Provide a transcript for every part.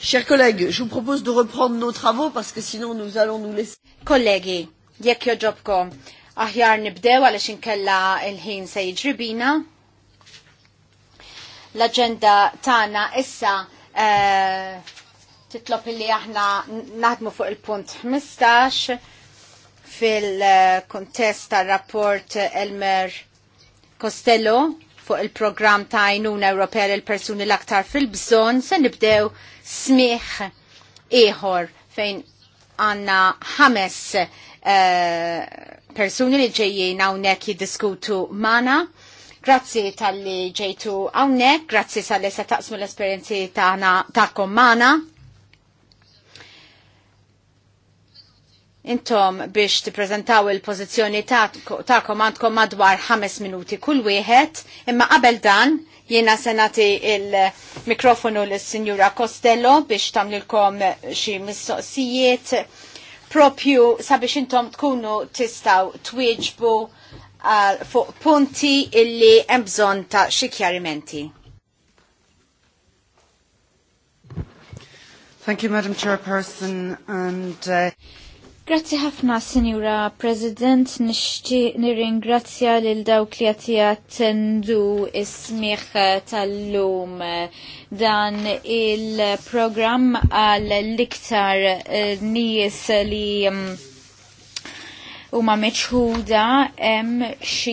Chers collègues, je vous propose de reprendre nos travaux parce que sinon nous allons nous laisser. Kollegi, jekk joġobkom, aħjar nibdew għaliex inkella il-ħin se jiġribina. L-agenda tagħna issa eh, titlob illi aħna naħdmu fuq il-punt 15 fil-kontest tar-rapport Elmer Costello fuq il-programm ta' Għajnuna Ewropea l-persuni l-aktar fil-bżon se nibdew smieħ ieħor fejn għanna ħames eh, persuni li ġejjien hawnhekk jiddiskutu mana. Grazzi tal-li ġejtu hawnhekk, grazzi tal-li se taqsmu l-esperjenzi tagħkom mana. Intom biex tippreżentaw il-pożizzjoni tagħkom għandkom madwar ħames minuti kull wieħed, imma qabel dan Jena senati il-mikrofonu l signora Costello biex tamlilkom xi mistoqsijiet propju sabiex intom tkunu tistaw twieġbu uh, fuq punti illi hemm bżonn ta' xi chiarimenti. Thank you, Madam Chairperson. And, uh... Grazzi ħafna, Sinjura President, nixti nirringrazzja lil dawk li għati attendu ismiħ tal-lum dan il-programm għal l-iktar eh, nies li mm, huma meċħuda hemm xi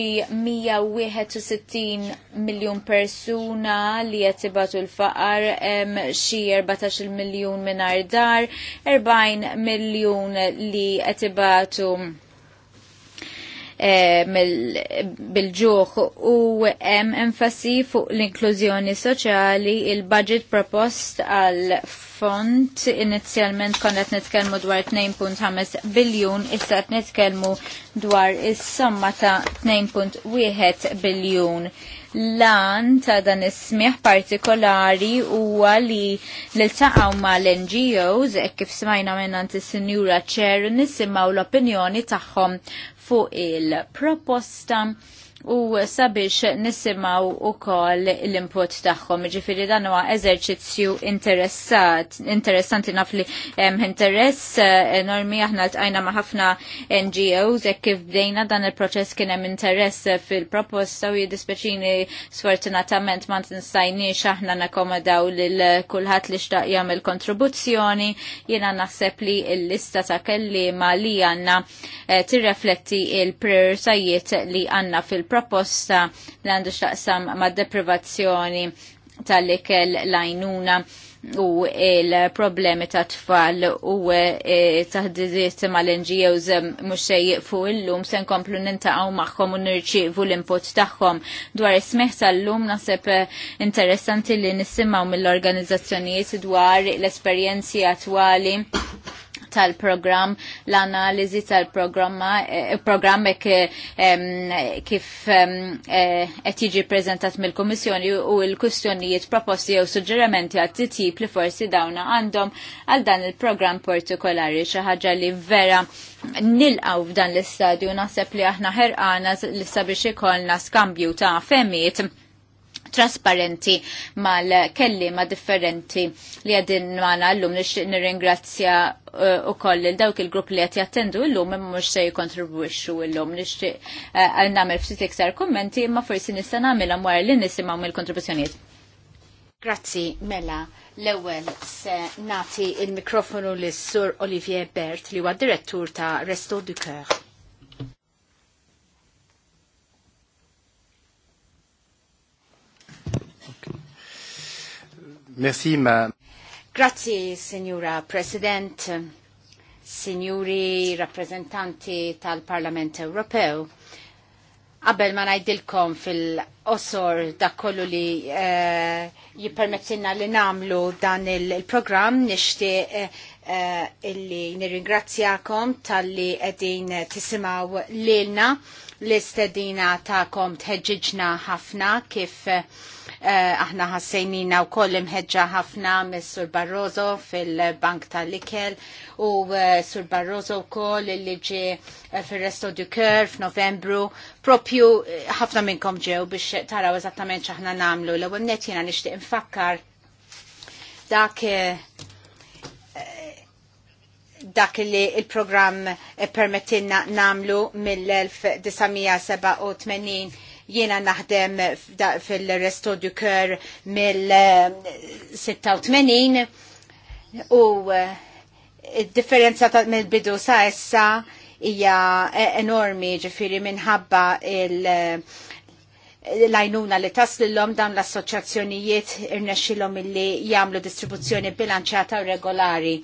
161 miljun persuna li qed l-faqar, hemm xi 14 miljun mingħajr dar, 40 miljun li qed ibatu Eh, bil-ġuħ u hemm enfasi fuq l-inklużjoni soċjali il-budget propost għal fond inizjalment konet nitkellmu dwar 2.5 biljun issa qed nitkellmu dwar is-somma ta' 2.1 biljun lan ta' dan ismiħ partikolari huwa li l-taqaw ma l-NGOs, e kif smajna minnant is sinjura ċer, nisimaw l-opinjoni tagħhom fuq il-proposta u sabiex nisimaw u koll l-input taħħom. Ġifiri dan huwa eżerċizzju interessat, interessanti naf li interess eh, enormi aħna l-tajna ma' ħafna NGOs jek kif bdejna dan il-proċess kien hemm interess fil-proposta u jiddispeċini sfortunatament ma nsajniex aħna nakomodaw lil kulħadd li xtaq jagħmel kontribuzzjoni. Jiena naħseb li l-lista ta' ma li għandna eh, tirrefletti il-prioritajiet li għandna fil-proċess proposta li għandu x'aqsam ma' deprivazzjoni tal-ikel lajnuna u il-problemi ta' tfal u e, taħdidiet mal-NGOs mux xej fu il-lum sen komplu nintaqaw maħħom u nirċivu l-input taħħom dwar ismeħ tal-lum nasib e, interessanti li nisimaw mill-organizzazzjonijiet dwar l-esperienzi attwali tal-programm, l-analiżi tal-programm eh, kif eh, qed jiġi preżentat mill-Kummissjoni u l-kwistjonijiet proposti jew suġġerimenti għat titjib li forsi dawna għandhom għal dan il-programm partikolari xi ħaġa li vera nilqaw f'dan l-istadju naħseb li aħna ħerqana li sabiex ikollna skambju ta' femmiet trasparenti mal ma' differenti li għadin maħna l-lum nir-ingrazzja eh, u koll il-dawk il-grupp li għati jattendu l-lum mux se jikontribuixu l-lum nishtiq eh, għal-namel ftit iktar kommenti ma forsi nista namela mwar li nisimaw mill kontribuzjoniet Grazzi, Mela. L-ewel se nati il-mikrofonu l-sur Olivier Bert li huwa direttur ta' Resto du Coeur. Merci, ma. Grazie, Signora President, Signori rappresentanti tal-Parlament Ewropew. Qabel ma najdilkom fil-qosor da kollu li uh, jippermettilna li namlu dan il program il nixtieq uh, uh, illi nirringrazzjakom tal-li qegħdin tisimgħu lilna l-istedina ta'kom tħeġġiġna ħafna kif uh, Eh, aħna ħassejnina u koll imħedġa ħafna mis Sur Barroso fil-Bank tal-Ikel u eh, Sur Barroso u koll li ġi eh, fil-Resto du Kör f'Novembru propju ħafna minnkom ġew biex taraw eżattament ċaħna namlu l-ewwel netjina jiena nixtieq infakkar dak dak li il-program permettinna namlu mill-1987 Jiena naħdem fil-Resto du Cœur mill-86 u eh, differenza mill-bidu sa' issa hija eh, enormi ġifiri minħabba il- eh, lajnuna li taslilom dawn l-assoċjazzjonijiet irnexxilhom illi jagħmlu distribuzzjoni bilanċata u regolari.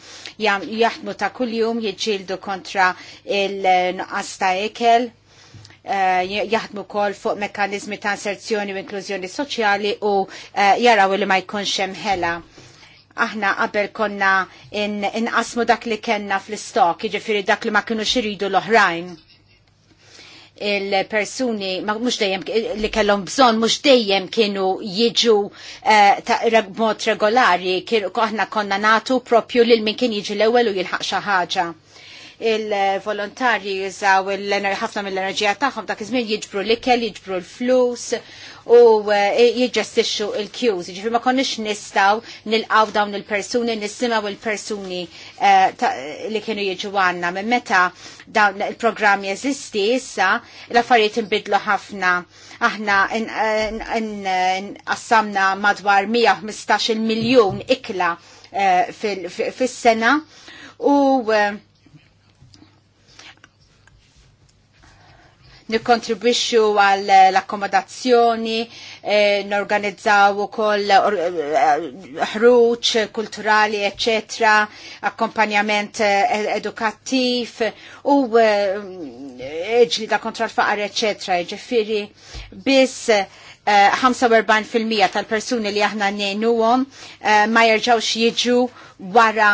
Jaħdmu ta' kuljum jiġġieldu kontra il-nuqqas ta' ekel Eh, jaħdmu kol fuq mekanizmi ta' inserzjoni u inklużjoni soċjali u eh, jaraw li ma jkunx hemm ħela. Aħna qabel konna inqasmu dak li kenna fl-istok, jiġifieri dak li ma kienu xiridu l-oħrajn il-persuni mux dejjem li kellhom bżonn mhux dejjem kienu jiġu eh, ta' mod regolari, aħna konna natu propju lil min kien jiġi l-ewwel u jilħaq xi ħaġa il-volontarji jużaw ħafna mill-enerġija tagħhom dak iż-żmien jiġbru l-ikel, jiġbru l-flus u e, jiġġestixxu l-kjuż. Jiġifieri ma konniex nistgħu nilqgħu dawn il-persuni, nisimgħu il-persuni e, li kienu jiġu għandna. Minn meta dawn il-programm jeżisti issa l-affarijiet inbidlu ħafna. Aħna qassamna madwar 115 miljun ikla e, fis-sena u uh, nikkontribwixxu għal l-akkomodazzjoni, eh, norganizzaw ukoll eh, ħruġ kulturali, eċetera, akkompanjament eh, edukattiv u eh, ġlida kontra l-faqar, eċetera. Ġifieri biss 45% tal-persuni li aħna nenuhom ma jerġawx jiġu wara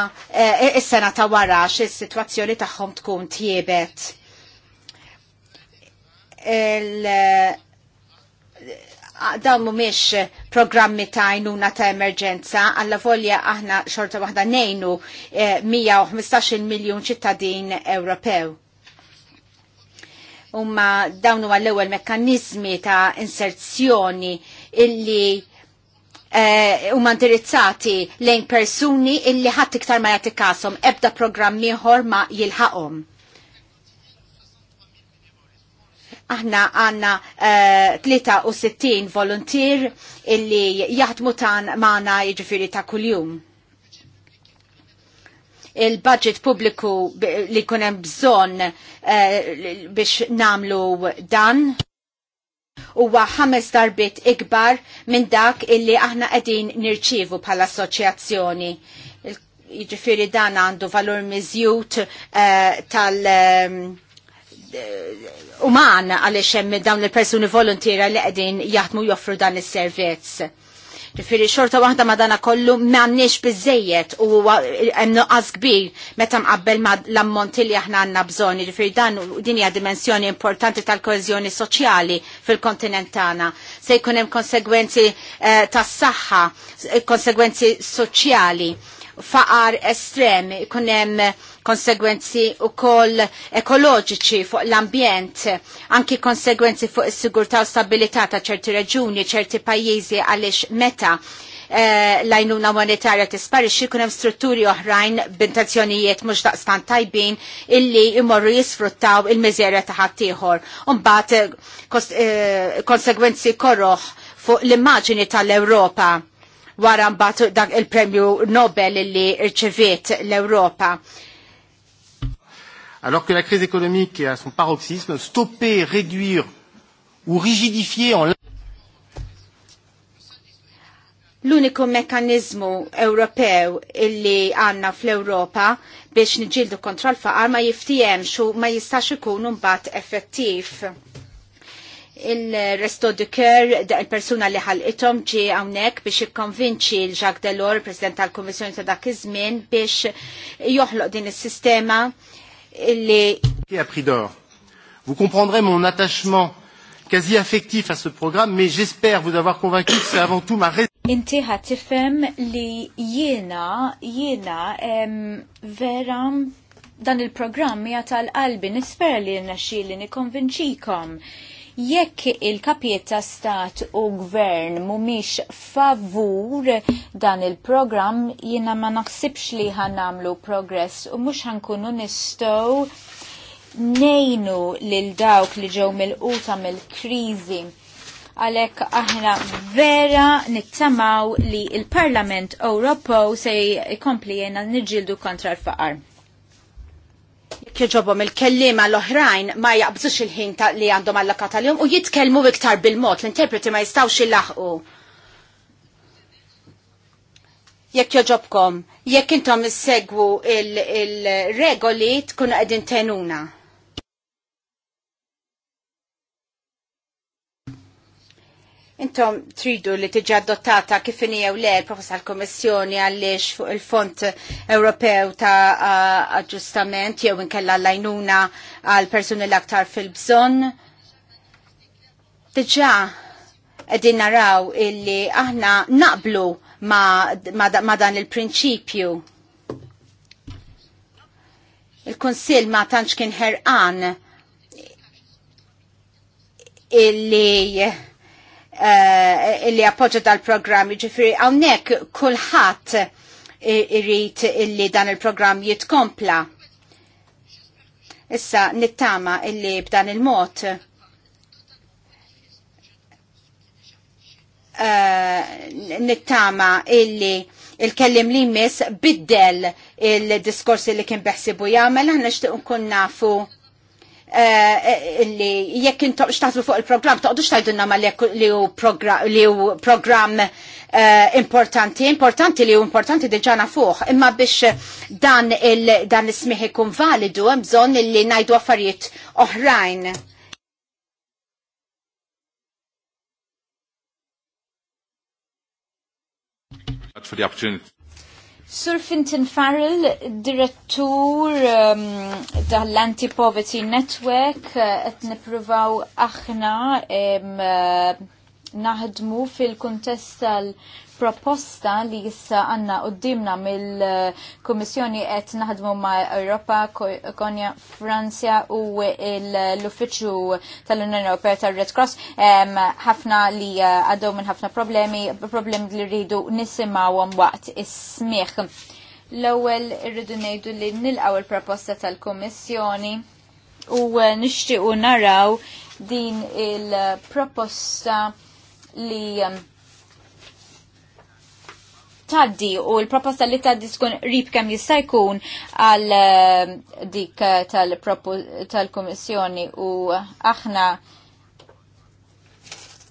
is-sena ta' wara x'is-sitwazzjoni tagħhom tkun tjiebet il- eh, dawn mhumiex programmi ta' għajnuna ta' emerġenza, għalla volja aħna xorta waħda nejnu 115 eh, miljon ċittadin Ewropew. Umma dawn huwa l-ewwel mekkaniżmi ta' inserzjoni illi eh, huma indirizzati lejn persuni illi ħadd iktar ma jagħti kasom ebda programm ieħor ma jilħaqhom. aħna għanna 63 eh, volontir illi jaħdmu tan maħna iġifiri ta' kuljum. Il-budget publiku li kunem bżon eh, biex namlu dan huwa ħames darbit ikbar minn dak illi aħna qegħdin nirċievu bħala assoċjazzjoni. Jiġifieri dan għandu valur miżjut uh, eh, tal- um, uman għaliex hemm dawn il-persuni volontira li qegħdin jaħdmu joffru dan is-servizz. Ġifiri, xorta waħda dana kollu m'għandniex biżejjed u hemm nuqqas kbir meta mqabbel ma l-ammonti li aħna għandna bżonn. Ġifiri, dan din hija dimensjoni importanti tal-koeżjoni soċjali fil-kontinent tagħna. Se jkun hemm konsegwenzi eh, tas-saħħa, konsegwenzi soċjali faqar estrem, kunem konsegwenzi u koll ekoloġiċi fuq l-ambjent, anki konsegwenzi fuq is-sigurtà u stabilità ta' ċerti reġuni, ċerti pajjiżi għaliex meta l eh, lajnuna monetarja tisparixxi kun hemm strutturi oħrajn b'intenzjonijiet mhux daqstan tajbin illi jimorru jisfruttaw il-miżerja ta' ħaddieħor. Imbagħad eh, eh, konsegwenzi korroħ fuq l-immaġini tal-Ewropa wara mbagħad dak il-Premju Nobel li rċeviet l-Ewropa. Alors que la crise économique est à son paroxysme, stopper, réduire ou rigidifier en L-uniku mekkanizmu Ewropew illi għanna fl-Ewropa biex niġildu kontrol faqar ma jiftijem xu ma jistax ikun mbagħad effettiv il-resto de Coeur, il-persuna li ħalqithom ġi għawnek biex ikkonvinċi l-Jacques Delors, President tal komissjoni ta' dak iż-żmien, biex joħloq din is-sistema li. Ja, Pridor, d'or. Vous comprendrez mon attachement quasi affectif à ce programme, mais j'espère vous avoir convaincu que c'est avant tout ma raison. Inti tifhem li jiena, jiena, veram dan il-programm hija tal-qalbi nispera li xie li nikonvinċikom jekk il-kapiet ta' stat u gvern mumiex favur dan il-programm jina ma naħsibx li ħanamlu progress u mux ħankunu nistow nejnu lil dawk li ġew mill-quta mill-krizi għalek aħna vera nittamaw li il-Parlament Ewropew se jkompli jena nġildu kontra l-faqar kieġobom il-kellima l-oħrajn ma jaqbżux il-ħin li għandhom għallaka tal u jitkellmu iktar bil-mod, l-interpreti ma jistawx il-laħqu. Jekk joġobkom, jekk intom segwu il-regoli tkun għedin tenuna. Intom tridu li tiġi adottata kif jew le l-proposta l-Kommissjoni għaliex fuq il-Fond Ewropew ta' aġġustament jew inkella l-lajnuna għal persuni l-aktar fil-bżonn. Diġà qegħdin naraw illi aħna naqblu ma, ma, ma dan il-prinċipju. Il-Kunsill ma tantx kien ħerqan illi Eh, illi appoġġa dal-programm, ġifiri hawnhekk kulħadd irid illi dan il-programm jitkompla. Issa nittama illi b'dan il-mod uh, nittama illi il-kellim li mis biddel il-diskorsi li kien beħsibu jagħmel aħna nixtieq nkun nafu Eh, eh, li jekk intom xtaħsbu fuq il-programm, toqdu xtajdunna ma li hu eh, importanti, importanti li u importanti diġana fuq, imma biex dan dan ismiħ ikun validu, hemm bżonn li ngħidu affarijiet oħrajn. for the opportunity Sur Finton Farrell, direttur um, tal-Anti-Poverty Network, et uh, aħna um, uh, naħdmu fil kontest tal proposta li jissa għanna uddimna mill komissjoni qed naħdmu ma' Europa, Konja, Franzja u l-Uffiċċju tal-Unjoni Europea tal-Red Cross ħafna li eh, għaddew minn ħafna problemi, problemi li rridu nisimgħuhom waqt is-smieħ. L-ewwel irridu ngħidu li nilqgħu il-proposta tal-Kummissjoni u eh, nixtiequ naraw din il-proposta li taddi u l-proposta li taddi tkun rib kemm jista' jkun għal eh, dik eh, tal-Komissjoni u aħna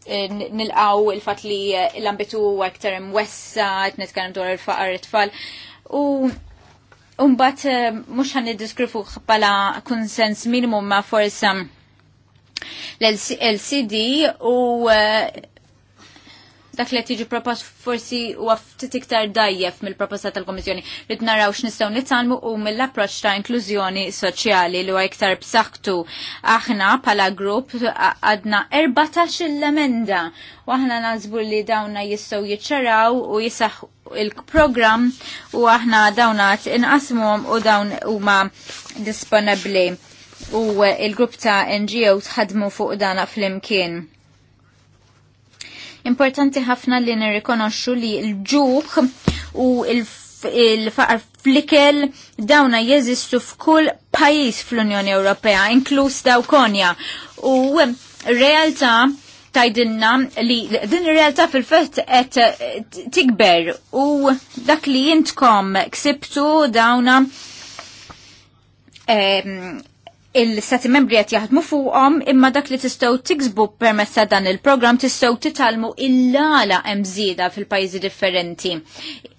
eh, nilqaw il-fat li l-ambitu għaktar imwessa, qed nitkellem dwar il-faqar it-tfal. U Umbat, mux għan id-diskrifu bħala konsens minimum ma' forsa l-LCD u dak li tiġi propost forsi u ftit iktar dajjef mill-proposta tal-Komissjoni li naraw x'nistgħu nitsanmu u mill-approċċ ta' inklużjoni soċjali li u iktar b'saħħtu aħna bħala grupp għadna 14 l-emenda u aħna nażbu li dawna jistgħu jiċċaraw u jisaħ il-programm u aħna dawna inqasmuhom u dawn huma disponibbli u il-grupp ta' NGOs ħadmu fuq dana fl-imkien Importanti ħafna li nirrikonoxxu li l-ġuħ u il-faqar flikel dawna jeżistu f'kull pajjiż fl-Unjoni Ewropea, inkluż daw Konja. U realtà tajdinna li din ir-realtà fil-fett qed tikber u dak li jintkom ksibtu dawna il sati membri qed jaħdmu fuqhom imma dak li tistgħu tiksbu permessa ta' dan il-programm tistgħu titalmu il lala hemm fil-pajjiżi differenti.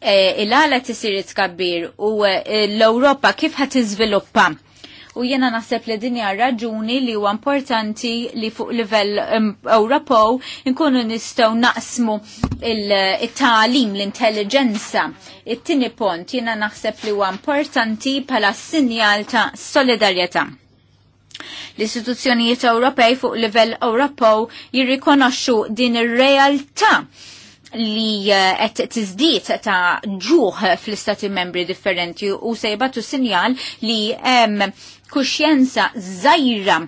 E, il lala tisir tkabbir u e, l-Ewropa kif ħat izviluppa. u jena naħseb li dinja raġuni li huwa importanti li fuq livell Ewropew nkunu nistgħu naqsmu il-talim, l-intelligenza. It-tieni pont jiena naħseb li huwa importanti bħala sinjal ta' solidarjetà. L-istituzzjonijiet Ewropej fuq livell Ewropew jirrikonoxxu din ir-realtà li eh, qed tiżdied ta' ġuħ fl-istati membri differenti u se jibatu sinjal li hemm kuxjenza żgħira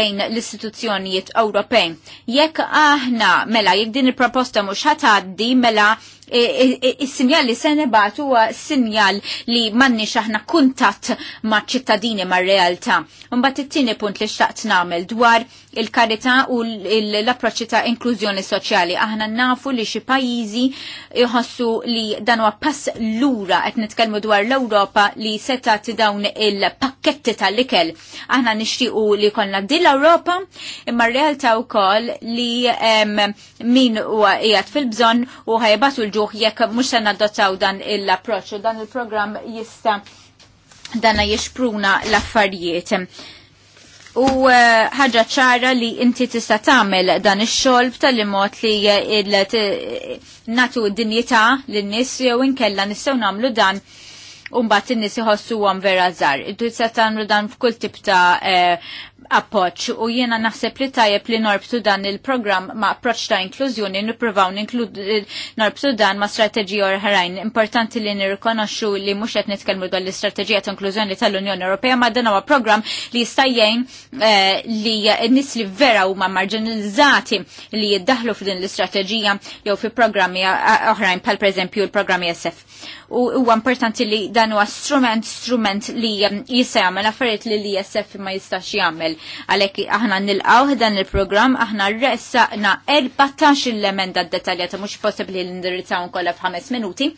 bejn l-istituzzjonijiet Ewropej. Jekk aħna mela jekk din il-proposta mhux ħatgħaddi mela E, e, e, Is-sinjal li se nebatu huwa sinjal li m'għandniex aħna kuntatt maċ-ċittadini mar-realtà. Mbagħad it-tieni punt li xtaqt nagħmel dwar il-karità u l-approċċi ta' inklużjoni soċjali. Aħna nafu li xi pajjiżi jħossu li dan huwa pass lura qed nitkellmu dwar l-Ewropa li tagħti dawn il-pakketti tal-ikel. Aħna nixtiequ li konna din l-Ewropa imma r-realtà wkoll li min huwa qiegħed fil-bżonn u ħajbatu l-ġuħ jekk mhux se nadottaw dan l-approċċ u dan il-programm jista' dana jixpruna l-affarijiet. U eh, ħaġa ċara li inti tista tagħmel dan ix-xogħol b'tali mod li eh, natu d-dinjità lin-nies jew inkella nistgħu nagħmlu dan u mbagħad in-nies iħossuhom vera żgħar. Intu tista' tagħmlu dan f'kull tip ta' eh, appoċ u jiena naħseb li tajjeb li norbtu dan il-programm ma' approċ ta' inklużjoni nippruvaw norbtu dan ma' strateġija oħrajn. Importanti li nirrikonoxxu li mhux qed nitkellmu dwar l-istrateġija ta' inklużjoni tal-Unjoni Ewropea ma' dan huwa programm li jista' jgħin eh, li n-nies li vera huma marginalizzati li jiddaħlu f'din l-istrateġija jew fi programmi eh, oħrajn bħal pereżempju l-programmi SF u huwa importanti li dan huwa strument strument li um, jista' jagħmel affarijiet li l-ISF ma jistax jagħmel. Għalhekk aħna nilqgħu dan il-programm aħna rressaqna 14 l-emenda dettaljata mhux possibbli li indirizzaw kollha f'ħames minuti,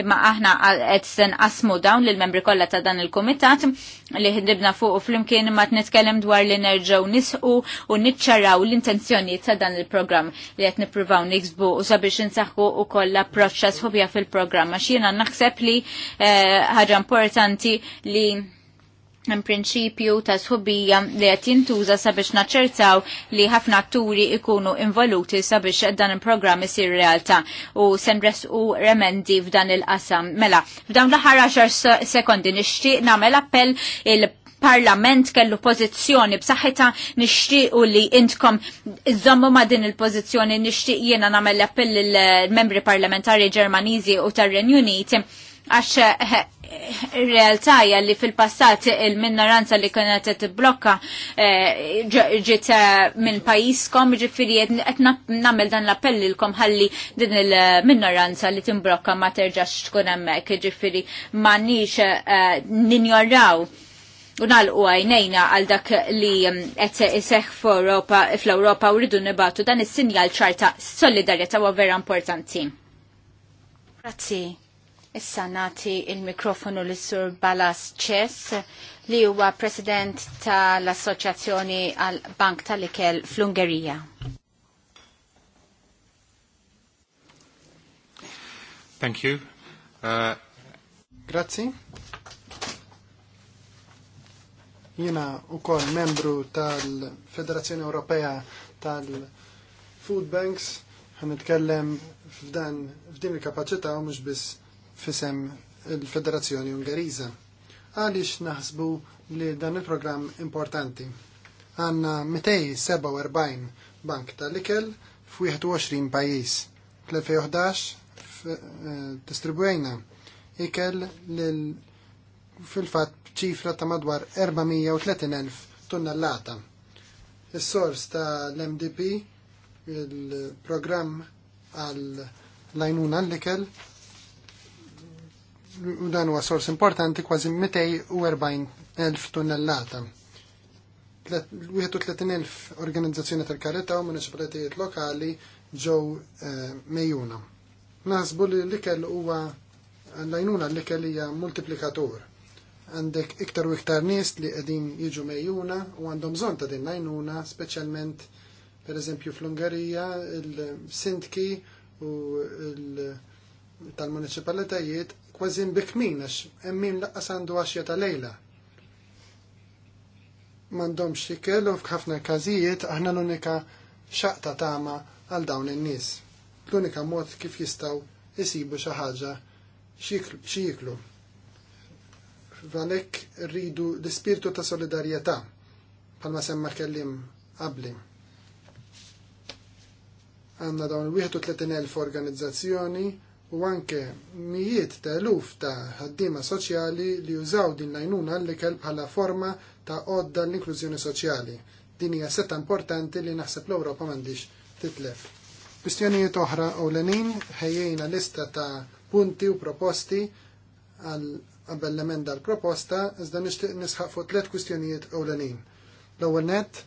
imma aħna qed se nqasmu dawn lill-membri kollha ta' dan il-kumitat li ħdibna fuq flimkien ma t-nitkellem dwar li nerġgħu nisqu u niċċaraw l-intenzjoni ta' dan il-programm li qed nippruvaw niksbu u sabiex insaħħu wkoll l proċċa fil-programm. Għax jiena naħseb li eh, ħaġa importanti li hemm prinċipju ta' sħubija li qed jintuża sabiex naċċertaw li ħafna atturi ikunu involuti sabiex dan il-programm isir realtà u senres u remendi f'dan il-qasam. Mela, f'dawn l-aħħar 10 sekondi nixtieq nagħmel appell il il-Parlament kellu pożizzjoni b'saħħitha nixtiequ li intkom iżommu ma' din il-pożizzjoni nixtieq jiena nagħmel appell il-membri eh, parlamentari Ġermaniżi u tar-Renju Unit għax eh, eh, realtà li fil-passat il-minoranza li kienet blokka ġiet minn pajjiżkom, ġifiri qed nagħmel dan l-appell lilkom ħalli din il-minoranza li timblokka ma terġax tkun hemmhekk, ġifieri m'għandniex ninjoraw u għajnejna għal dak li um, qed iseħħ fl europa u rridu nibatu dan is-sinjal ċarta solidarieta u vera importanti. Grazzi. Issa nati il-mikrofonu l sur Balas Ċess li huwa president tal-Assoċjazzjoni għal Bank tal-Ikel fl-Ungerija. Thank you. Uh... Jiena wkoll membru tal-Federazzjoni Ewropea tal-Food Banks ħanitkellem f'dan f'din il-kapaċità u mhux biss fisem il-Federazzjoni Ungariza. Għaliex naħsbu li dan il-programm importanti. Għanna 247 bank tal-ikel f'21 pajjiż. Fl-2011 eh, distribwejna ikel lil fil-fatt ċifra ta' madwar 430.000 tonnellata. Is-sors ta' l-MDP, il-programm għal lajnuna l-ikel, u dan huwa sors importanti kważi 240.000 tonnellata. 31.000 organizzazzjoni tal-karita u municipalitajiet lokali ġew eh, mejjuna. Nasbu li l-ikel huwa l-għajnuna l-ikel hija multiplikatur għandek iktar u iktar nies li qegħdin jiġu mejjuna u għandhom bżonn ta' din specialment speċjalment pereżempju fl-Ungerija, il-sindki u il tal-municipalitajiet kważi mbikmin għax emmin laqqas għandu għaxja ta' lejla. M'għandhomx xikel u f'ħafna każijiet aħna l-unika xaqta tama għal dawn in-nies. L-unika mod kif jistgħu jisibu xi ħaġa xiklu għalek rridu l-ispirtu ta' solidarjetà bħalma semma kellim qabli. Għandna dawn 31,000 organizzazzjoni u anke mijiet ta' eluf ta' ħaddiema soċjali li jużaw din najnuna l-ikel bħala forma ta' odda l-inklużjoni soċjali. Din hija setta importanti li naħseb l-Ewropa m'għandix titlef. Kwistjonijiet oħra u l-enin ħejjejna lista ta' punti u proposti qabel l-emenda l-proposta, iżda nixtieq nisħaq fuq tliet kwistjonijiet ewlenin. L-ewwel nett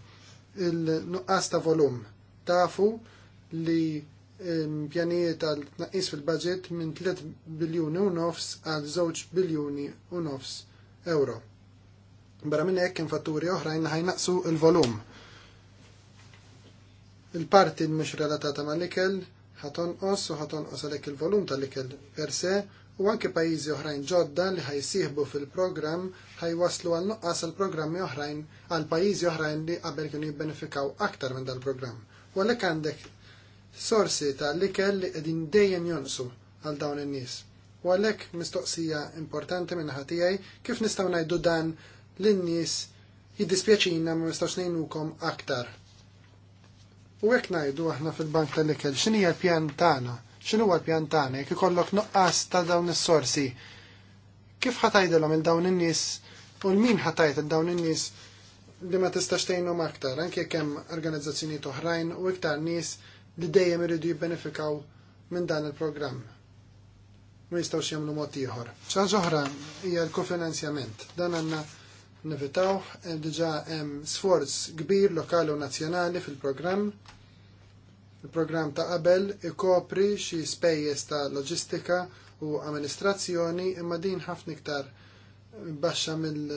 il-nuqqas ta' volum. Tafu li pjanijiet għal tnaqqis fil-budget minn 3 biljuni u nofs għal 2 biljuni u nofs euro. Barra minn hekk kien fatturi oħrajn ħajnaqsu il-volum. Il-parti mhux relatata mal-ikel ħatonqos u ħatonqos għalhekk il-volum tal-ikel per se u anke pajjiżi oħrajn ġodda li ħajsieħbu fil-programm ħajwaslu għal nuqqas għal programmi oħrajn għal pajjiżi oħrajn li qabel kienu jibbenefikaw aktar minn dal-programm. U għalhekk għandek sorsi ta' likel li qegħdin dejjem jonsu għal dawn in-nies. U għalhekk mistoqsija importanti minn ħatijaj kif nistgħu ngħidu dan lin-nies jiddispjaċina ma nistgħux ngħinukom aktar. U hekk ngħidu aħna fil-bank tal-ikel x'inhi l-pjan tagħna xinu għal l-pjan tagħna jekk ikollok nuqqas ta' dawn is-sorsi? Kif ħatajdilhom il dawn in-nies u l-min ħatajt il dawn in-nies li ma tistax tgħinhom aktar anke kem hemm organizzazzjonijiet oħrajn u iktar nies li dejjem iridu jibbenefikaw minn dan il-programm. Ma jistgħux jagħmlu mod ieħor. Ċaġa oħra hija l-kofinanzjament. Dan għandna nivitaw, eh, diġa hemm sforz kbir lokali u nazzjonali fil-programm Il-programm ta' qabel ikopri xi spejjeż ta' loġistika u amministrazzjoni imma din ħafna iktar baxxa mill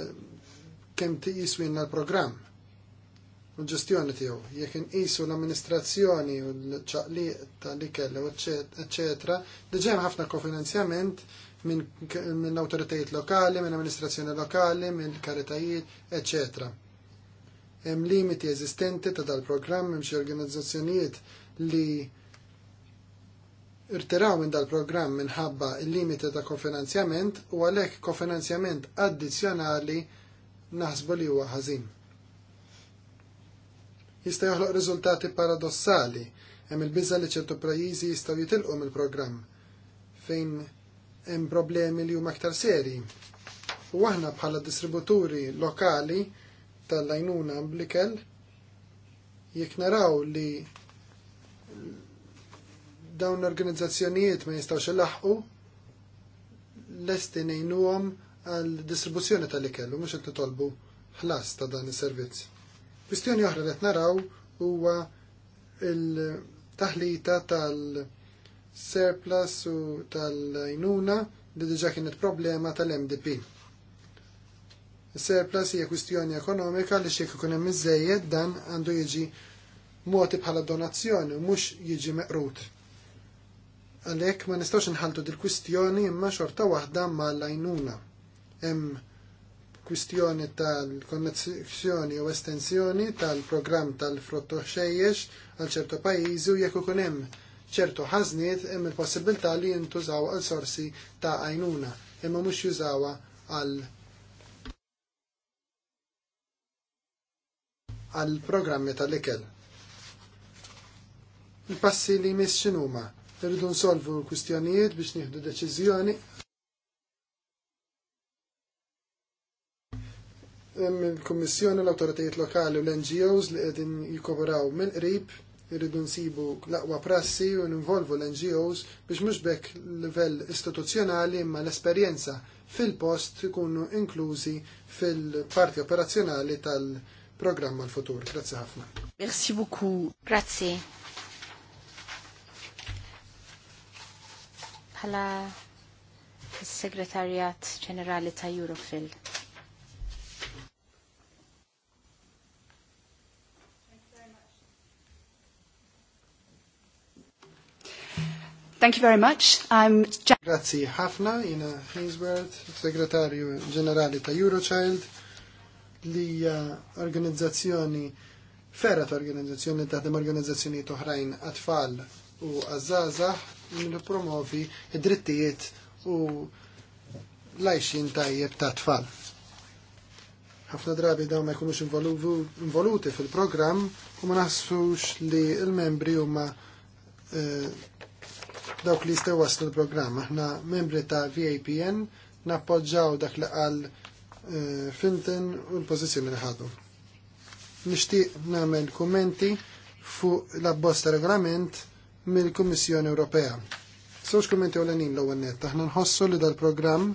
kemm tiqiswinna l-programm u l-ġestjoni tiegħu. Jekk inqisu l-amministrazzjoni u l-ċaqliq tal-ikel eċetera, diġà ħafna kofinanzjament minn awtoritajiet lokali, minn amministrazzjoni lokali, minn karitajiet, eċetera. Hemm limiti eżistenti ta' dal-programm hemm xi organizzazzjonijiet li irtiraw minn dal-programm minħabba il-limite ta' kofinanzjament u għalhekk kofinanzjament addizzjonali naħsbu li huwa ħażin. Jista' joħloq riżultati paradossali hemm il-biża li ċertu pajjiżi jistgħu jitilqu mill-programm fejn hemm problemi li huma aktar serji. U aħna bħala distributuri lokali tal-lajnuna blikel jekk naraw li dawn l-organizzazzjonijiet ma jistawx ilaħqu lesti nejnuhom għal distribuzzjoni tal-ikellu mhux qed titolbu ħlas ta' dan is-servizz. Kwistjoni oħra li qed naraw huwa il-taħlita tal-surplus u tal-għajnuna li diġa kienet problema tal-MDP. Is-surplus hija kwistjoni ekonomika li xejn ikun hemm iżejjed dan għandu jiġi moti bħala donazzjoni u mhux jiġi meqrut Għalhekk ma nistgħux nħaltu dil-kwistjoni imma xorta waħda mal ajnuna Hemm kwistjoni tal-konnessjoni u estensjoni tal-programm tal-frotto xejjex għal ċertu pajizu u jekk ikun hemm ċertu ħażniet hemm il-possibilità li jintużaw għal sorsi ta' għajnuna imma mhux jużawha għal għal programmi tal-ikel. Il-passi li mis xinuma Irridu nsolvu l-kwistjonijiet biex nieħdu deċiżjoni. Hemm il-Kummissjoni l-Awtoritajiet Lokali u l-NGOs li qegħdin jikkooperaw mill-qrib irridu nsibu l-aqwa prassi u ninvolvu l-NGOs biex mhux bekk livell istituzzjonali imma l-esperjenza fil-post ikunu inklużi fil-parti operazzjonali tal-programm għal-futur. Grazzi ħafna. Merci beaucoup. Grazzi. bħala segretarjat ġenerali ta' Eurofil. Thank you very much. I'm ja Hafna, ħafna, Hainsworth, segretario generale ta' Eurochild, li organizzazzjoni, ferrat organizzazzjoni ta' dem organizzazzjoni toħrajn għatfall u għazzazax promovi id-drittijiet u lajxin tajjeb ta' tfal. ħafna drabi dawn ma jkunux involuti fil-programm u ma naħsux li l-membri huma eh, dawk li jistgħu waslu l-programm. Aħna membri ta' VAPN nappoġġaw dak li qal eh, Finten u l-pożizzjoni li ħadu. Nixtieq nagħmel kommenti fuq l bosta regolament mill-Kummissjoni Ewropea. Sewx kummenti u l l nett, aħna nħossu li dal-programm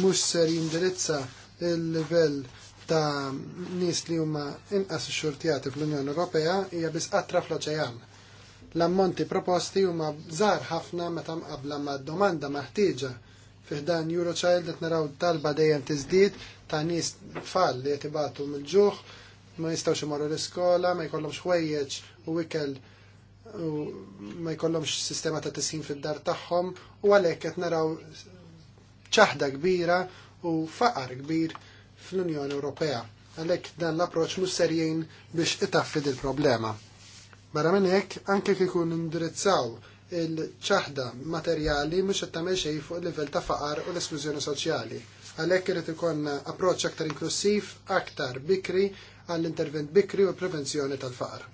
mhux ser jindirizza il-livell ta' nies li huma inqas xurtjati fl-Unjoni Ewropea hija biss qatra fl-oċean. L-ammonti proposti huma żgħar ħafna meta mqabbla mad domanda maħtieġa fih dan Eurochild qed naraw talba dejjem tiżdied ta' nies tfal li qed ibatu mill-ġuħ ma jistgħux imorru l-iskola, ma jkollhomx ħwejjeġ u wikel u ma jkollhomx sistema ta' tisin fid-dar tagħhom u għalhekk qed naraw ċaħda kbira u faqar kbir fl-Unjoni Ewropea. Għalhekk dan l-approċċ mhux serjin biex itaffi il problema Barra minn hekk anke kif ikun indirizzaw il-ċaħda materjali mhux qed tagħmel xejn fuq il-livell ta' faqar u l-esklużjoni soċjali. Għalhekk irid ikun approċċ aktar inklusiv, aktar bikri għall-intervent bikri u l-prevenzjoni tal-faqar.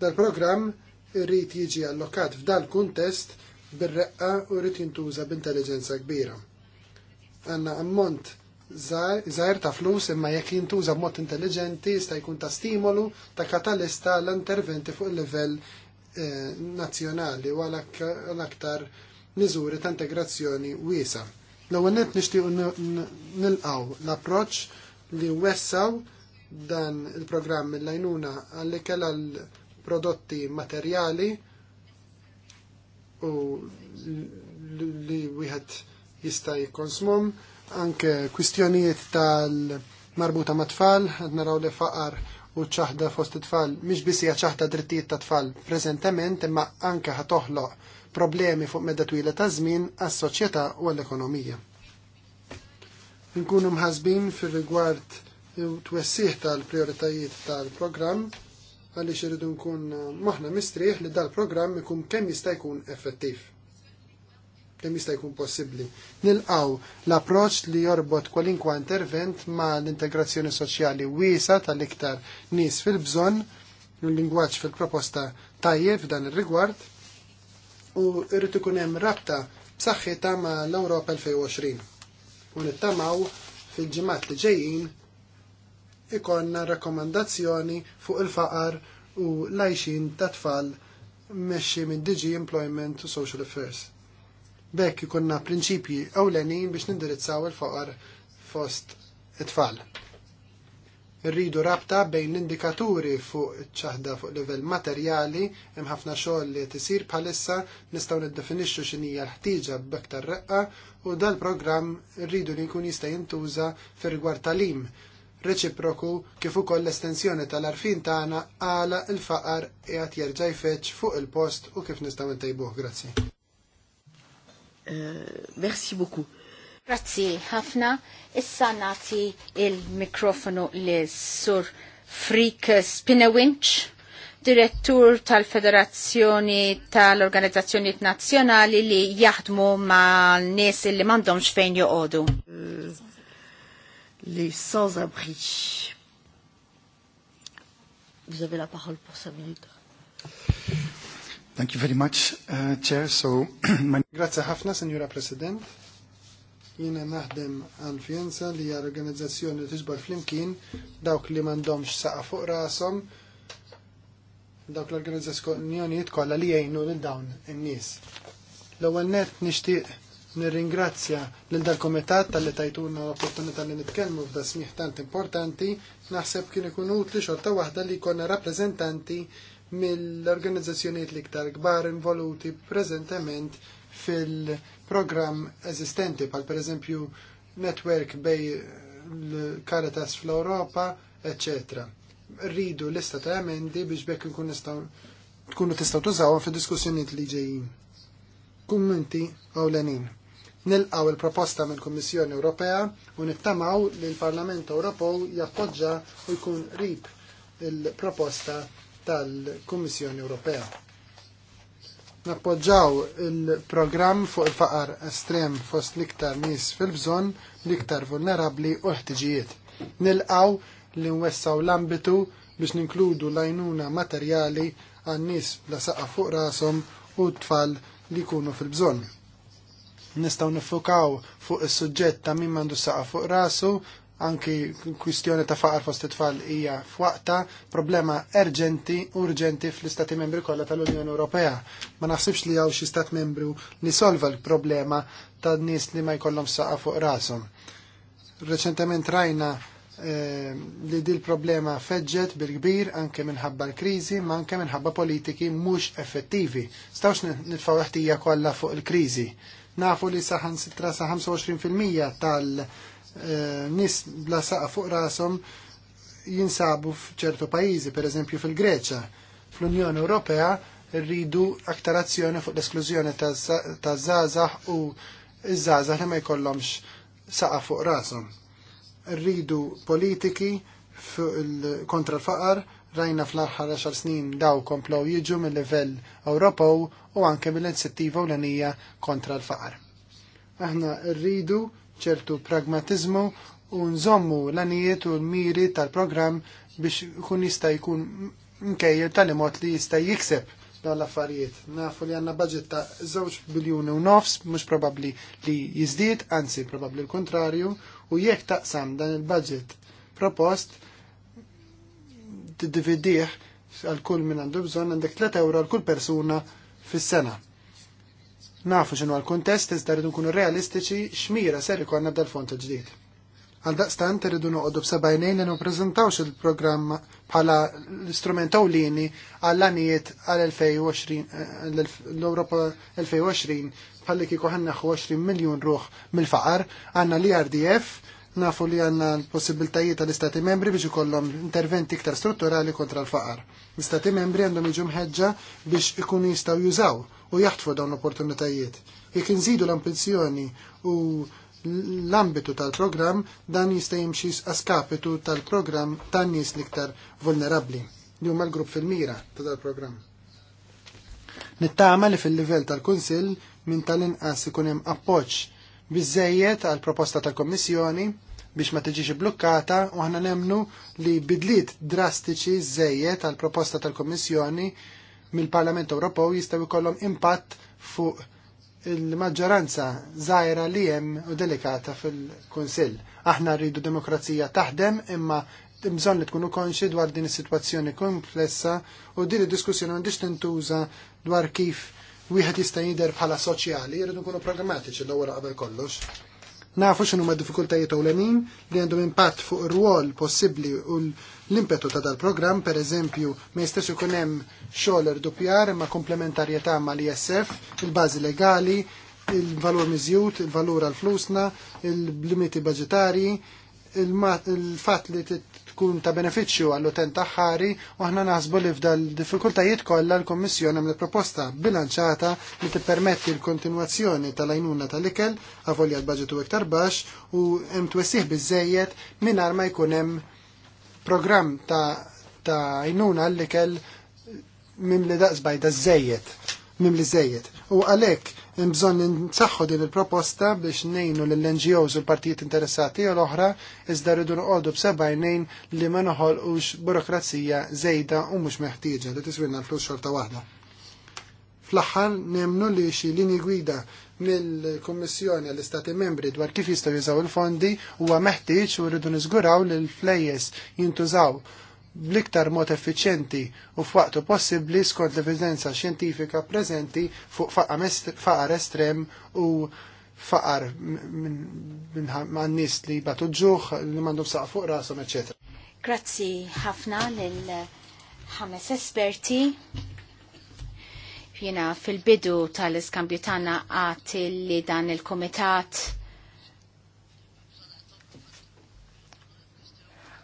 Dal-programm irrit jiġi allokat f'dal kuntest bir-reqqa u rrit jintuża b'intelligenza kbira. Għanna ammont zaħir ta' flus imma jekk jintuża b'mod intelligenti jista' jkun ta' stimolu ta' katalista l-interventi fuq il-livell nazjonali eh, nazzjonali u għal-aktar miżuri ta' integrazzjoni wiesa. L-ewwel nett nixtiequ nilqaw l-approċċ li wessaw dan il-programm mill-lajnuna għalli kella l prodotti materjali u li wieħed jista' jikkonsmhom anke kwistjonijiet tal-marbuta ma' tfal, qed naraw li faqar u ċaħda fost it-tfal, mhix biss hija ċaħda drittijiet ta' tfal preżentement imma anke ħa toħloq problemi fuq medda twila ta' żmien għas-soċjetà u għall-ekonomija. Nkunu mħasbin fir-rigward twessih tal-prioritajiet tal-programm għaliex irridu nkun eh, maħna mistrieħ li dal-programm ikun kemm jista' jkun effettiv. Kemm jista' jkun possibbli. Nilqaw l-approċċ li jorbot kwalinkwa intervent ma l-integrazzjoni soċjali wiesa tal-iktar nies fil-bżonn, l-lingwaġġ fil-proposta tajjeb dan ir-rigward u rrid ikun hemm rabta b'saħħitha ma l-Ewropa 2020. U nittamaw fil-ġimgħat li ġejjin ikonna rakkomandazzjoni fuq il-faqar u lajxin ta' tfal meċi minn DG Employment u Social Affairs. Bekk ikonna prinċipji ewlenin biex nindirizzaw il-faqar fost it-tfal. Rridu rabta bejn l-indikaturi fuq ċaħda fuq livell materjali, hemm ħafna xogħol li tisir bħalissa nistgħu niddefinixxu x'inhija l-ħtieġa b'aktar reqqa u dal-programm rridu li jkun jista' jintuża fir-rigward talim reċiproku kif ukoll l-estensjoni tal-arfin tagħna għala l-faqar qiegħed jerġa' jfeċ fuq il-post u kif nistgħu ntejbuh. Grazzi. Eh, merci beaucoup. Grazzi ħafna. Issa nagħti il-mikrofonu lil Sur Frik Spinewinch direttur tal-Federazzjoni tal-Organizzazzjoni Nazzjonali li jaħdmu ma' nies li m'għandhomx fejn joqogħdu. Eh, les sans-abri. Vous avez la parole pour cinq minutes. Thank you very much, uh, Chair. So, my... Grazie ħafna, Signora President. Jina naħdem għan Fienza li għar organizzazzjoni li tiġbar flimkien dawk li m'għandhomx saqa fuq rasom dawk l-organizzazzjonijiet kollha li jajnu l dawn in nis L-ewwel nett nixtieq Nirringrazzja lil dal-komitat tal-li tajtuna l-opportunità li nitkellmu f'da smieħ tant importanti, naħseb kien ikun utli xorta waħda li jkollna rappreżentanti mill-organizzazzjonijiet l-iktar kbar involuti preżentament fil-programm eżistenti, pal per eżempju network bej l-Caritas fl-Europa, eccetera. Rridu lista ta' emendi biex bekk nkun tkunu tistaw tużaw fid diskussjoniet li ġejjin. Kummenti għawlenin. Nilqaw il-proposta mill-Kummissjoni Ewropea u nittamaw li l-Parlament Ewropew jappoġġa u jkun rib il-proposta tal-Kummissjoni Ewropea. Nappoġġaw il-programm fuq il-faqar estrem fost liktar nies fil-bżonn, liktar vulnerabli u ħtiġijiet. Nilqaw li nwessaw l-ambitu biex ninkludu lajnuna materjali għan nies la saqa fuq rashom u tfal li jkunu fil-bżonn Nistgħu nifukaw fuq is-suġġett ta' min m'għandu saqa fuq rasu, anki kwistjoni ta' faqar fost it-tfal hija f'waqta problema erġenti, urġenti fl-istati membri kollha tal-Unjoni Ewropea. Ma naħsibx li hawn xi stat membru li solva l-problema ta' nies li ma jkollhom saqa fuq rashom. Reċentement rajna eh, li di l-problema feġġet bil-kbir anke minħabba l-kriżi, ma anke minħabba politiki mhux effettivi. Stawx nitfaw ħtija kollha fuq il-kriżi Nafu li saħan sitra sa 25% tal-nis eh, bla saqa fuq rasom jinsabu f'ċertu pajizi, per eżempju fil-Greċa. Fl-Unjoni Ewropea rridu aktar azzjoni fuq l-esklużjoni ta' zazah u iż-żazax li ma jkollhomx saqa fuq rasom. Rridu politiki kontra l-faqar, rajna fl-aħħar 10 snin daw komplow jiġu mill-livell Ewropew u anke mill l-anija kontra l-faqar. Aħna rridu ċertu pragmatizmu u nżommu l-anijiet u l-miri tal-programm biex kun jista' jkun mkejjel tal-imot li jista' jikseb dawn l-affarijiet. Nafu li għanna budget ta' 2 biljuni u nofs, mux probabli li jizdiet, anzi probabli l-kontrarju, u jekk taqsam dan il-budget propost, tiddividih għal kull minn għandu bżonn għandek 3 euro għal kull persuna fis-sena. Nafu x'inhu għall-kuntest iżda rridu nkunu realistiċi x'mira ser għanna dal fond ġdijt. Għal daqstant irridu b-sabajnejn li nippreżentawx il-programm bħala l-istrument ewlieni għall għanijiet għal 2020 eh, l-Ewropa 2020 bħalli kieku ħannaħu 20 miljun ruħ mill-faqar għandna l-IRDF nafu li għanna l-possibiltajiet tal-Istati membri biex ikollhom interventi iktar strutturali kontra l-faqar. L-Istati membri għandhom iġu mħeġġa biex ikunu jistgħu jużaw u jaħtfu dawn l-opportunitajiet. Jekk inżidu l-ambizjoni u l-ambitu tal-programm dan jista' jimxi askapitu tal-programm tan-nies l-iktar vulnerabbli Jum huma l-grupp fil-mira ta' tal-programm. Nittama li fil-livell tal-Kunsill minn tal-inqas ikun hemm appoġġ bizzejiet għal proposta tal komissjoni biex ma tiġiġi blokkata u ħana nemnu li bidliet drastiċi żejjed għal proposta tal komissjoni mill-Parlament Ewropew jistaw jkollhom impatt fuq il-maġġoranza zaħira li hemm u delikata fil-Kunsill. Aħna rridu demokrazija taħdem imma bżonn li tkunu konxi dwar din is-sitwazzjoni komplessa u din id-diskussjoni m'għandix tintuża dwar kif wieħed jista' jidher bħala soċjali, jrid nkunu programmatiċi l-ewwel qabel kollox. Nafu x'inhu ma' diffikultajiet ewlenin li għandhom impatt fuq ir-rwol possibbli u l-impetu ta' dal-programm, pereżempju ma jistax ikun hemm xogħol irdupjar imma komplementarjetà mal-ISF, il-bażi legali, il-valur miżjud, il-valur għal-flusna, il-limiti budġetarji, il fatt li tkun ta' beneficju għall-utent taħħari u aħna naħsbu li f'dal diffikultajiet kollha l-Kommissjoni għamlet proposta bilanċata li tippermetti l-kontinwazzjoni tal-għajnuna tal-ikel għavolja l-budgetu iktar baxx u hemm twessih biżejjed mingħajr ma jkun hemm programm ta' ta' għajnuna l-ikel mim li daqsbajda żejjed mim li U għalhekk Bżon nsaħħu din il-proposta biex nejnu l-NGOs u l-partijiet interessati u l-oħra iżda rridu nqogħdu b'seba' nejn li ma noħolqux burokrazija żejda u mhux meħtieġa li tiswilna l-flus xorta waħda. Fl-aħħar nemnu li xi linji gwida mill-Kommissjoni għall istati membri dwar kif jistgħu jużaw il-fondi huwa meħtieġ u rridu niżguraw li l-flejjes jintużaw bl-iktar mod effiċenti u f'waqtu possibbli skont l-evidenza xjentifika preżenti fuq faqar estrem u faqar minn nies li batu ġuħ li m'għandhom saq fuq rashom, eċetera. Grazzi ħafna lil ħames esperti jena fil-bidu tal-iskambju tagħna għat li dan il kumitat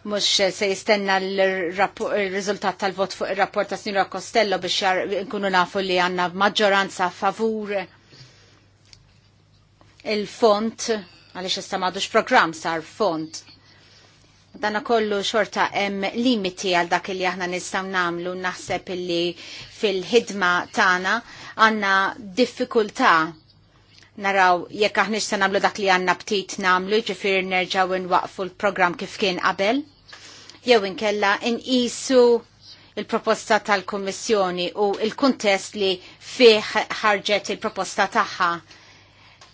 mux se jistenna l-rizultat tal-vot fuq il-rapport ta' Sinjura Costello biex nkunu nafu li għanna maġġoranza favur il-font, għalix istamadux program sar font. Dana kollu xorta em limiti għal dak li aħna nistaw namlu naħseb li fil-ħidma tana għanna diffikultà naraw jekk aħna se namlu dak li għanna btit namlu ġifir nerġaw nwaqfu l-program kif kien qabel jew inkella inqisu il-proposta tal-Kommissjoni u il-kuntest li fih ħarġet il-proposta tagħha.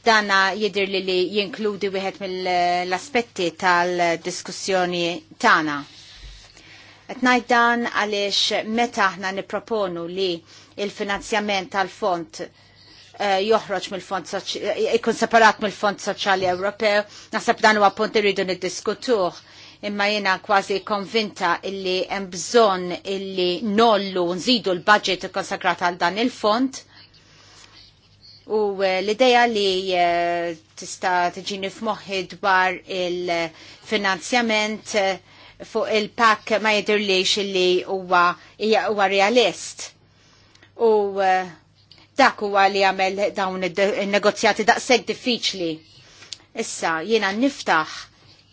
Dana jidir li li jinkludi wieħed mill-aspetti tal-diskussjoni tagħna. Qed ngħid dan għaliex meta aħna nipproponu li il-finanzjament tal-fond eh, joħroġ mill-fond eh, ikun separat mill-fond soċjali Ewropew, naħseb dan huwa punt irridu niddiskutuh imma jena kważi konvinta illi hemm bżonn illi nollu nżidu l-budget ikkonsakrat għal dan il-fond. U eh, l-ideja li eh, tista tiġini f'moħħi dwar il-finanzjament eh, fuq il-pak ma jidhirlix li huwa huwa realist. U dak huwa li għamel dawn il-negozjati daqshekk diffiċli. Issa jiena niftaħ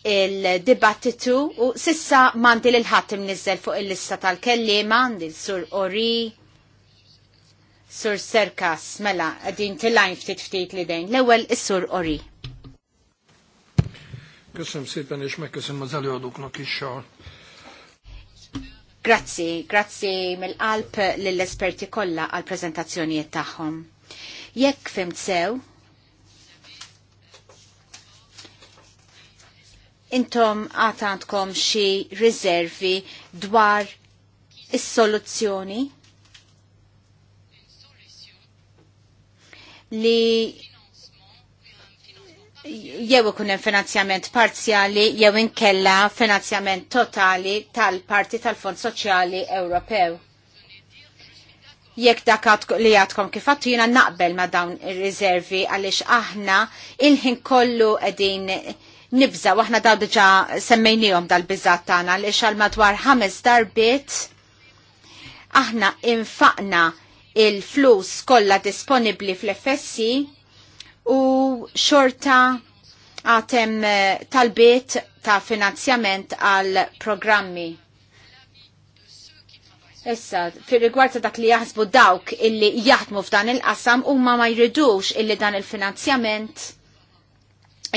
il-dibattitu u sissa mandi l-ħat imnizzel fuq il-lista tal-kellima għandi sur Ori, sur Serkas, mela, din til ftit ftit li dejn. L-ewel is-sur Ori. Köszönöm szépen, ix megköszönöm az előadóknak is kisċar Grazzi, grazzi mill-qalb lill-esperti kollha għal-prezentazzjonijiet tagħhom. Jekk fimt sew, intom għatantkom xi riservi dwar is-soluzzjoni li jew ikun hemm finanzjament parzjali jew inkella finanzjament totali tal-Parti tal-Fond Soċjali Ewropew. Jekk dak li għadkom kif għattu jiena naqbel ma dawn ir-riservi għaliex aħna il-ħin kollu qegħdin Nibza, waħna daw diġa semmejnijom dal-bizzat tagħna li xal madwar ħames darbit aħna infaqna il-flus kollha disponibbli fl-FSC u xorta għatem eh, talbiet ta' finanzjament għal programmi. Issa, fil rigward dak li jaħsbu dawk illi jaħdmu f'dan il-qasam u ma ma jridux illi dan il-finanzjament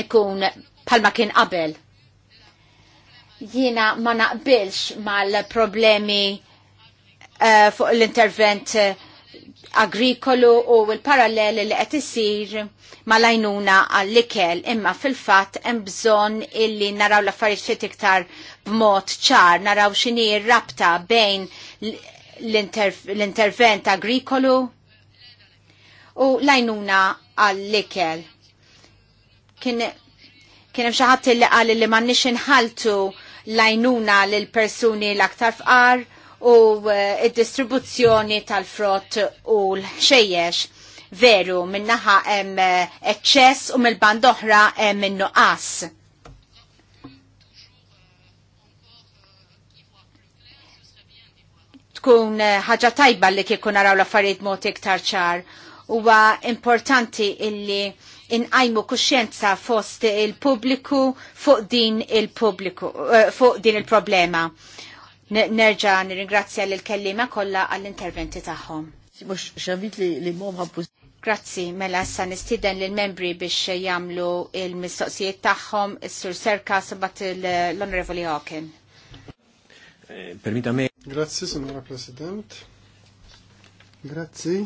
ikun palma kien qabel. Jiena ma naqbilx mal-problemi uh, fuq l-intervent eh, agrikolu u l-parallel li qed isir mal-għajnuna għall-ikel imma fil-fatt hemm bżonn illi naraw l-affarijiet fit iktar b'mod ċar, naraw x'inhi r-rabta bejn l-intervent agrikolu u l-għajnuna għall-ikel. Kien Kien hemm xi ħadd li qal li m'għandniex inħaltu lajnuna lil persuni l-aktar fqar u e, id-distribuzzjoni tal-frott u l-xejjex. Veru, minnaħa hemm e, eċċess u mill-band oħra hemm innuqas. Tkun e, ħaġa tajba li kieku naraw l-affarijiet mod iktar ċar. Huwa importanti illi inqajmu kuxjenza fost il-pubbliku fuq din il publiku eh, fuq din il-problema. Nerġa' nirringrazzja lil kellima kollha għall-interventi tagħhom. Grazzi, mela issa nistiden lill membri biex jagħmlu il-mistoqsijiet tagħhom is-Sur Serka sabat l-Onorevoli Hawken. Eh, Permita me. Grazzi, Signora President. Grazzi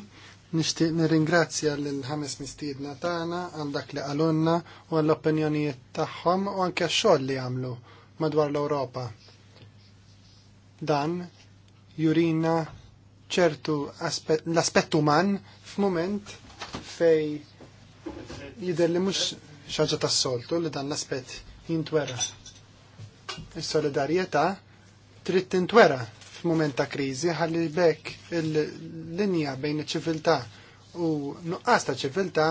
Nishtiq nirringrazzja l-ħames mistiedna tagħna għal dak li qalonna u għall opinjonijiet tagħhom u anke x-xogħol li għamlu madwar l-Ewropa. Dan jurina ċertu l-aspett uman f'mument fej jidher li mhux xaġa tas-soltu li dan l-aspett jintwera. Is-solidarjetà trid tintwera f'mument ta' kriżi ħalli bekk il-linja bejn ċiviltà u nuqqas ta' ċiviltà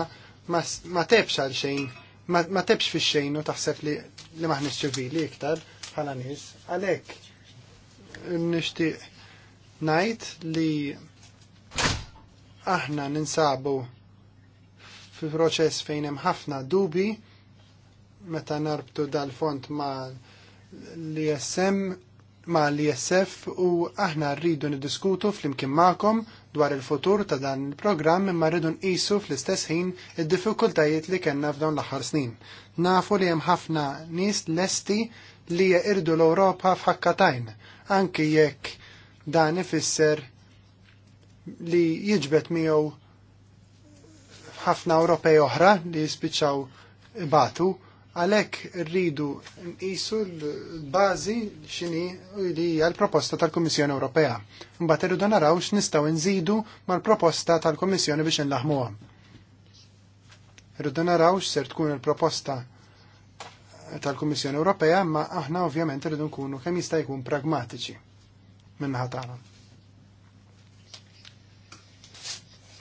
ma tebx għal xejn, ma tebx fix xejn u taħseb li li maħniex ċivili iktar bħala nies għalhekk nixtieq ngħid li aħna ninsabu fi proċess fejn hemm ħafna dubi meta narbtu dal-font ma l-ISM ma' l-ISF u aħna rridu niddiskutu fl-imkien ma'kom dwar il-futur ta' dan il-programm imma rridu nqisu fl-istess ħin id-diffikultajiet li kellna f'dawn l-aħħar snin. Nafu li hemm ħafna nies lesti li jirdu l-Ewropa f'ħakkatajn, anki jekk dan ifisser li jiġbet miegħu ħafna Ewropej oħra li jispiċċaw ibatu Għalhekk rridu nqisu l-bażi x'inhi li hija l-proposta tal-Kummissjoni Ewropea. Mbagħad irridu naraw x'nistgħu nżidu mal-proposta tal-Kummissjoni biex inlaħmuha. Irridu naraw x'ser tkun il-proposta tal-Kummissjoni Ewropea, ma aħna ovvjament irridu nkunu kemm jista' jkun pragmatiċi minn ħatana.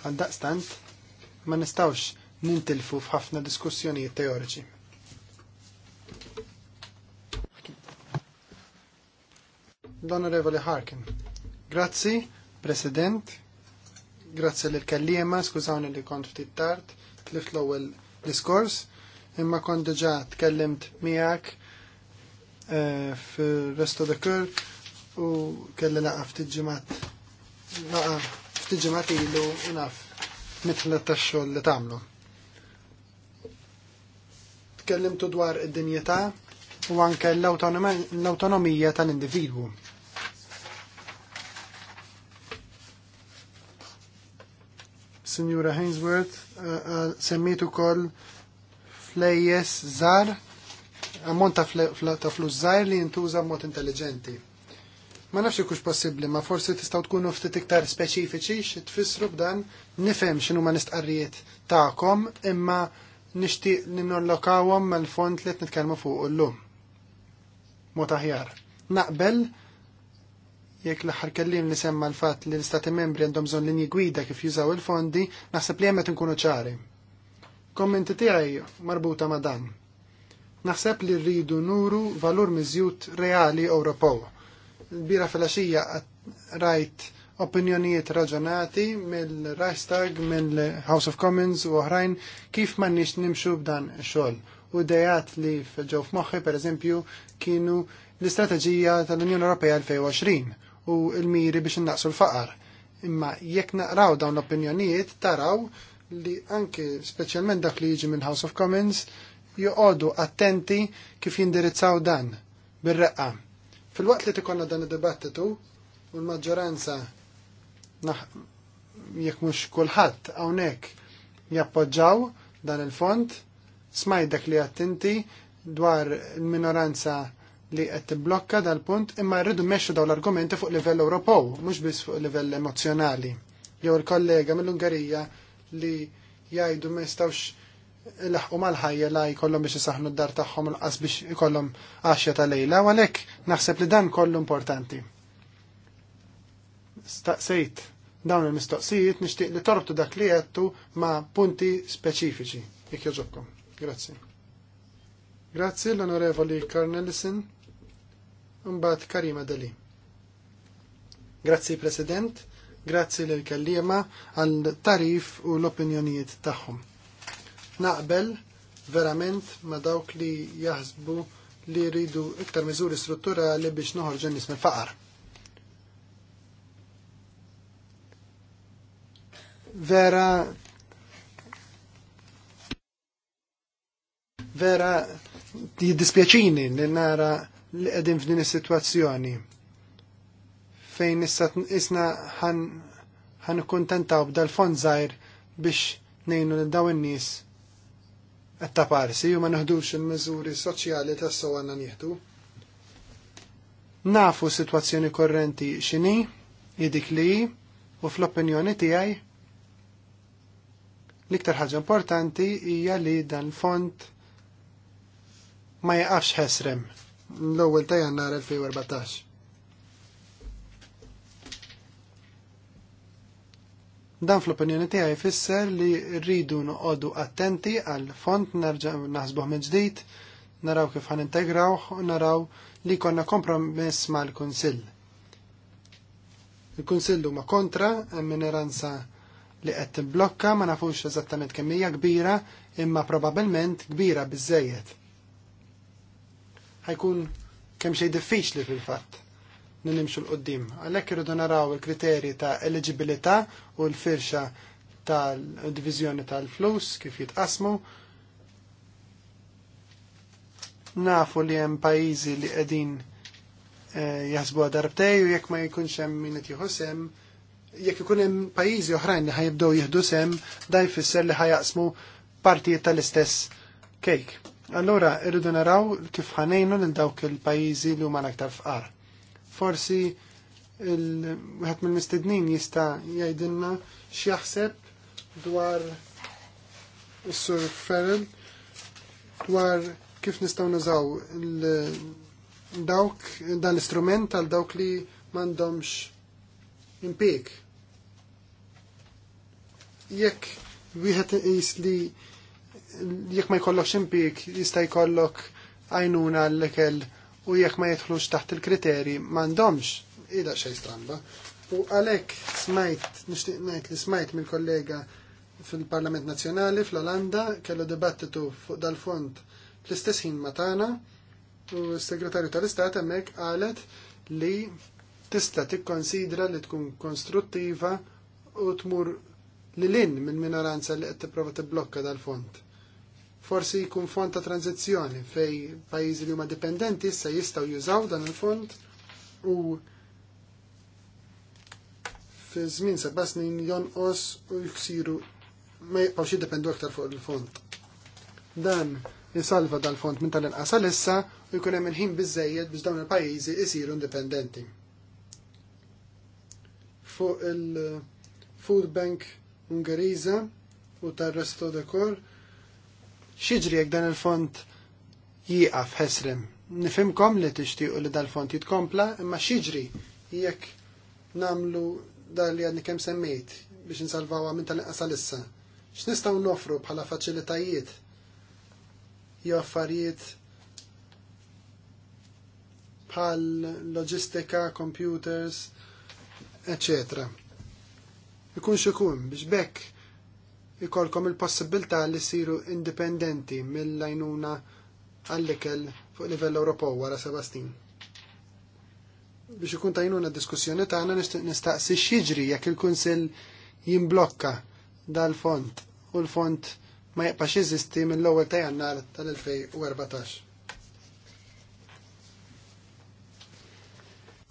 Għaldaqstant, ma nistawx nintilfu f'ħafna diskussjonijiet teoriċi. l-Onorevoli Harkin. Grazzi, President. Grazzi l-kellima, skużawni li kont ftit tard, tlift l-ewwel diskors, imma kont diġa tkellimt miegħek eh, fir-resto Kur u kelli laqa ftit ġimgħat laqa ftit ġimgħat ilu naf mitla tax-xogħol li tagħmlu. Tkellimtu dwar id-dinjetà u anke l-awtonomija tal-individwu Signora Hainsworth, eh, eh, semmitu kol flejjes zar, ammont ta' flus zar li jintuża mod intelligenti. Ma nafx kux possibli, ma forsi tistaw tkunu ftit iktar speċifiċi xi tfissru b'dan nifhem x'inhu ma nistqarrijiet tagħkom imma nixtieq ninnollokawhom mal-font li qed nitkellmu fuq illum. Mod aħjar. Naqbel jekk l-aħħar kellim li semma l-fatt li l-Stati membri għandhom bżonn linji gwida kif jużaw il-fondi, naħseb li jemmet nkunu ċari. Kommenti tiegħi marbuta ma' dan. Naħseb li rridu nuru valur miżjut reali Ewropew. Bira filgħaxija rajt opinjonijiet raġonati mill-Reichstag, mill-House of Commons u oħrajn kif nix nimxu b'dan xogħol. U dejat li fġew f'moħħi, per eżempju, kienu l-istrateġija tal-Unjoni Ewropea 2020 u l-miri biex innaqsu l-faqar. Imma jekk naqraw dawn l-opinjonijiet taraw li anke speċjalment dak li jiġi mill House of Commons joqogħdu attenti kif jindirizzaw dan bir-reqqa. Fil-waqt li tikonna dan id-dibattitu u l-maġġoranza jekk mhux kulħadd hawnhekk jappoġġaw dan il-fond, dak li attenti dwar il-minoranza li qed tibblokka dal-punt imma rridu mmexxu daw l-argumenti fuq livell Ewropew, mhux biss fuq livell emozjonali. Jew il-kollega mill-Ungerija li jgħidu ma jistgħux laħqu mal-ħajja la jkollhom biex isaħnu d-dar tagħhom l biex ikollhom għaxja ta' lejla, u għalhekk naħseb li dan kollu importanti. Staqsejt dawn il-mistoqsijiet nixtieq li tortu dak li jettu ma' punti speċifiċi. Jekk joġobkom. Grazzi. Grazzi l-Onorevoli Cornelison mbagħad Karima Dali. Grazzi President, grazzi lil kallima għal tarif u l-opinjonijiet tagħhom. Naqbel verament ma dawk li jaħsbu li jridu iktar miżuri strutturali biex noħor ġennis mill-faqar. vera vera jiddispjaċini li nara li qegħdin f'din is-sitwazzjoni fejn issa isna ħan kontentaw b'dal fond żgħir biex ngħinu lil daw in-nies qed taparsi u ma neħdux il-miżuri soċjali tassu għandna nieħdu. Nafu s-sitwazzjoni korrenti x'inhi, jidik li u fl-opinjoni tiegħi l-iktar ħaġa importanti hija li dan fond ma jaqafx ħesrem l-ewwel ta' Jannar 2014. Dan fl-opinjoni tiegħi jfisser li rridu noqogħdu attenti għal font nerġa' naħsbuh minn ġdid, naraw kif ħan integraw u naraw li konna kompromess mal-Kunsill. Il-Kunsill huma kontra hemm mineranza li qed timblokka ma nafux eżattament kemm hija kbira imma probabbilment kbira biżejjed ħajkun kemm xejn diffiċli fil-fatt nimxu l-qoddim. Għalhekk irridu naraw il-kriterji ta' eligibilità u l-firxa tal-diviżjoni tal-flus kif jitqasmu. Nafu li hemm pajjiżi li qegħdin eh, jaħsbuha darbtej u jekk ma jkunx hemm min qed jieħu jekk ikun hemm pajjiżi oħrajn li ħajibdew jieħdu sem, da jfisser li ħajaqsmu partijiet tal-istess kejk. Allura, irridu naraw kif ħanejnu lil dawk il-pajjiżi li huma l-aktar fqar. Forsi wieħed mill-mistednin jista' jgħidilna x'jaħseb dwar is-Sur Ferrell dwar kif nistgħu nużaw dawk dan l-istrument għal dawk li m'għandhomx impik. Jekk wieħed is li jekk ma jkollokx impik jista' jkollok għajnuna l ikel u jekk ma jidħlux taħt il-kriteri m'għandhomx ida xej stramba. U għalhekk smajt, nixtieq ngħid li smajt mill-kollega fil-Parlament Nazzjonali fl-Olanda kellu dibattitu fuq dal-fond fl-istess ħin matana u s-Segretarju tal-Istat hemmhekk qalet li tista' tikkonsidra li tkun konstruttiva u tmur lil lin minn minoranza li qed tipprova tibblokka dal-fond forsi jkun fond ta' tranzizzjoni fej pajjiżi li huma dipendenti issa jistgħu jużaw dan il-fond u fi żmien seba' snin jonqos u jsiru ma jibqgħux jiddependu aktar fuq il-fond. Dan jisalva dal-fond minn tal-inqas issa u jkun hemm il-ħin biżejjed biex dawn il-pajjiżi jsiru indipendenti. Fuq il-Food Bank Ungeriża u tar-Resto Dekor Xieġri jekk dan il-font jiqaf ħesrem. Nifimkom li tixtiequ li dal-font jitkompla, imma xieġri jekk namlu dal li għadni kem semmejt biex nsalvawa minn tal-inqasa issa. X'nistgħu nofru bħala faċilitajiet jew affarijiet bħal loġistika, computers, eccetera ikun xikun biex bekk ikolkom il-possibilità li siru indipendenti mill-lajnuna għall-ikel fuq livell Ewropew wara seba' snin. Biex ikun tajnuna diskussjoni tagħna nistaqsi xieġri jekk il-Kunsill jimblokka dal-font u l-font ma jibqax jeżisti mill-ewwel ta' Jannar tal-2014.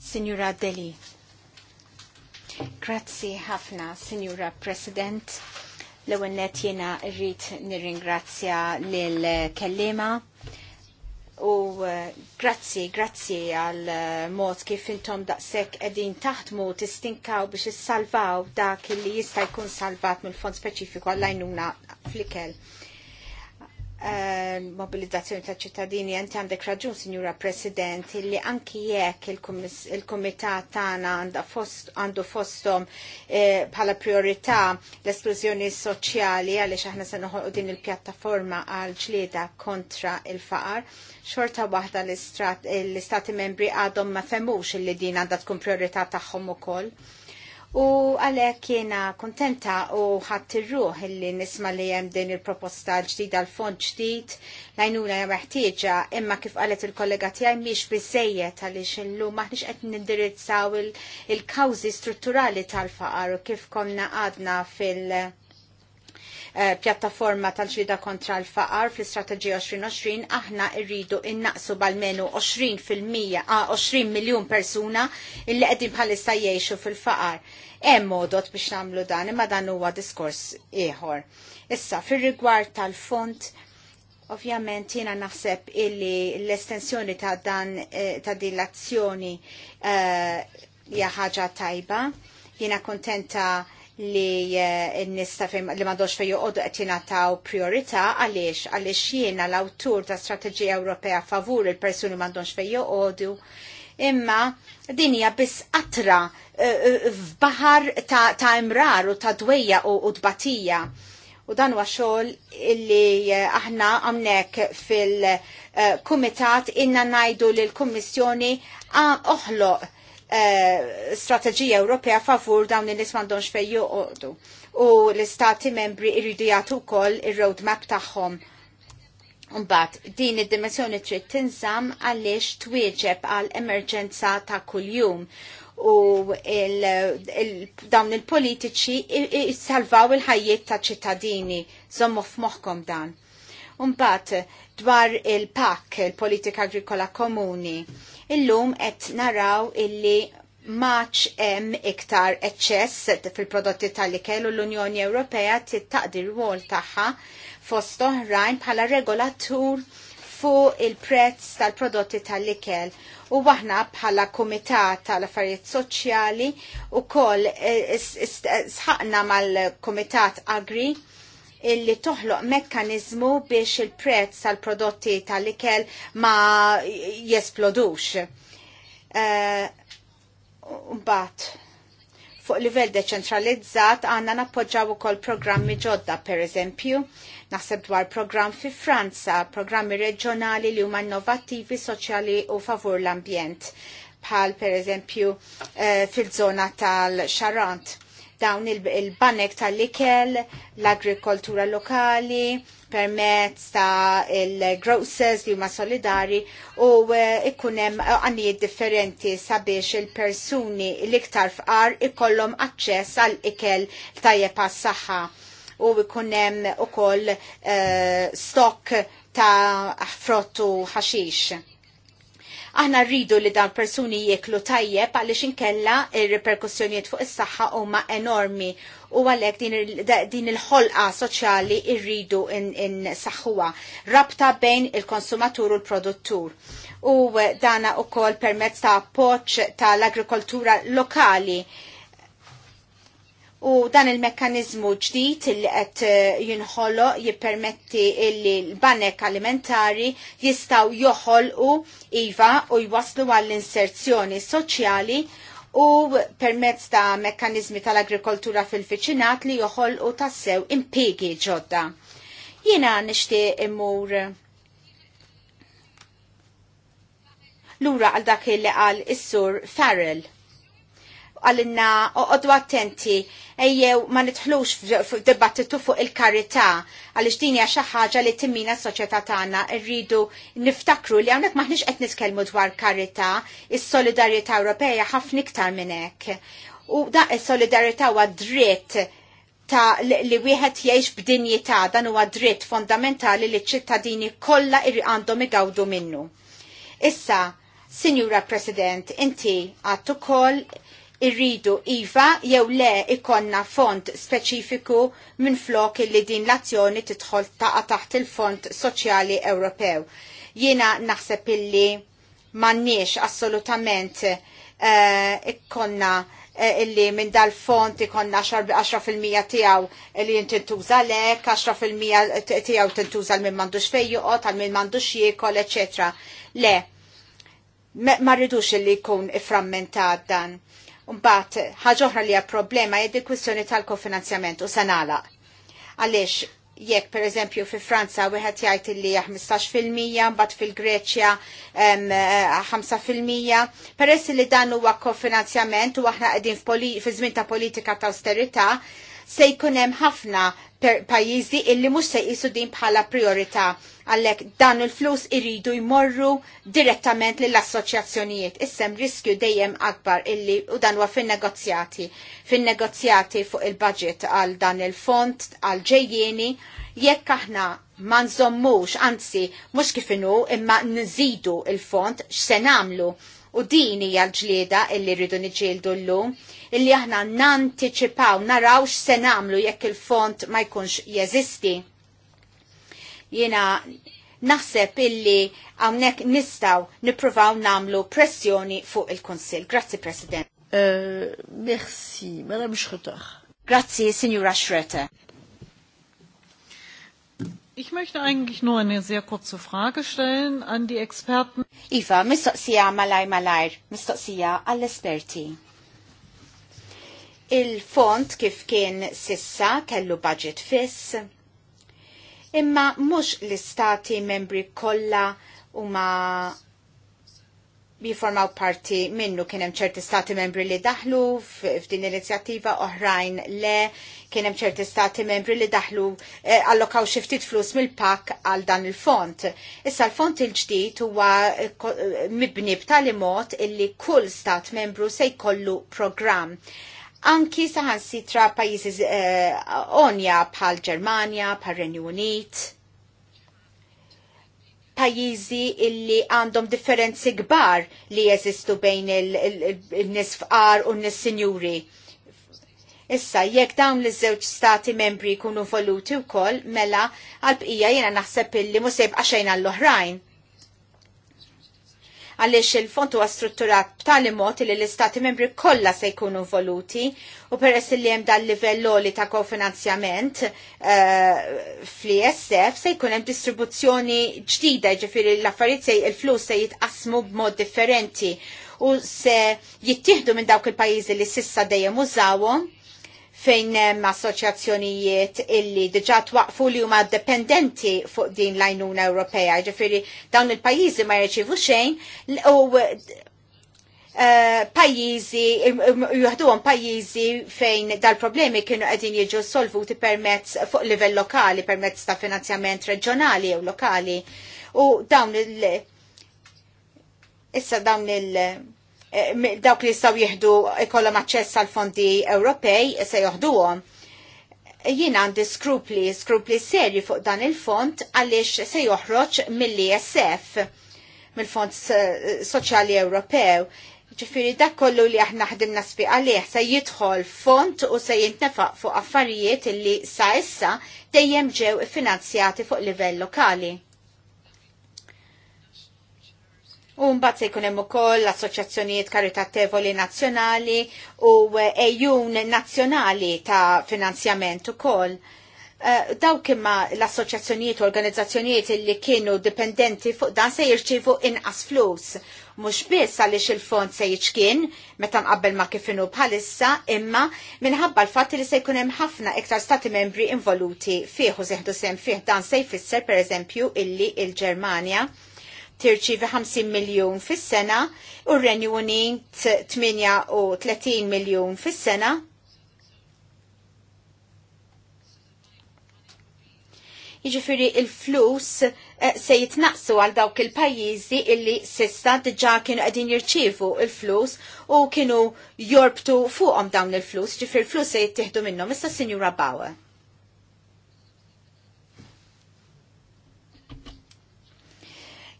Signora Deli. Grazzi ħafna, Signora President L-ewwel net jiena rrid nirringrazzja lil kellima u eh, grazzi, grazzi għal eh, mod kif intom daqsek edin taħdmu tistinkaw biex salvaw dak li jista' jkun salvat mill-fond speċifiku għall-għajnuna fl-ikel. Eh, mobilizzazzjoni ta' ċittadini, jenti għandek raġun, Signora President, li anki jekk il-Komitat tagħna għandu fostom eh, bħala priorità l-esklużjoni soċjali għaliex aħna se noħolqu din il-pjattaforma għal ġlieda kontra il-faqar. Xorta waħda l-Istati membri għadhom ma femux li din għandha tkun priorità tagħhom ukoll U għalhekk jena kontenta u ħadd irruħ illi nisma' li hemm din il-proposta l-ġdida l-fond ġdid lajnuna hija meħtieġa imma kif qalet il-kollega tiegħi mhix biżejjed għaliex illum maħniex qed nindirizzaw il-kawżi strutturali tal-faqar u kif konna għadna fil- Eh, pjattaforma tal-ġida kontra l-faqar fl-istrateġija 2020 aħna rridu innaqsu bal-menu 20%, 20 miljon persuna illi qegħdin bħalissa jgħixu fil-faqar. Hemm modot biex nagħmlu dan, imma dan huwa diskors ieħor. Issa, fir-rigward tal-font Ovvjament jiena naħseb illi l-estensjoni ta' dan eh, ta' din l-azzjoni eh, hija uh, ħaġa tajba. Jiena kontenta li eh, n-nista li mandoċ fej juqodu qed jingħataw priorità għaliex għaliex jiena l-awtur ta' strateġija Ewropea favur il-persuni mandoċ fej juqodu imma din hija biss qatra eh, eh, f'baħar ta', imrar u ta' dwejja u tbatija. U dan huwa xogħol illi aħna hawnhekk fil-kumitat inna ngħidu lill-Kummissjoni ah, oħloq Eh, strateġija Ewropea favur dawn il nies m'għandhomx fejn joqogħdu. U l-istati membri jridu jagħtu wkoll ir-roadmap tagħhom. Mbagħad din id-dimensjoni trid tinżamm għaliex twieġeb għal emerġenza ta' kuljum u il, il, dawn il-politiċi salvaw il-ħajiet ta' ċittadini, zommu f'moħkom dan. Umbat, dwar il-PAK, il-Politika Agrikola Komuni, Illum qed naraw illi maċ em iktar eċċess fil-prodotti tal-ikel u l-Unjoni Ewropea tittaqdir wol taħħa fost oħrajn bħala regolatur fuq il-prezz tal-prodotti tal-ikel. U waħna bħala Kumitat tal-Affarijiet Soċjali u koll eh, sħaqna mal-Kumitat Agri illi toħloq mekkanizmu biex il-prezz tal-prodotti tal-ikel ma jesplodux. Eh, mbagħad fuq livell deċentralizzat għandna nappoġġaw ukoll programmi ġodda pereżempju. Naħseb dwar programm fi Franza, programmi reġjonali li huma innovattivi, soċjali u favur l-ambjent bħal pereżempju uh, eh, fil-żona tal-Xarant dawn il-banek il tal-likel, l-agrikoltura lokali, permezz ta' il-grosses li huma solidari u eh, ikkunem għannijiet differenti sabiex il-persuni l-iktar fqar ikollhom aċċess għal ikel tajjeb għas-saħħa u ikkunem ukoll uh, stock ta' frottu ħaxix Aħna rridu li dawn persuni jieklu tajjeb għaliex inkella il reperkussjonijiet fuq is-saħħa huma enormi u għalhekk din il-ħolqa soċjali rridu n-saħħuha rabta bejn il-konsumatur u l-produttur. U dana ukoll permezz ta' appoġġ tal-agrikoltura lokali U dan il-mekkanizmu ġdid li qed eh, jinħolo jippermetti li l-banek alimentari jistaw joħolqu iva u jwaslu għall-inserzjoni soċjali u permezz ta' mekkanizmi tal-agrikoltura fil fiċinat li joħolqu tassew impiegi ġodda. Jiena nixtieq imur lura għal dak li qal is-sur Farrell għalinna oqodu attenti ejjew ma nitħlux f'dibattitu fuq il-karità għaliex din hija xi ħaġa li timmina s-soċjetà tagħna rridu niftakru li hawnhekk maħniex qed nitkellmu dwar karità, is-solidarjetà Ewropea ħafna iktar minn hekk. U da is-solidarjetà huwa dritt ta' li wieħed jgħix b'dinjità dan huwa dritt fondamentali li ċ-ċittadini kollha għandhom igawdu minnu. Issa, Signora President, inti għattu ukoll irridu iva jew le ikonna font speċifiku minn flok li din l-azzjoni titħol taqa taħt il-Fond Soċjali Ewropew. Jiena naħseb illi m'għandniex assolutament uh, ikkonna uh, illi minn dal-font ikonna 10% tiegħu li tintuża lek, 10% tiegħu tintuża l-min m'għandux fejju, joqgħod, għal-min m'għandux jiekol, eċċetera. Le, ma rridux illi jkun iframmentat dan Mbagħad ħaġa oħra li hija problema hija kwistjoni tal-kofinanzjament u sanala. Għaliex jekk per eżempju fi Franza wieħed jgħid li 15% mbagħad fil-Greċja 5% eh, peress li dan huwa kofinanzjament u aħna qegħdin fi żmien ta' politika ta' austerità se jkun hemm ħafna pajjiżi illi mhux se jisu din bħala priorita għalhekk dan il-flus iridu jmorru direttament lill assoċjazzjonijiet Issem riskju dejjem akbar illi u dan wa fin-negozjati. Fin-negozjati fuq il-budget għal dan il-font għal ġejjieni jekk aħna ma nżommux, anzi, mhux kif inhu imma nżidu il-font x'se nagħmlu. U din hija l-ġlieda illi rridu niġġieldu llum illi aħna nanticipaw, narawx se namlu jekk il-font ma jkunx jeżisti. Jina naħseb illi għamnek nistaw nipruvaw namlu pressjoni fuq il-Konsil. Grazzi, President. Eh, merci, madam Schröter. Grazzi, Signora Schröter. Ich möchte eigentlich nur eine sehr kurze Frage stellen an die Experten. Eva, Iva, mistoqsija malaj malajr, mistoqsija għall-esperti. Il-font kif kien sissa kellu budget fiss, imma mhux l-istati membri kollha huma jiformaw parti minnu kien hemm ċerti stati membri li daħlu f'din l-inizjattiva oħrajn le kien hemm ċerti stati membri li daħlu eh, allokaw xi ftit flus mill-pak għal dan il-font. Issa l-font il-ġdid huwa eh, eh, mibni b'tali mod illi kull stat membru se jkollu programm anki tra pajjiżi uh, onja bħal Ġermanja, bħal Renju Unit pajizi illi għandhom differenzi kbar li jeżistu bejn il nisfqar u n-nis sinjuri. Issa, jekk dawn li żewġ stati membri jkunu voluti wkoll, mela għalbqija jiena naħseb illi musib għaxejn għall-oħrajn għaliex il-fond huwa strutturat b'tali mod li l-istati membri kollha se jkunu voluti u peress li hemm dal livell li ta' kofinanzjament eh, fl-ISF se jkun hemm distribuzzjoni ġdida ġifieri l-affarijiet se il-flus se jitqasmu b'mod differenti u se jittieħdu minn dawk il-pajjiżi li sissa dejjem użawhom fejn hemm assoċjazzjonijiet illi diġà twaqfu li huma dependenti fuq din l-għajnuna Ewropea. Ġifieri dawn il-pajjiżi ma jirċievu xejn u eh, pajjiżi juħduhom pajjiżi fejn dal-problemi kienu qegħdin jiġu solvuti permezz fuq livell lokali, permezz ta' finanzjament reġjonali u lokali. U dawn il- issa dawn il- Eh, dawk li jistgħu jieħdu ikollhom eh, aċċess għal fondi Ewropej eh, se joħduhom. Jien għandi skrupli, skrupli serji fuq dan il-fond għaliex se joħroġ mill-ISF, mill-Fond Soċjali Ewropew. Ġifiri dak kollu li aħna ħdimna sbi għalih se jidħol font u se jintnefaq fuq affarijiet li sa issa dejjem ġew finanzjati fuq livell lokali. Un mbagħad se jkun hemm ukoll l-assoċjazzjonijiet karitatevoli nazzjonali u eh, ejjun nazzjonali ta' finanzjament ukoll. Uh, dawk kima l-assoċjazzjonijiet u organizzazzjonijiet li kienu dipendenti fuq dan se jirċivu inqas flus. Mhux biss għaliex il-fond se jiċkien meta qabbel ma kifinu bħalissa, imma minħabba l fat li se jkun hemm ħafna iktar stati membri involuti fieħu seħdu sem fih dan se jfisser pereżempju illi il-Ġermanja il germania il ġermanja tirċivi 50 miljun fis-sena u r-Renju 38 miljun fis-sena. Jiġifieri il-flus eh, se jitnaqsu għal dawk il-pajjiżi illi s'ista diġà kienu qegħdin jirċievu il-flus u kienu jorbtu fuqhom dawn il-flus, ġifier il-flus se jittieħdu minnhom issa Sinjura Bauer.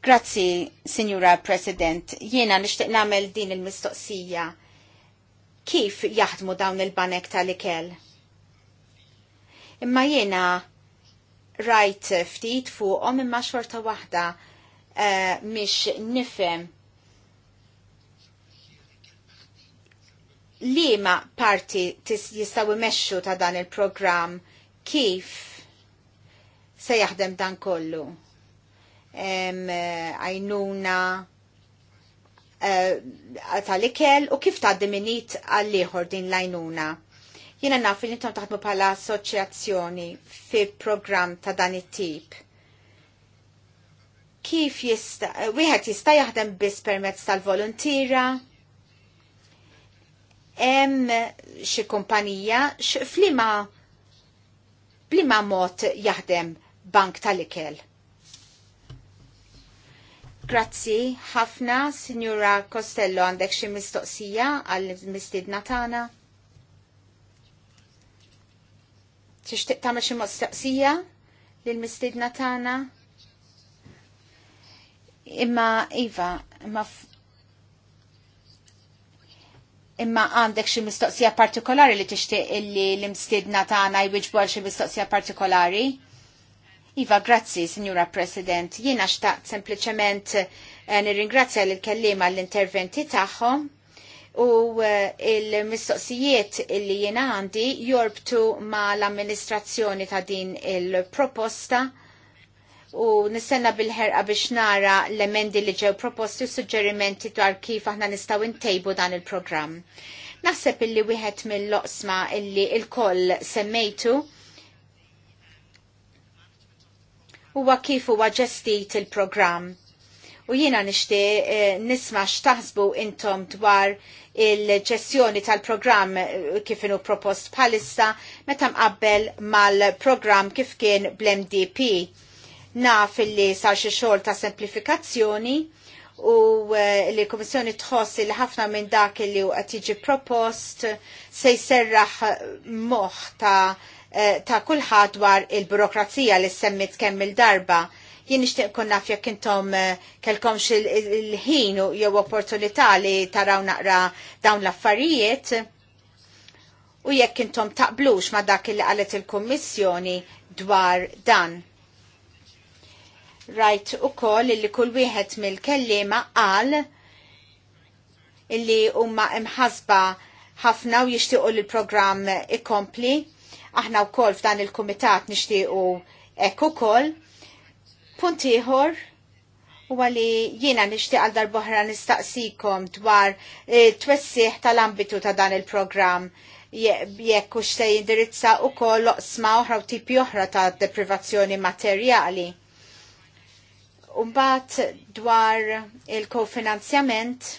Grazzi, Signora President. Jiena nixtieq nagħmel din il-mistoqsija. Kif jaħdmu dawn il-banek tal-ikel? Imma jiena rajt ftit fuqhom imma xorta waħda uh, mhix nifhem liema parti jistgħu meċxu ta' dan il-programm kif se jaħdem dan kollu għajnuna eh, tal-ikel u kif tgħaddi minit għall-ieħor din l-għajnuna. Jiena naf li intom taħdmu bħala assoċjazzjoni fi programm ta' dan it-tip kif jista, wieħed jista jaħdem biss permezz tal-volontira, hemm xi kumpanija flima blima mod jaħdem bank tal-ikel. Grazzi ħafna, Signora Costello, għandek xi mistoqsija għall mistid tagħna? Tixtieq tagħmel xi mistoqsija lill mistid tagħna? Imma Iva, imma imma għandek xi mistoqsija partikolari li tixtieq illi l-imstidna tagħna jwiġbu għal xi mistoqsija partikolari? Iva, grazzi, Signora President. Jiena xtaqt sempliċement eh, nirringrazzja l-kellima l-interventi tagħhom u eh, il-mistoqsijiet li jiena għandi jorbtu ma l-amministrazzjoni ta' din il-proposta u nistenna bil-ħerqa biex nara l-emendi li ġew proposti u suġġerimenti dwar kif aħna nistgħu ntejbu dan il-programm. Naħseb illi wieħed mill-loqsma illi il-koll semmejtu huwa kif huwa ġestit il-programm. U jiena nixti eh, nisma x'taħsbu intom dwar il-ġestjoni tal-programm eh, kif inhu propost bħalissa meta mqabbel mal-programm kif kien bl-MDP. Naf li sar xi xogħol ta' semplifikazzjoni u eh, li kummissjoni tħoss li ħafna minn dak li qed jiġi propost se jserraħ moħħ ta' Eh, ta' kulħadd dwar il-burokrazija li semmit kemm il-darba. Jien nixtieq kun naf jekk intom eh, kelkom il-ħin jew opportunità li taraw naqra dawn l-affarijiet u jekk intom taqblux ma dak li qalet il-Kummissjoni dwar dan. Rajt u koll li kull wieħed mill-kellima qal illi huma imħasba ħafna u jixtiequ li l-programm ikompli Aħna wkoll f'dan il-kumitat nixtiequ hekk ukoll. Punt ieħor u għali jiena nishtiq għal darbohra nistaqsikom dwar e, twessiħ tal-ambitu ta' dan il-program jekk u xtej jindirizza u kol loqsma oħra u tipi oħra ta' deprivazzjoni materjali. Umbat dwar il-kofinanzjament,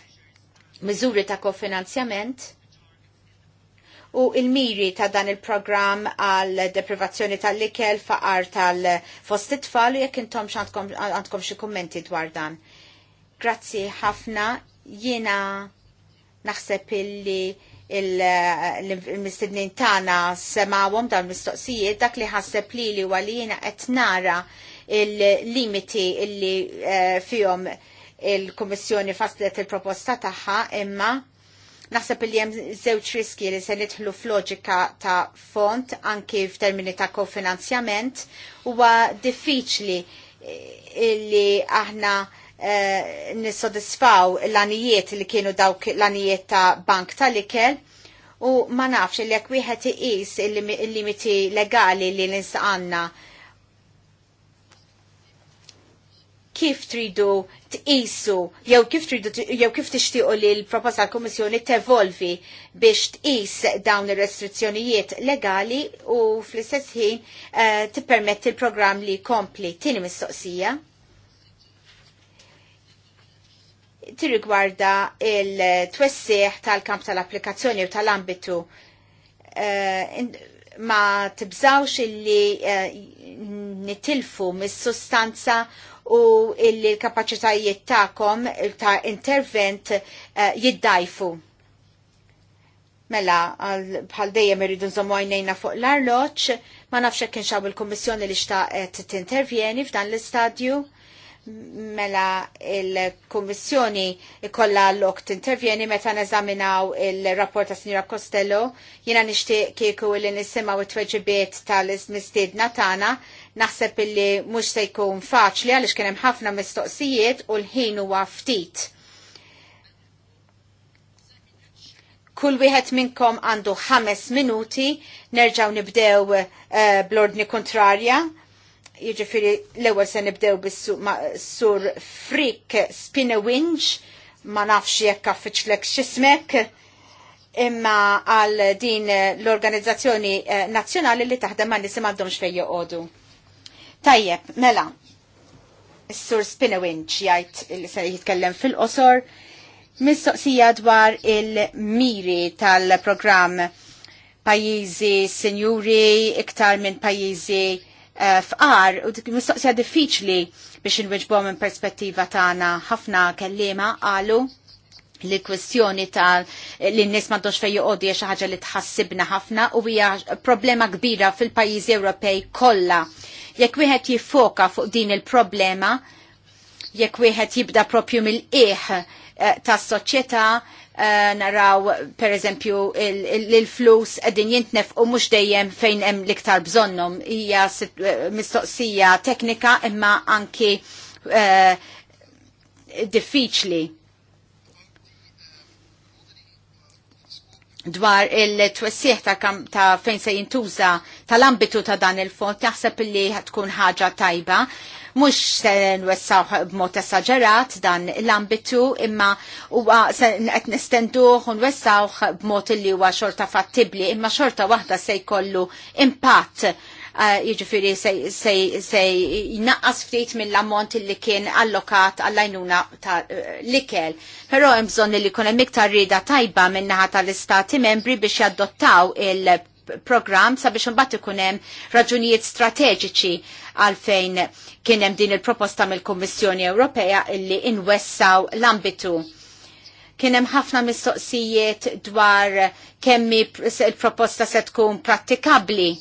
miżuri ta' kofinanzjament, u il-miri ta' dan il-programm għal deprivazzjoni tal-likel faqar tal-fost it-tfal u jekk intom għandkom xi kummenti dwar dan. Grazzi ħafna jiena naħseb illi il-mistednin tana semawom dan mistoqsijiet dak li ħasseb li li għalina qed nara il-limiti illi eh, fihom il-Kummissjoni faslet il-proposta tagħha imma Naħseb li hemm żewġ riski li se nidħlu f'loġika ta' font anki f'termini ta' kofinanzjament huwa diffiċli eh, li aħna eh, nissodisfaw l-anijiet li kienu dawk l-anijiet ta' bank tal-ikel u ma nafx li jekk wieħed iqis il-limiti legali li ninsaqanna kif tridu tqisu jew kif tridu jew kif tixtiequ li l-proposta l-Komissjoni kummissjoni tevolvi biex tqis dawn ir-restrizzjonijiet legali u fl-istess ħin uh, tippermetti l-programm li jkompli. Tieni mistoqsija. rigwarda il-twessieħ tal-kamp tal-applikazzjoni u tal-ambitu ma tibżawx illi uh, nitilfu mis-sustanza u illi l-kapacitajiet ta'kom ta' intervent eh, jiddajfu. Mela, bħal dejjem irridu nżommu għajnejna fuq l-arloċ, ma nafx hekk inxaw il-Kummissjoni li xtaqet tintervjeni f'dan l-istadju. Mela, il-Kummissjoni ikolla l-ok tintervjeni meta neżaminaw il-rapport ta' Sinjora Costello, jiena nixtieq kieku li nisimgħu it-tweġibiet tal-mistiedna tagħna Naħseb illi mhux se jkun faċli għaliex kien hemm ħafna mistoqsijiet u l-ħin huwa ftit. kull wieħed minnkom għandu ħames minuti, nerġaw nibdew uh, eh, ordni kontrarja. Jiġifieri l-ewwel se nibdew bis-sur Frik Spinewinge, ma nafx jekk affiċlek x'ismek, imma għal din l-organizzazzjoni eh, nazzjonali li taħdem ma nisim għandhomx fejn joqogħdu. Tajjeb, mela, s-sur Spinawinch jajt li se jitkellem fil-qosor, mistoqsija dwar il-miri tal-programm pajizi senjuri iktar minn pajizi eh, fqar u mistoqsija diffiċli biex nwiġbom minn perspettiva tagħna ħafna kellima qalu li kwestjoni ta' li n-nis ma' fej joqodi xi ħaġa li tħassibna ħafna u hija problema kbira fil-pajjiżi Ewropej kollha Jekk wieħed jiffoka fuq din il-problema, jekk wieħed jibda propju mill-qiegħ eh, tas-soċjetà, eh, naraw per eżempju l-flus qegħdin jintnef u mhux dejjem fejn hemm l-iktar bżonnhom hija eh, mistoqsija teknika imma anki diffiċli dwar il-twessieħ ta', kam, ta fejn se jintuża tal-ambitu ta' dan il-fond taħseb li tkun ħaġa tajba. Mux se nwessaw b'mod esagerat dan l-ambitu imma huwa se qed nistenduh u nwessawh b'mod li huwa xorta fattibli imma xorta waħda se jkollu impatt Eh, jiġifieri se jnaqqas ftit mill-ammont li kien allokat għall-għajnuna eh, l-ikel. Però hemm bżonn li jkun hemm iktar rieda tajba min-naħa tal-istati membri biex jaddottaw il- program sabiex imbagħad ikun hemm raġunijiet strateġiċi għalfejn kien hemm din il-proposta mill-Kummissjoni Ewropea illi inwessaw l-ambitu. Kien hemm ħafna mistoqsijiet dwar kemm il-proposta se tkun prattikabbli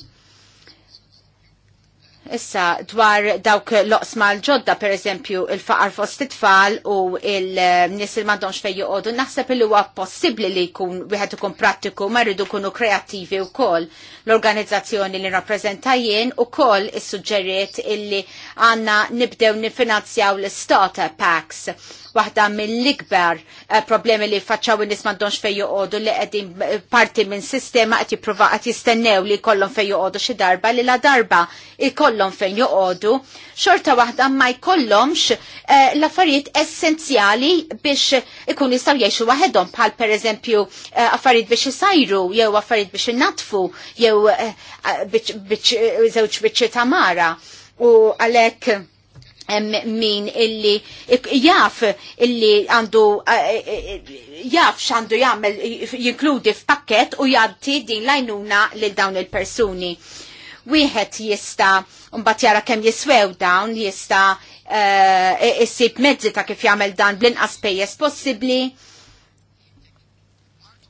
Issa, dwar dawk loqsma l-ġodda, per eżempju, il-faqar fost it-tfal u il-nis il mandonx fej joqodu, naħseb il huwa possibli li jkun wieħed ikun prattiku, ma rridu kunu kreativi u kol l-organizzazzjoni li rappresenta jien u kol is-suġġeriet illi għanna nibdew nifinanzjaw l-startup packs waħda mill-ikbar eh, problemi li faċċaw in-nies m'għandhomx fejn joqogħdu li qegħdin eh, parti minn sistema qed jipprova qed jistennew li jkollhom fejn joqogħdu xi darba li la darba jkollhom fejn joqogħdu, xorta waħda ma jkollhomx eh, l-affarijiet essenzjali biex ikun jistgħu jgħixu waħedhom bħal pereżempju affarijiet biex isajru jew affarijiet biex innatfu jew żewġ biċċi ta' u għalhekk min illi jaf illi għandu eh, eh, jaf xandu jagħmel jinkludi f'pakket u jadti din lajnuna lil dawn il-persuni. Wieħed jista' mbagħad jara kemm jiswew dawn jista' eh, issib mezzi ta' kif jagħmel dan bl-inqas pejjeż possibbli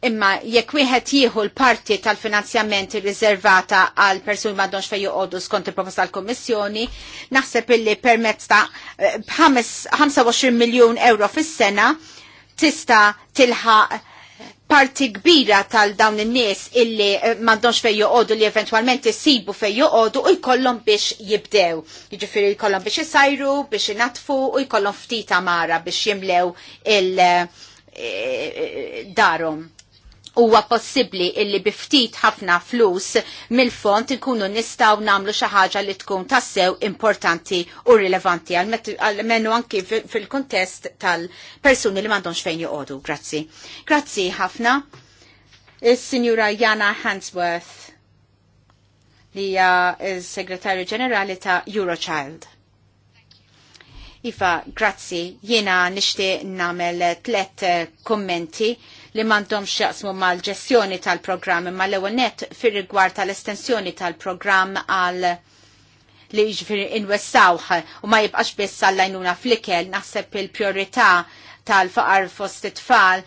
Imma jekk wieħed jieħu l-parti tal-finanzjament irriservata għal persuni m'għandhomx fejn joqogħdu skont il-proposta tal-Kummissjoni, naħseb illi permezz ta' 25 miljun euro fis-sena tista' tilħaq parti kbira tal-dawn in-nies illi eh, m'għandhomx fejn joqogħdu li eventwalment isibu fejn joqogħdu u jkollhom biex jibdew. Jiġifieri jkollhom biex isajru, biex inatfu u jkollhom ftit amara biex jimlew il- eh, eh, darhom huwa possibbli illi biftit ħafna flus mill-font nkunu nistaw namlu xi ħaġa li tkun tassew importanti u rilevanti għal-menu anki fil-kontest tal-persuni li m'għandhomx fejn joqogħdu. Grazzi. Grazzi ħafna. Is-Sinjura Jana Hansworth li hija s-Segretarju Ġenerali ta' Eurochild. Iva, grazzi. Jiena nixtieq nagħmel tlet eh, kommenti li mandom xjaqsmu mal-ġestjoni tal-programm imma l-ewwel net fir-rigward tal-estensjoni tal-programm għal li ġifiri inwessawħ u ma jibqax biss għallajnuna fl-ikel naħseb il-priorità tal-faqar fost it-tfal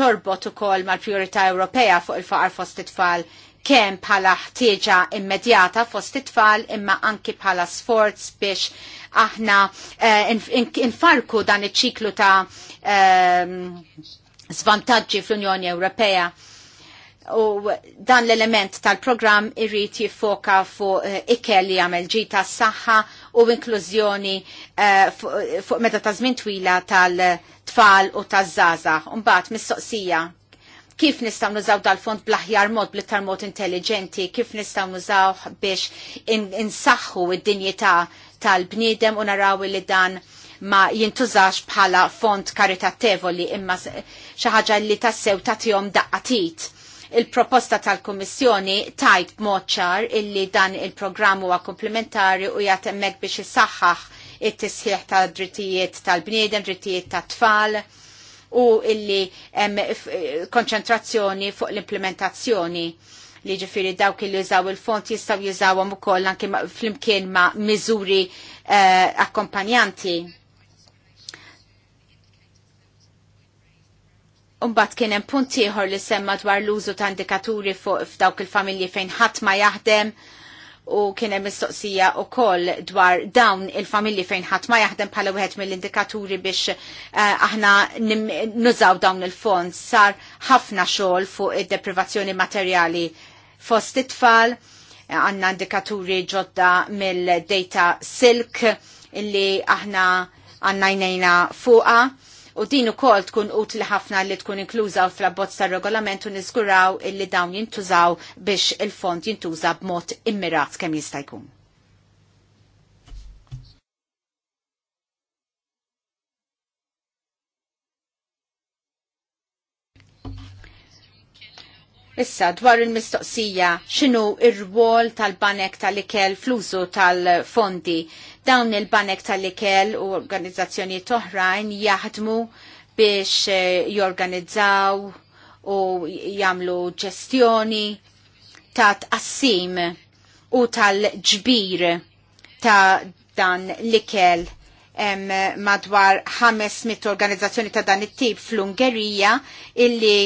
torbot u kol mal-priorità Ewropea fuq il-faqar fost it-tfal kem pala ħtieġa immedjata fost it-tfal imma anki bħala sforz biex aħna eh, infarku dan iċ-ċiklu ta' um, svantaġġi fl-Unjoni Ewropea u dan l-element tal-program irrit jiffoka fuq uh, ikel li għamel ġita s-saħħa u inklużjoni uh, fuq fu meta ta' żmien twila tal-tfal u taż-żaza. Mbagħad mistoqsija kif nistgħu nużaw dal-fond bl-aħjar mod bl mod intelligenti, kif nistgħu nużaw biex insaħħu id-dinjità tal-bniedem u naraw li dan ma jintużax bħala font karitattevoli imma xi ħaġa li tassew tagħtihom daqqatit. Il-proposta tal-Kummissjoni tajt ċar illi dan il-programm huwa komplementari u jatemmek biex isaħħaħ it-tisħiħ ta' drittijiet tal-bniedem, drittijiet ta' tfal u illi konċentrazzjoni fuq l-implementazzjoni li ġifiri dawk li jużaw il-font jistaw jużawhom ukoll anke flimkien ma' miżuri eh, akkompanjanti. Umbat kien hemm punt ieħor li semma dwar l-użu ta' indikaturi fuq f'dawk il-familji fejn ħadd ma jaħdem u kien hemm mistoqsija wkoll dwar dawn il-familji fejn ħadd ma jaħdem bħala wieħed mill-indikaturi biex eh, aħna nużaw dawn il-fond sar ħafna xogħol fuq id-deprivazzjoni materjali fost it-tfal għandna indikaturi ġodda mill-data silk illi aħna għannajnejna fuqa U din ukoll tkun utli ħafna li tkun inkluża u abbozz tar-regolament u niżguraw illi dawn jintużaw biex il-fond jintuża b'mod immirat kemm jista' jkun. Issa, dwar il-mistoqsija, xinu ir-rwol tal-banek tal-ikel fl-użu tal-fondi? Dawn il-banek tal-ikel u organizzazzjoni toħrajn jaħdmu biex eh, jorganizzaw u jamlu ġestjoni ta' tqassim u tal-ġbir ta' dan l-ikel madwar 500 organizzazzjoni ta' dan it-tip fl-Ungerija illi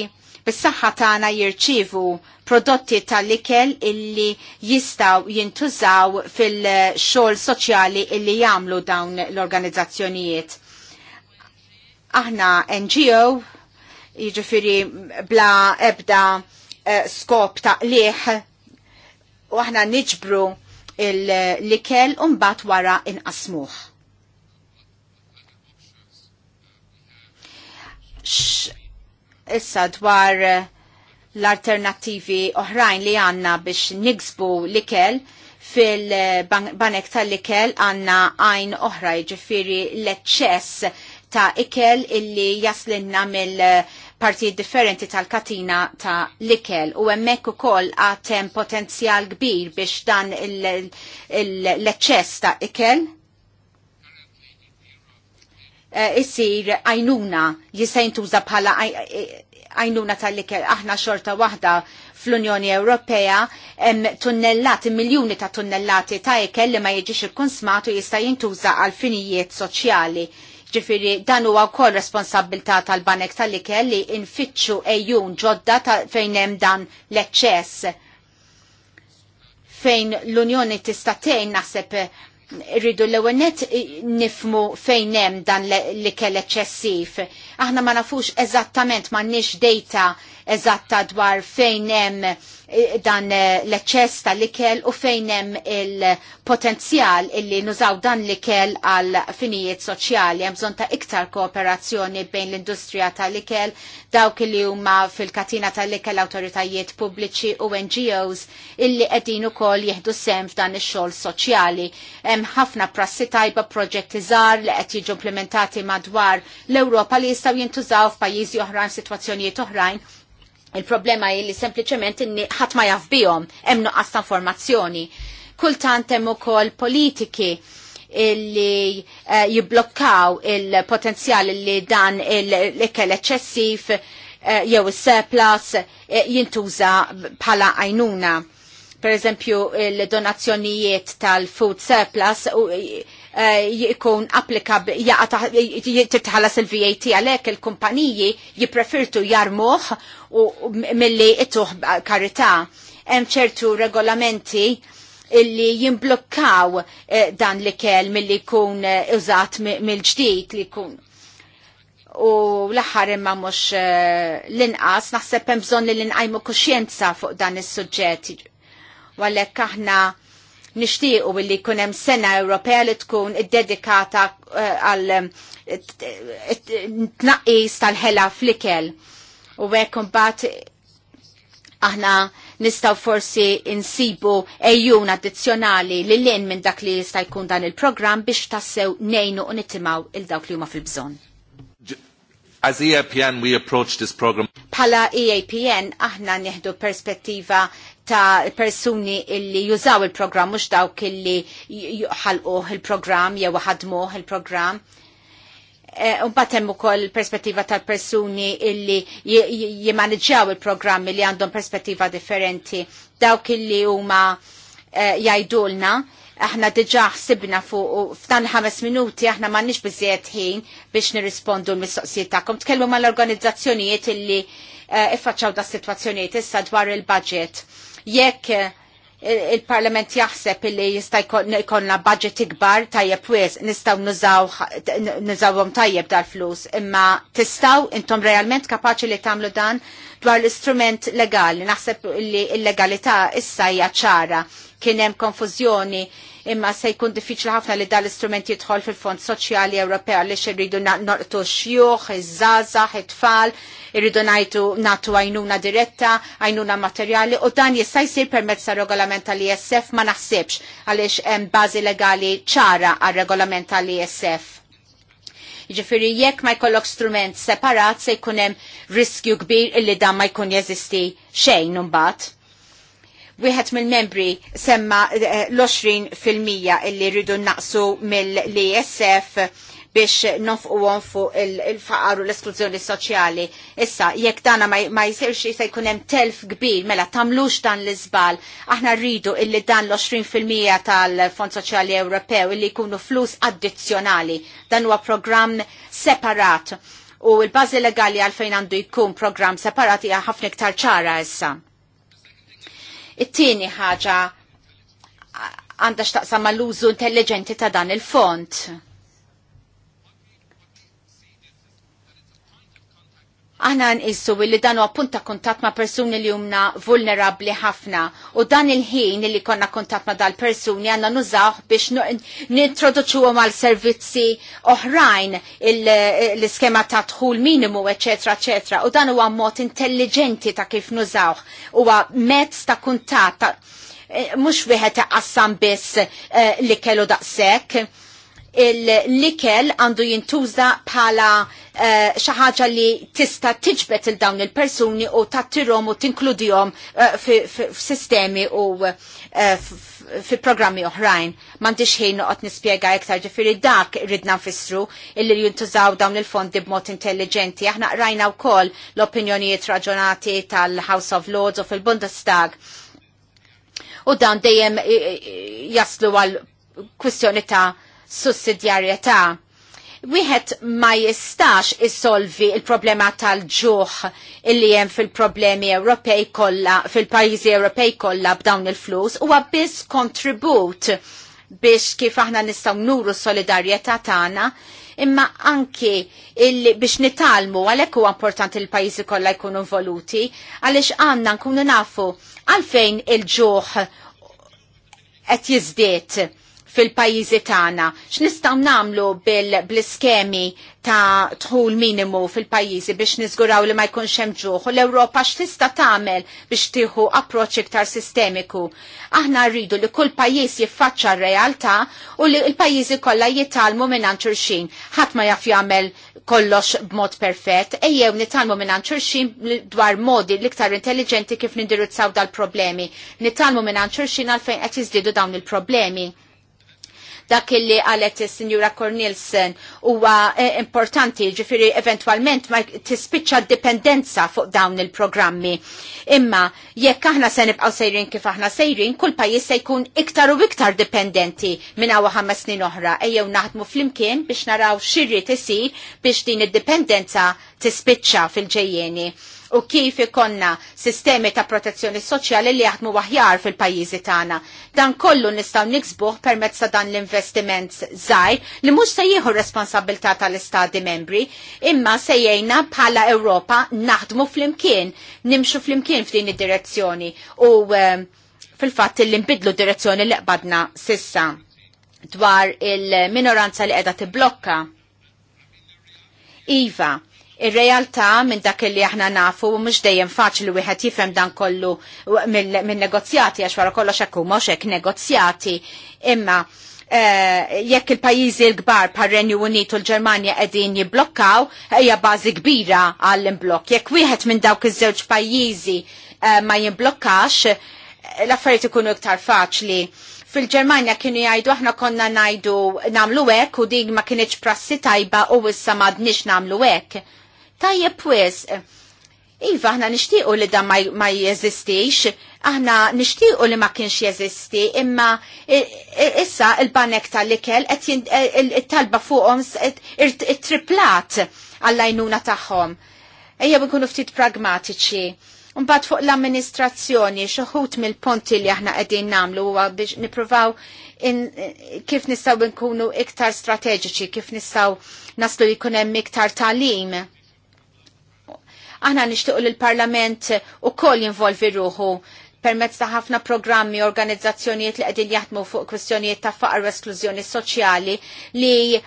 bis-saħħa tagħna jirċievu prodotti tal-ikel illi jistaw jintużaw fil-xogħol soċjali illi jagħmlu dawn l-organizzazzjonijiet. Aħna NGO, jiġifieri bla ebda eh, skop ta' liħ u aħna niġbru l-ikel u mbagħad wara inqasmuh. Issa dwar eh, l-alternativi oħrajn li għanna biex niksbu l-ikel fil-banek tal-ikel għanna għajn oħra ġifiri l-eċċess ta' ikel illi jaslinna mill- parti differenti tal-katina ta' likel u emmek u koll għatem potenzjal kbir biex dan l-eċċess ta' ikel jisir eh, għajnuna jisajntu tuża bħala għajnuna tal-likel. Aħna xorta waħda fl-Unjoni Ewropea tunnellati, miljoni ta' tunnellati ta' ikel li ma jieġix il-konsmatu jista' jintuża għal finijiet soċjali. Ġifiri, dan huwa wkoll responsabilità tal-banek tal-ikel li infittxu ejjun ġodda fejn hemm dan l-eċċess fejn l-Unjoni tista' tgħin naħseb rridu l-ewwel nifmu fejn hemm dan l-ikel eċċessiv aħna ma nafux eżattament ma nix data eżatta dwar fejn hemm eh, dan eh, l-eċċess tal-ikel u fejn hemm il-potenzjal illi nużaw dan l-ikel għal finijiet soċjali. Hemm bżonn ta' iktar kooperazzjoni bejn l-industrija tal-ikel, dawk li huma fil-katina tal-ikel awtoritajiet pubbliċi u NGOs illi qegħdin ukoll jieħdu sem f'dan ix-xogħol soċjali. Hemm ħafna prassi tajba proġetti żgħar li qed jiġu implementati madwar l-Ewropa li jistaw jintużaw f'pajjiżi oħrajn, situazzjonijiet oħrajn. Il-problema hi li sempliċement inni ħadd ma jaf bihom hemm nuqqas ta' informazzjoni. Kultant hemm ukoll politiki illi eh, jiblokkaw il-potenzjal li dan l-ikel eċċessiv eh, jew il-surplus eh, jintuża bħala għajnuna. Per eżempju, il-donazzjonijiet tal-food surplus Eh, jikun applikab titħallas il-VAT għalek il-kumpaniji jipreferitu jarmuħ u mill-li ittuħ karita. Hemm ċertu regolamenti illi jimblokkaw eh, dan li kell mill-li kun eh, użat mill-ġdijt li kun. U l-axar imma mux l-inqas, naħseb hemm bżonn li l-inqajmu kuxjenza fuq dan is-suġġett. Għalhekk aħna nixtiequ billi jkun hemm sena Ewropea li tkun iddedikata eh, għal eh, tnaqqis tal-ħela fl-ikel. U hekk imbagħad aħna nistaw forsi insibu ejjun addizzjonali li l-in minn dak li jista' jkun dan il-programm biex tassew nejnu u nittimaw il-dawk li huma fil-bżonn. As EAPN we approach this program. Pala EAPN aħna nieħdu perspettiva ta' persuni illi jużaw il-programm mhux dawk illi ħalquh il-programm jew ħadmuh il-programm. E, Unbat u koll perspettiva tal-persuni illi jimaneġaw il-programmi li għandhom perspettiva differenti. Dawk illi huma e, jgħidulna, aħna diġà ħsibna fuq f'dan ħames minuti aħna m'għandniex biżejjed ħin biex nirrispondu l-mistoqsijiet tagħkom. Tkellmu mal-organizzazzjonijiet illi iffaċċaw e, da' situazzjonijiet issa dwar il-budget jekk eh, il-parlament jaħseb illi jista' jkollna budget ikbar tajjeb wis nistgħu nużaw nużawhom tajjeb dal-flus, imma tistgħu intom realment kapaċi li tagħmlu dan dwar l-istrument legali. Naħseb li l-legalità issa hija ċara kien hemm konfużjoni imma se jkun diffiċli ħafna li dal-istrument jidħol fil-Fond Soċjali Ewropea li xirridu naqtu xjuħ, iż-żazax, it-tfal, irridu najtu natu għajnuna diretta, għajnuna materjali u dan jista' jsir permezz regolament tal-ISF ma naħsibx għaliex hemm bażi legali ċara għal-regolament tal-ISF. Ġifiri, jekk ma jkollok strument separat se jkunem riskju kbir illi dan ma jkun jeżisti xejn imbagħad. Wieħed mill-membri semma eh, l-20 fil-mija illi rridu naqsu mill-ISF biex nofquhom fuq il-faqar u l-esklużjoni soċjali. Issa, jekk dana ma jsirx se jkun hemm telf kbir mela tagħmlux dan l-iżbal, aħna rridu illi dan l-20% tal-Fond Soċjali Ewropew illi jkunu flus addizzjonali. Dan huwa programm separat u l-bażi legali għalfejn għandu jkun programm separat hija ħafna iktar ċara issa. It-tieni ħaġa għandha x'taqsam mal-użu intelligenti ta' dan il-font Aħna nqissu li dan huwa punt ta' kuntatt ma' persuni li jumna vulnerabbli ħafna u dan il-ħin li konna kuntatt ma' dal-persuni għandna nużaw biex nintroduċuhom għal servizzi oħrajn l-iskema ta' dħul minimu, eċetera, eċetera. U dan huwa mod intelligenti ta' kif nużawh. Huwa mezz ta' kuntatt eh, mhux wieħed ta' qassam biss eh, li kellu daqshekk il-likel għandu jintuża bħala eh, xi ħaġa li tista' tiġbet il dawn il-persuni u tattirom u tinkludihom eh, f'sistemi u eh, fi programmi oħrajn. M'għandix ħin noqgħod nispjega iktar ġifiri dak ridna nfissru illi jintużaw dawn il-fondi b'mod intelligenti. Aħna qrajna wkoll l-opinjonijiet raġunati tal-House of Lords u fil-Bundestag. U dan dejjem jaslu għal kwistjoni ta' sussidjarjetà. Wieħed ma jistax issolvi il-problema tal-ġuħ illi hemm fil-problemi Ewropej kollha fil-pajjiżi Ewropej kollha b'dawn il-flus huwa biss kontribut biex kif aħna nistgħu nuru s-solidarjetà tagħna imma anki biex nitalmu għalhekk huwa importanti l pajjiżi kollha jkunu involuti għaliex għandna nkunu nafu għalfejn il-ġuħ qed jiżdied fil-pajjiżi tagħna. X'nistgħu nagħmlu bil-iskemi ta' tħul minimu fil-pajjiżi biex niżguraw li ma jkunx hemm ġuħ u l-Ewropa x'tista' tagħmel biex tieħu approċċ iktar sistemiku. Aħna rridu li kull pajjiż jiffaċċa r-realtà u li l-pajjiżi kollha jitalmu minn xulxin. Ħadd ma jaf jagħmel kollox b'mod perfett, ejjew nitalmu minn xulxin dwar modi l-iktar intelligenti kif nindirizzaw dal-problemi. Nitalmu minn xulxin għalfejn qed jiżdiedu dawn il-problemi dak illi għalet il-Sinjura Cornelsen huwa eh, importanti ġifiri eventualment ma tispiċċa dipendenza fuq dawn il-programmi. Imma jekk aħna se nibqgħu sejrin kif aħna sejrin, kull pajjiż se jkun iktar u iktar dipendenti minn hawn ħames snin oħra ejjew naħdmu flimkien biex naraw xirri tisir biex din id-dipendenza tispiċċa fil-ġejjeni u kif ikonna sistemi ta' protezzjoni soċjali li jaħdmu waħjar fil-pajjiżi tagħna. Dan kollu nistgħu niksbuh permezz ta' dan l-investiment żgħir li mhux se jieħu responsabilità tal-istati membri, imma se jgħinna bħala Ewropa naħdmu flimkien, nimxu flimkien f'din id-direzzjoni u um, fil-fatt li nbidlu direzzjoni li qbadna sissa dwar il-minoranza li qiegħda tibblokka. Iva, Ir-realtà minn dak li aħna nafu u mhux dejjem faċli wieħed jifhem dan kollu minn negozjati għax wara kollox hekk huma hekk negozjati. Imma eh, jekk il-pajjiżi l-kbar par-Renju Unit u l-Ġermanja qegħdin jibblokkaw hija bażi kbira għall-imblokk. Jekk wieħed minn dawk iż-żewġ pajjiżi eh, ma jimblokkax, l-affarijiet ikunu iktar faċli fil-Germania kienu jgħidu aħna konna najdu namlu hekk u dik ma kinitx prassi tajba u issa m'għadniex namlu hekk. Tajjeb pwes, Iva, aħna nixtiequ li dan ma jeżistix, aħna nixtiequ li ma kienx jeżisti, imma issa il-banek tal-ikel qed e- il-talba fuqhom il triplat għall taħħom. tagħhom. Ejja kunu ftit pragmatiċi. Unbat fuq l-amministrazzjoni xoħut mill-ponti li aħna qegħdin nagħmlu huwa biex nippruvaw kif nistgħu nkunu iktar strateġiċi, kif nistgħu naslu li jkun hemm iktar talim Aħna nixtiequ li l-Parlament ukoll jinvolvi ruħu permezz ta' ħafna programmi organizzazzjonijiet li qegħdin jaħdmu fuq kwistjonijiet ta' faqar u esklużjoni soċjali li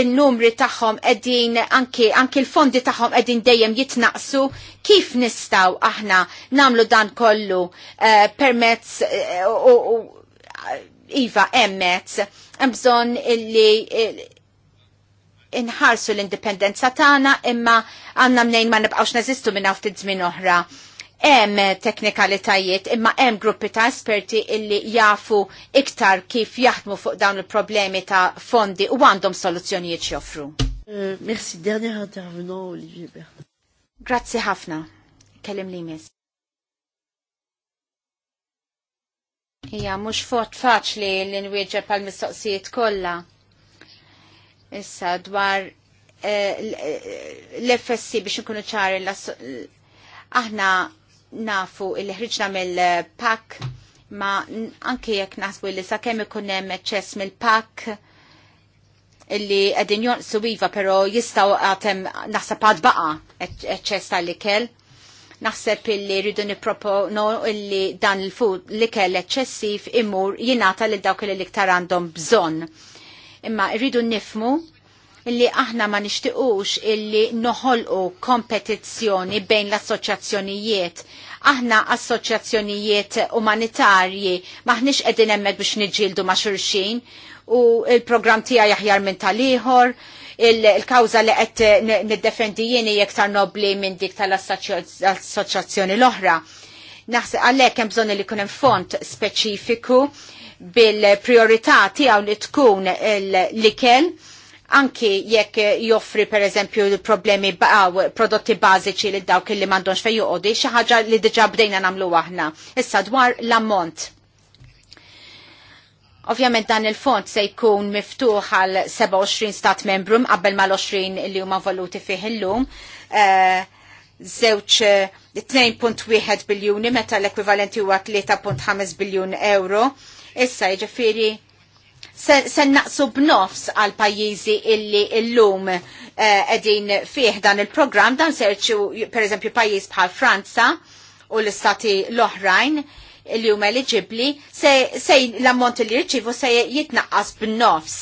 n-numri tagħhom qegħdin anki anki l-fondi tagħhom qegħdin dejjem jitnaqsu kif nistgħu aħna nagħmlu dan kollu eh, permezz uh, u uh, Iva hemm bżonn illi inħarsu l-indipendenza tagħna imma għandna mnejn ma nibqgħux neżistu minn ftit żmien oħra. Hemm teknikalitajiet imma hemm gruppi ta' esperti illi jafu iktar kif jaħdmu fuq dawn il-problemi ta' fondi u għandhom soluzzjonijiet joffru. Euh, merci, dernier intervenant, Olivier Bert. Grazzi ħafna. Kellim li mis. Ija, mux fort faċli li nwieġeb għall mistoqsijiet kollha. Issa dwar eh, l-FSC biex nkunu ċari aħna nafu il-ħriġna mill-pak ma anki jekk naħsbu li sa' kemm ikun hemm eċċess mill-pak illi qegħdin jonqsu iva però jistgħu għatem naħseb għad baqa eċċess tal-ikel. Naħseb illi rridu nipproponu illi dan il-fud l-ikel eċċessiv imur jingħata lil dawk li l-iktar għandhom bżonn imma rridu nifmu illi aħna ma nishtiqux illi noħolqu kompetizzjoni bejn l-assoċjazzjonijiet. Aħna assoċjazzjonijiet umanitarji maħniex qegħdin hemmhekk biex nġildu ma' xulxin u il-programm tiegħi aħjar minn tal-ieħor, il-kawża li qed niddefendi jieni iktar nobli minn dik tal-assoċjazzjoni l-oħra. Naħseb għalhekk hemm bżonn li jkun hemm font speċifiku bil-priorità tiegħu li tkun l-ikel anki jekk joffri per eżempju problemi baw, prodotti bażiċi li dawk li m'għandhomx fejn joqogħdi xi ħaġa li diġà bdejna nagħmlu aħna. Issa dwar l-ammont. Ovvjament dan il-fond se jkun miftuħ għal 27 stat membru qabel mal-20 li huma voluti fih illum. Eh, zewċ 2.1 eh, biljuni meta l-ekwivalenti huwa 3.5 biljun euro Issa jiġifieri se naqsu b'nofs għal pajjiżi illi illum eh, qegħdin fih dan il-programm dan serċu pereżempju pajjiż bħal Franza u l-istati l-oħrajn li huma eliġibbli se, sej l-ammont li rċivu se jitnaqqas b'nofs.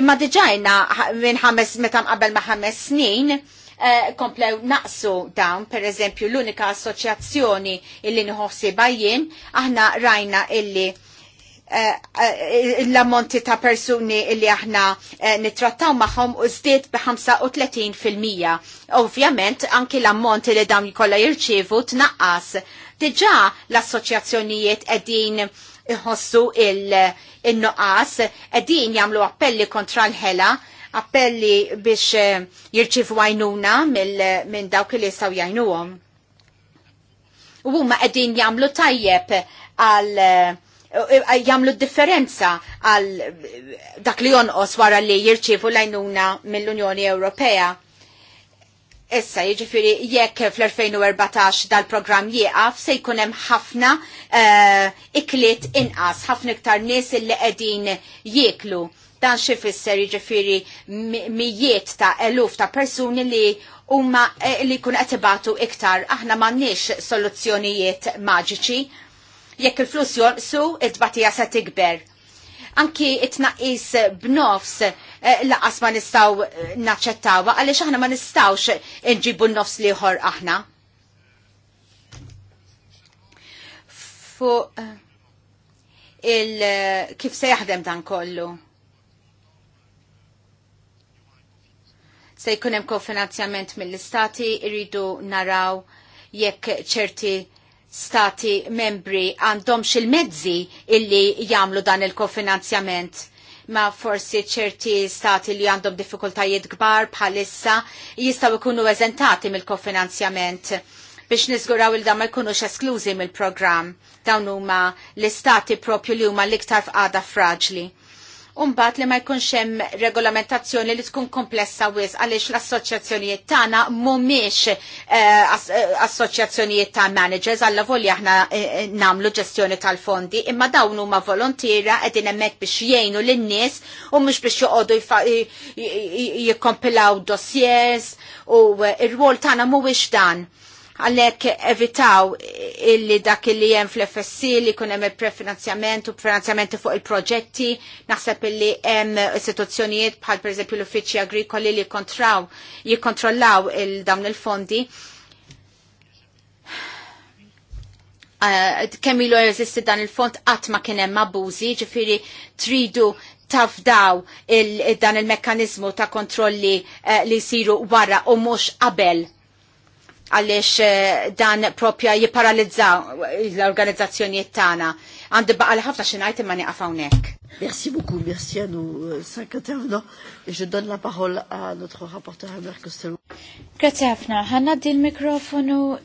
Imma diġajna minn ħames meta qabel ma' ħames snin Eh, komplew naqsu dawn, per eżempju l-unika assoċjazzjoni illi nħossi bajjien, aħna rajna illi eh, eh, l-ammonti ta' persuni illi aħna nitrattaw maħom u zdiet bi 35%. Ovvjament, anki l-ammonti li dawn jikolla jirċivu tnaqqas. Diġa l-assoċjazzjonijiet edin iħossu il-nuqqas, edin jamlu appelli kontra l-ħela, appelli biex eh, jirċifu għajnuna minn dawk li jistaw jajnuhom. U huma qegħdin jagħmlu tajjeb għal eh, jamlu differenza għal dak li jonqos wara li jirċifu lajnuna mill-Unjoni Ewropea. Issa, jiġifieri jekk fl-2014 dal-programm jieqaf se jkun hemm ħafna uh, ikliet inqas, ħafna iktar nies li qegħdin jieklu. Dan xi fisser jiġifieri mijiet ta' eluf ta' persuni li huma eh, li kun qed iktar aħna m'għandniex soluzzjonijiet maġiċi. Jekk il-flus jonqsu, it-tbatija se tikber. Anki it-naqis b'nofs eh, laqas ma nistaw eh, naċċettawa għaliex aħna ma nistawx nġibu n-nofs liħor aħna. Fu il kif se jaħdem dan kollu? se jkun hemm kofinanzjament mill-istati, irridu naraw jekk ċerti stati membri għandhom xil-mezzi illi jamlu dan il-kofinanzjament ma forsi ċerti stati li għandhom diffikultajiet kbar bħalissa jistaw ikunu eżentati mill-kofinanzjament biex nizguraw il-dam ma jkunux esklużi mill-programm dawn huma l-istati propju li huma l-iktar f'għada fraġli. Umbat li ma jkunx hemm regolamentazzjoni li tkun komplessa wis għaliex l-assoċjazzjonijiet tagħna mhumiex eh, assoċjazzjonijiet ta' managers alla volja aħna eh, nagħmlu ġestjoni tal-fondi, imma dawn huma volontira qegħdin hemmhekk biex jgħinu lin-nies u mhux biex joqogħdu jikkompilaw dossiers u eh, r-rwol tagħna mhuwiex dan għallek evitaw illi dak illi jem fl-FSC li kunem hemm prefinanzjament u finanzjamenti fuq il-proġetti, naħseb illi hemm istituzzjonijiet bħal per eżempju l-uffiċċji agrikoli li kontraw, jikkontrollaw il-dawn il-fondi. Uh, kemm ilu jeżisti dan il-fond qatt ma kien hemm abbużi, ġifieri tridu tafdaw il dan il mekkaniżmu ta' kontrolli uh, li jsiru wara u mhux qabel għaliex eh, dan propja jiparalizza l-organizzazzjonijiet tagħna. Għandi baqa l ħafna xinajt imma niqafawnek. Merci beaucoup, merci à nos euh, cinq intervenants. Et je donne la parole à notre rapporteur Albert Costello. Grazie ħafna. Hanna, di le microphone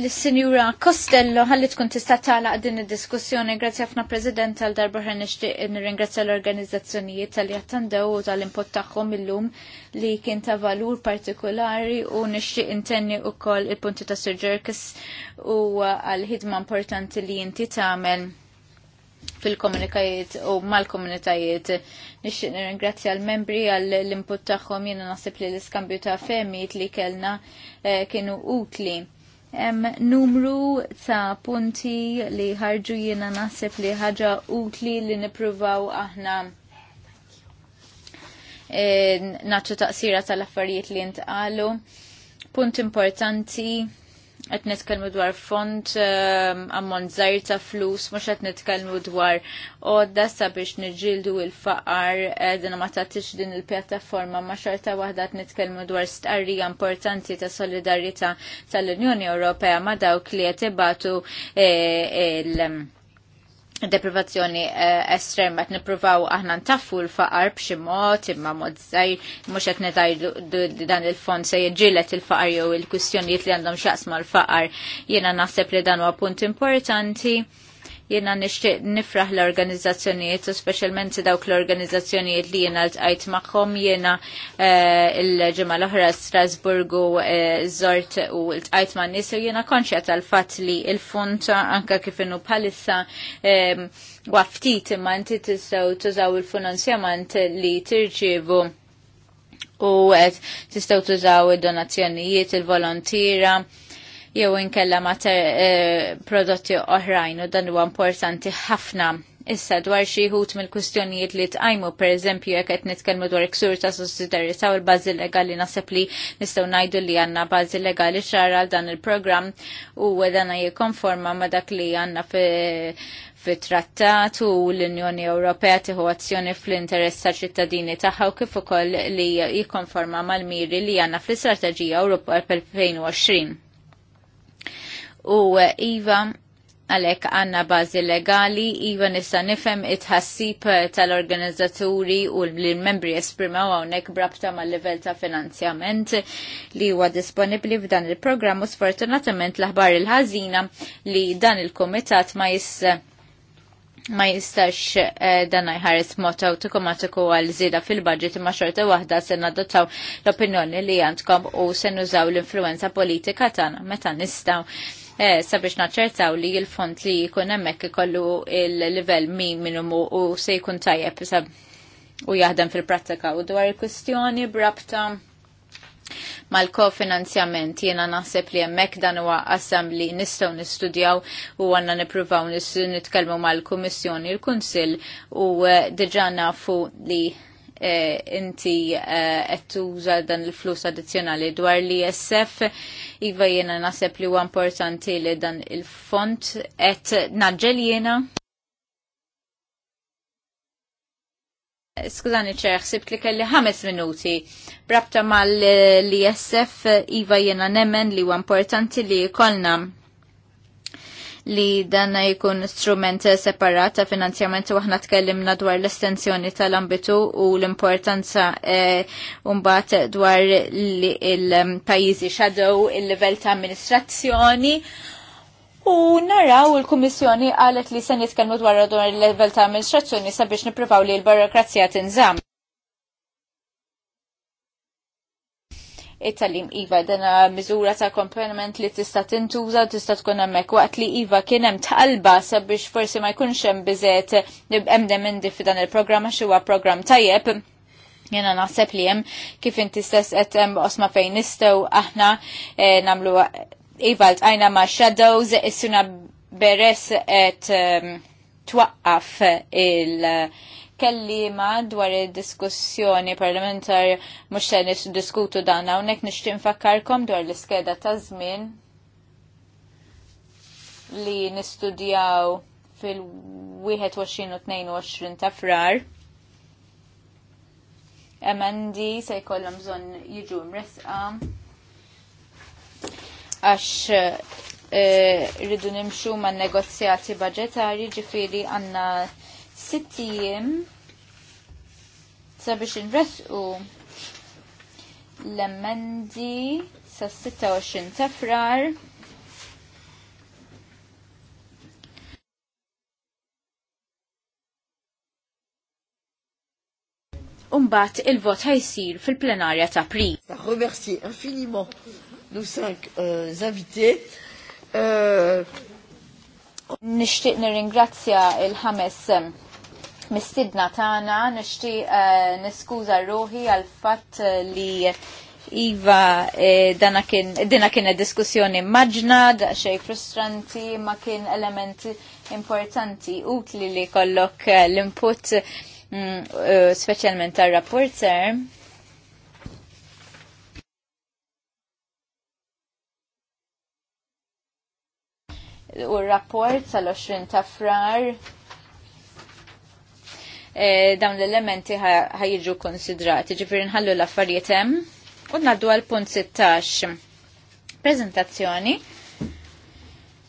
l-Sinjura Costello ħalli tkun tista' tagħlaq din id-diskussjoni. Grazzi ħafna President għal darba ħer nixtieq nirringrazzja l-organizzazzjonijiet tal għattandaw u tal-input tagħhom illum li kien ta' valur partikolari u nixtieq intenni wkoll il-punti ta' Sir Jerkis u għal ħidma importanti li inti tagħmel fil-komunikajiet u mal-komunitajiet. Nixtieq nirringrazzja l-membri għall input tagħhom jiena naħseb li l-iskambju ta' femijiet li kellna eh, kienu utli Em, numru ta' punti li ħarġu jiena naħseb li ħaġa utli li nippruvaw aħna e, naċċu taqsira tal-affarijiet li ntqalu. Punt importanti qed nitkellmu dwar font ehm, ammont żgħir ta' flus, mhux qed nitkellmu dwar odda sabiex niġġieldu l-faqar eh, din ma tagħtix din il-pjattaforma ma' xorta waħda qed nitkellmu dwar stqarrija importanti ta' solidarjetà tal-Unjoni Ewropea ma' dawk li qed ibatu eh, il- deprivazzjoni eh, estrema qed nipruvaw aħna ntaffu l-faqar b'xi mod imma mod żgħir mhux qed ngħid dan il-fond se jiġġieled il-faqar jew il-kwistjonijiet li għandhom x'aqsma l-faqar jiena naħseb li dan huwa punt importanti Jena nishtiq nifraħ l-organizzazzjonijiet, u specialment dawk l-organizzazzjonijiet li jena l tajt maħħom jena eh, il-ġemma l-oħra Strasburgu zort eh, u l-tqajt ma' nis, jena konċja tal-fat li il funt anka kifinu palissa eh, waftit imma inti tistaw tużaw il-finanzjament li irġivu u tistaw tużaw il-donazzjonijiet, il-volontira, il volontira jew inkella ma' eh, prodotti oħrajn u dan huwa importanti ħafna. Issa dwar xi ħut mill-kwistjonijiet li tqajmu pereżempju jekk qed nitkellmu dwar iksur ta' sussidjarjetà u l-bażi legali naħseb li nistgħu ngħidu li għandna bażi legali xara għal dan il-programm u dana jikkonforma ma' dak li għandna fi trattat u l-Unjoni Ewropea tieħu azzjoni fl-interess ta' ċittadini tagħha u kif ukoll li jikkonforma mal-miri li għandna fl-Istrateġija Ewropa 2020 u eh, Iva għalek għanna bazi legali, iva nista nifem it-ħassib eh, tal-organizzaturi u l-membri esprimaw għonek brabta ma' level ta' finanzjament li huwa disponibli f'dan il-programm u sfortunatament l-aħbar il-ħazina li dan il-komitat ma' jis ma jistax eh, dan jħares mod automatiku għal zida fil-budget imma xorta waħda se adottaw l-opinjoni li għandkom u se nużaw l-influenza politika tagħna meta nistgħu Eh, sabiex naċċertaw li l-font li jkun hemmhekk ikollu il-livell minimu u se jkun tajjeb u jaħdem fil-prattika u dwar il-kwistjoni brabta mal-kofinanzjament jiena naħseb li hemmhekk dan huwa qasam li nistgħu nistudjaw u għandna nippruvaw nitkellmu mal-Kummissjoni l-Kunsill u eh, diġà nafu li Eh, inti eh, qed tuża dan il-flus addizzjonali dwar li SF iva jiena naħseb li huwa importanti li dan il-font qed naġġel jena. Skużani ċer, xsibt li kelli ħames minuti. Brabta mal l-ISF, Iva jena nemmen li huwa importanti li kolna li danna jkun strument separat ta' finanzjament u aħna tkellimna dwar l-estensjoni tal-ambitu u l-importanza eh, umbat dwar il-pajizi xadow il-level ta' amministrazzjoni. U naraw il-Kummissjoni għalet li se nitkellmu dwar dwar il-level ta' amministrazzjoni sabiex nippruvaw li l-burokrazija tinżamm. it tallim, Iva, dana miżura ta' komponent li tista' tintuża, tista' tkun hemmhekk waqt li Iva kien hemm talba sabiex forsi ma jkunx hemm biżet hemm demendi f'dan il-programm għax huwa programm tajjeb. Jena naħseb li hemm kif inti stess qed hemm osma fejn nistgħu aħna eh, nagħmlu Iva għajna ma' shadows, issuna beres qed ehm, twaqqaf il- kellima dwar id-diskussjoni parlamentar mhux se niddiskutu dan hawnhekk nixtieq fakkarkom dwar l-iskeda ta' żmien li nistudjaw fil-21 u 22 ta' frar. Emendi se jkollhom bżonn jiġu mresqa għax eh, rridu nimxu man negozjati budgetari ġifiri għanna sittijiem sabiex nresqu l-emendi sa' 26 ta' frar. Umbat il-vot ħajsir fil-plenarja ta' pri. Remerci infiniment nous cinq euh, invités. Euh... Nishtiq nirringrazzja il-ħames mistidna tagħna nixtieq eh, niskuża ruħi għal fatt li Iva, e, dina kien diskussjoni maġna, xej frustranti, ma kien elementi importanti, utli li kollok eh, l-input mm, specialment tar rapporter U rapport sal-20 ta' frar Eh, dawn l-elementi ħajġu konsidrati, ġifiri nħallu l-affarijiet hemm u ngħaddu għal punt 16. Prezentazzjoni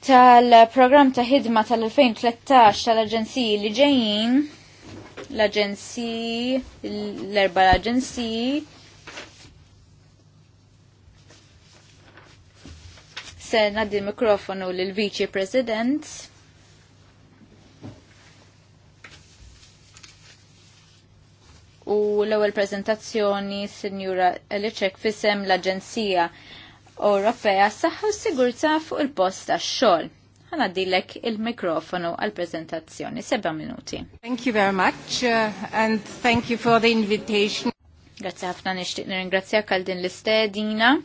tal-programm ta' ħidma tal-2013 tal-Aġenziji li ġejjin l-Aġenziji l-erba l-Aġenziji se naddi l-mikrofonu l-Viċi President l-ewwel prezentazzjoni Sinjura Elicek fisem l-Aġenzija Ewropea s-Saħħa u Sigurtà fuq il-post tax-xogħol. Ħana dilek il-mikrofonu għal-prezentazzjoni, seba' minuti. Thank you very much uh, and thank you for the invitation. Grazzi ħafna nixtieq nirringrazzjak għal din l-istedina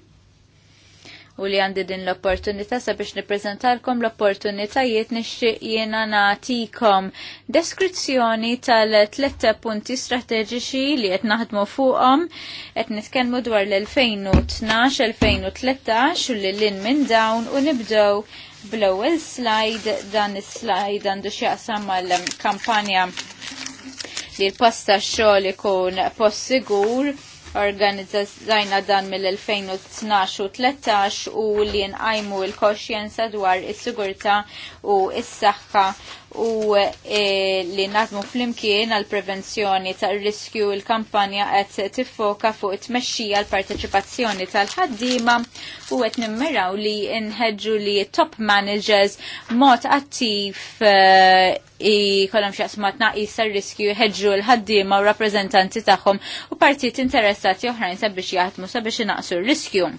u li għandi din l-opportunità sabiex nippreżentalkom l-opportunitajiet nixtieq jiena nagħtikom deskrizzjoni tal-tletta punti strateġiċi li qed naħdmu fuqhom qed nitkellmu dwar l-2012-2013 u li lin minn dawn u nibdew bl-ewwel slide dan is-slide għandu x'jaqsam mal-kampanja li l-posta xogħol ikun post sigur organizzajna dan mill-2012 u 13 u li nqajmu l-koxjenza dwar is-sigurtà u s-saħħa u e, li fl flimkien għal prevenzjoni tal riskju il-kampanja qed tiffoka fuq it-tmexxija għal parteċipazzjoni tal-ħaddiema u qed nimmiraw li nħedġu li top managers mod attiv e, i kolom xi qasmat naqis tar-riskju jħeġġu l-ħaddiema u rappreżentanti tagħhom u partit interessati oħrajn sabiex jaħdmu sabiex inaqsu r-riskju.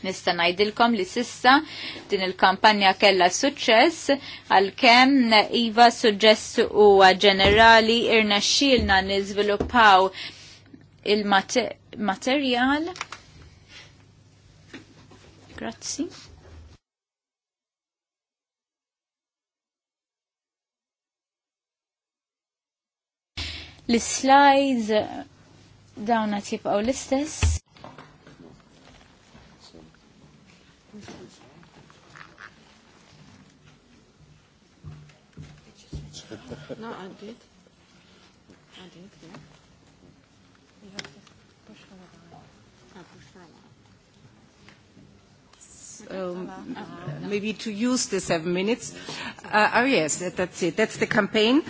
Nista' ngħidilkom li sissa din il-kampanja kellha suċċess għalkemm iva suġġess huwa ġenerali irna xilna niżviluppaw il-materjal. Grazzi. L-slides dawna tibqaw l-istess. no, I did. I did, yeah. You have to push for a while. I push for a while. Um, maybe to use the seven minutes. Uh, oh yes, that's it. That's the campaign.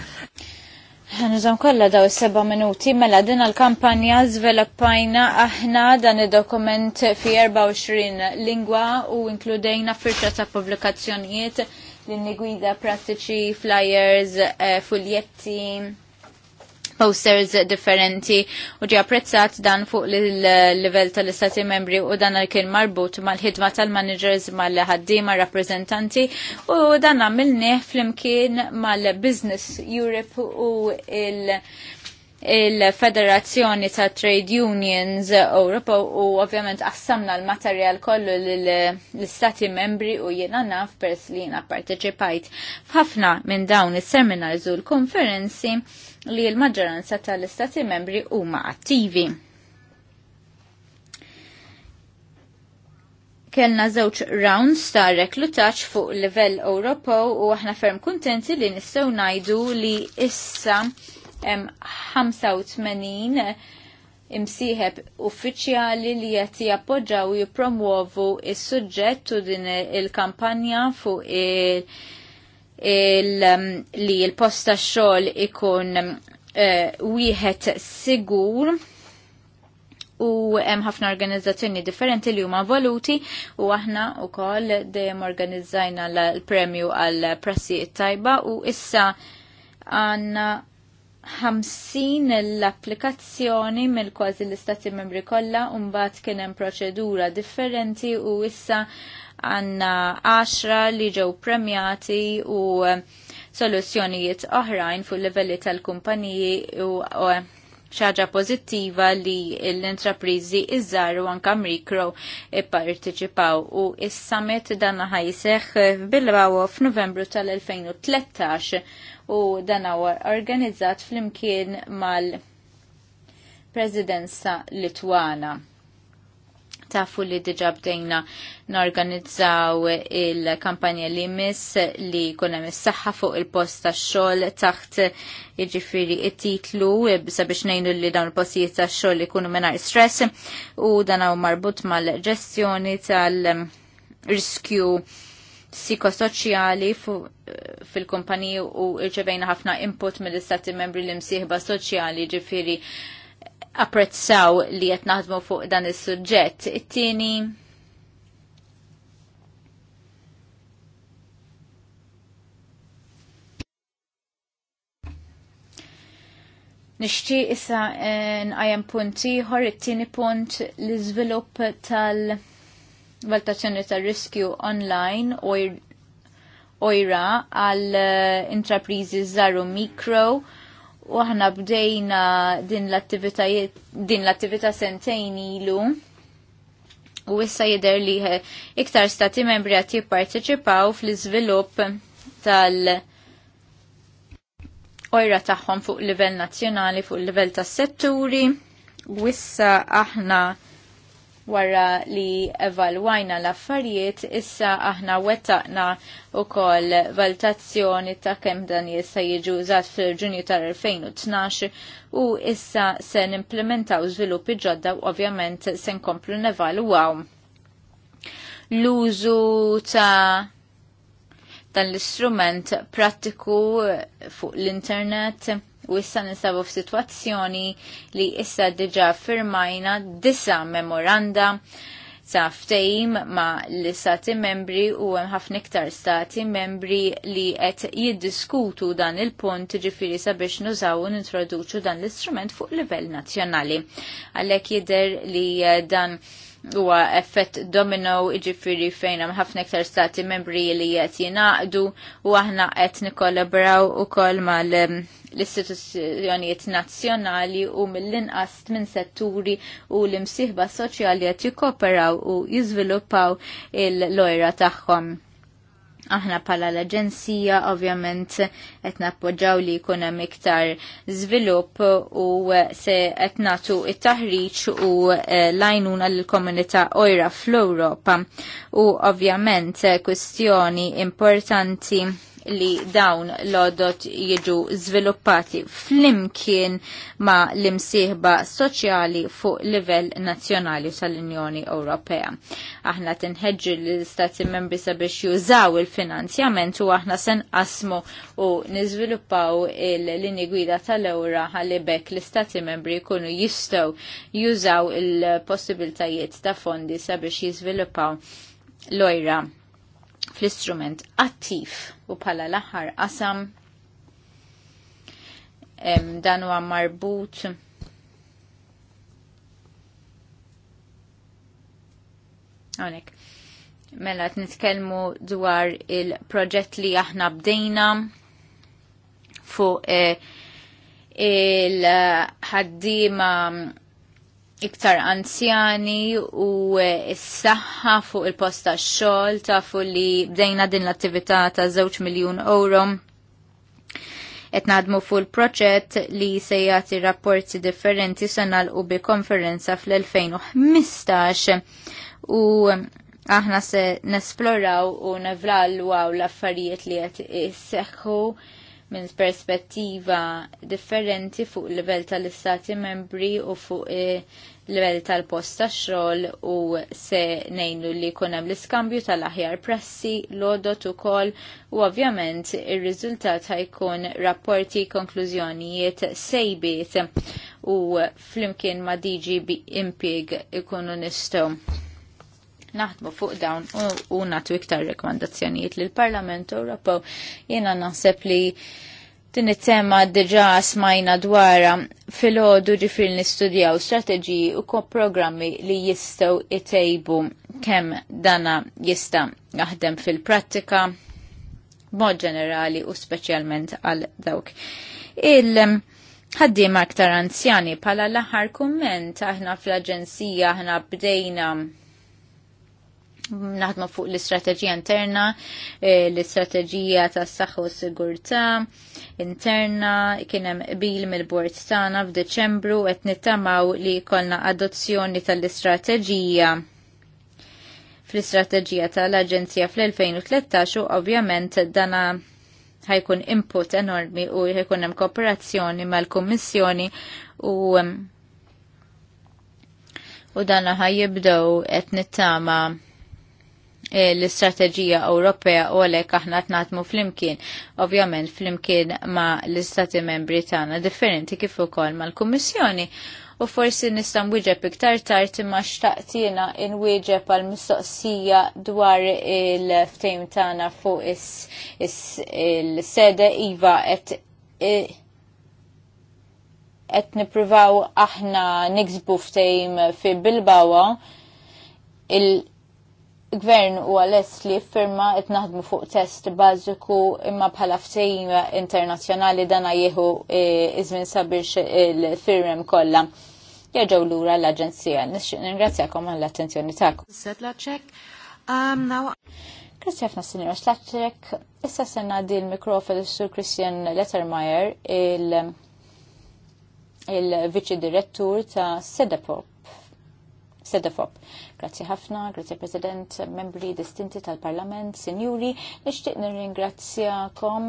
Nizam kolla daw seba minuti mela din l-kampanja żviluppajna aħna dan il dokument fi 24 lingwa u inkludejna firxa ta' pubblikazzjonijiet l gwida pratiċi flyers, eh, fuljetti, posters differenti u ġi apprezzat dan fuq il-level tal-istati membri u dan kien marbut mal-ħidma tal-managers mal-ħaddima rappresentanti u dan għamilni flimkien mal-Business Europe u il- il-Federazzjoni ta' Trade Unions Europa u ovvjament assamna l-materjal kollu l-istati membri u jiena naf pers li jiena parteċipajt f'ħafna minn dawn is-seminars u l-konferenzi li l-maġġoranza tal-istati membri huma attivi. kellna żewġ rounds ta' reklutaċ fuq livell Ewropew u aħna ferm kuntenti li nistgħu ngħidu li issa hemm 85 imsieħeb uffiċjali li qed jappoġġaw u jippromuovu is-suġġett u din il-kampanja fuq il, il um, li l-posta xogħol ikun uh, wieħed sigur u hemm ħafna organizzazzjoni differenti li huma voluti u aħna wkoll dejjem organizzajna l-premju għal prassijiet tajba u issa għandna 50 l-applikazzjoni mill kważi l-istati membri kollha u mbagħad kien hemm proċedura differenti u issa għandna 10 li ġew premjati u soluzzjonijiet oħrajn fuq livelli tal-kumpaniji u xaġa pozittiva li l-intraprizi iżżaru anka mikro parteċipaw u is-summit dan ħajseħ bilbawo f'Novembru tal-2013 u dan organizzat fl-imkien mal-Presidenza Litwana tafu li diġa bdejna norganizzaw il-kampanja li mis li kuna is-saħħa fuq il-post ta' xol taħt iġifiri it-titlu sabiex nejnu li dawn il-postijiet ta' xol kunu menar stress u dan marbut mal-ġestjoni tal-riskju psikosoċjali fil-kumpaniju u irċevejna ħafna input mill-istati membri l msieħba soċjali ġifiri apprezzaw li qed naħdmu fuq dan is-suġġett. It-tieni Nixtieq issa eh, nqajjem punt ieħor, it-tieni punt l-iżvilupp tal-valutazzjoni tar-riskju online ojra għal eh, intrapriżi Zaru mikro u aħna bdejna din l-attivitajiet din l-attività sentejn ilu u issa jidher li iktar stati membri qed jipparteċipaw fl-iżvilupp tal- ojra tagħhom fuq livell nazzjonali fuq livell tas-setturi u issa aħna wara li evalwajna l-affarijiet, issa aħna wettaqna u kol valutazzjoni ta' kem dan jista' jiġu użat fil-ġunju tal-2012 u issa se nimplementaw żviluppi ġodda u ovvjament se nkomplu nevalwaw. L-użu ta' dan l-istrument prattiku fuq l-internet u issa ninsabu f'sitwazzjoni li issa diġa firmajna disa memoranda sa ftejim ma l stati membri u hemm ħafna iktar stati membri li qed jiddiskutu dan il-punt ġifiri sabiex nużaw u nintroduċu dan l-istrument fuq livell nazzjonali. Għalhekk jidher li eh, dan huwa effett domino iġifiri fejn hemm ħafna iktar stati membri li qed jinaqdu u aħna qed nikkollaboraw ukoll mal ehm, l-istituzzjonijiet nazzjonali u mill-inqas minn setturi u l-imsieħba soċjali qed jikkoperaw u jiżviluppaw il-lojra tagħhom. Aħna pala l-Aġenzija ovvjament qed nappoġġaw li jkun hemm iktar żvilupp u se qed nagħtu it-taħriġ u e, l-għajnuna lill komunità ojra fl-Ewropa. U ovvjament kwestjoni importanti li dawn l-odot jiġu zviluppati flimkien ma l-imsieħba soċjali fuq livell nazzjonali tal-Unjoni Ewropea. Aħna tinħeġġu l-Istati membri sabiex jużaw il-finanzjament u aħna sen asmu u niżviluppaw il linji gwida tal-ewra għalli bekk l-Istati membri kunu jistow jużaw il-possibiltajiet ta' fondi sabiex jizviluppaw l-ojra fl-istrument attiv u bħala l-aħħar qasam dan huwa marbut Għonek. Mela t nitkellmu dwar il-proġett li aħna bdejna fuq eh, il-ħaddiema iktar anzjani u eh, s-saħħa fuq il-post tax-xogħol tafu li bdejna din l-attività ta' żewġ miljun euro. Qed naħdmu fuq il-proġett li se jagħti rapporti differenti se nagħlqu bi konferenza fl-2015 u eh, aħna se nesploraw u nevlalwaw l-affarijiet li qed isseħħu minn perspettiva differenti fuq il-livell tal-istati membri u fuq il-livell tal-post tax-xogħol u se ngħinu li jkun hemm l-iskambju tal-aħjar pressi lodot ukoll u ovvjament ir-riżultat ħajkun rapporti konklużjonijiet sejbiet u flimkien ma' DG impig ikunu nistgħu naħdmu fuq dawn u natu iktar rekomandazzjonijiet li l-Parlament Ewropew jiena naħseb li din it-tema diġa smajna dwara fil-ħodu ġifir nistudjaw strateġiji u programmi li jistaw itejbu kem dana jista jaħdem fil-prattika mod ġenerali u speċjalment għal dawk. Il- ħaddim aktar anzjani pala l-aħħar kumment aħna fl-aġenzija aħna bdejna naħdmu fuq l-istrateġija interna, eh, l-istrateġija tas saħħa s sigurtà interna, kien hemm mill-bord tagħna f'Deċembru qed nittamaw li jkollna adozzjoni tal-istrateġija fl-istrateġija tal-Aġenzija fl-2013 u ovvjament dana ħajkun input enormi u ħajkun hemm kooperazzjoni mal-Kummissjoni u u dana ħajibdow jibdew qed nittama' Eh, l-istrateġija Ewropea u għalek aħna t-natmu fl-imkien, ovvjament fl-imkien ma l-istati membri tagħna differenti kif ukoll mal-Kummissjoni. U forsi nistan nwieġeb iktar tard imma xtaqtina inwieġeb għal mistoqsija dwar il-ftejm tagħna fuq is-sede iva qed qed nippruvaw aħna niksbu ftejm fi Bilbawa gvern u għaless li firma qed naħdmu fuq test bażiku imma bħala ftehim internazzjonali dana jieħu e, iżmin sabirx il-firmem kollha. Jerġgħu lura l-Aġenzija. Ningrazzjakom għall attenzjoni tagħkom. Um, Grazzi ħafna Sinjor Slatrek. Issa senna di l-mikrofon sur Christian Lettermeyer, il vici Direttur ta' Sedefop. Sedefop. Grazzi ħafna, grazzi President, membri distinti tal-Parlament, sinjuri, nixtieq nirringrazzjakom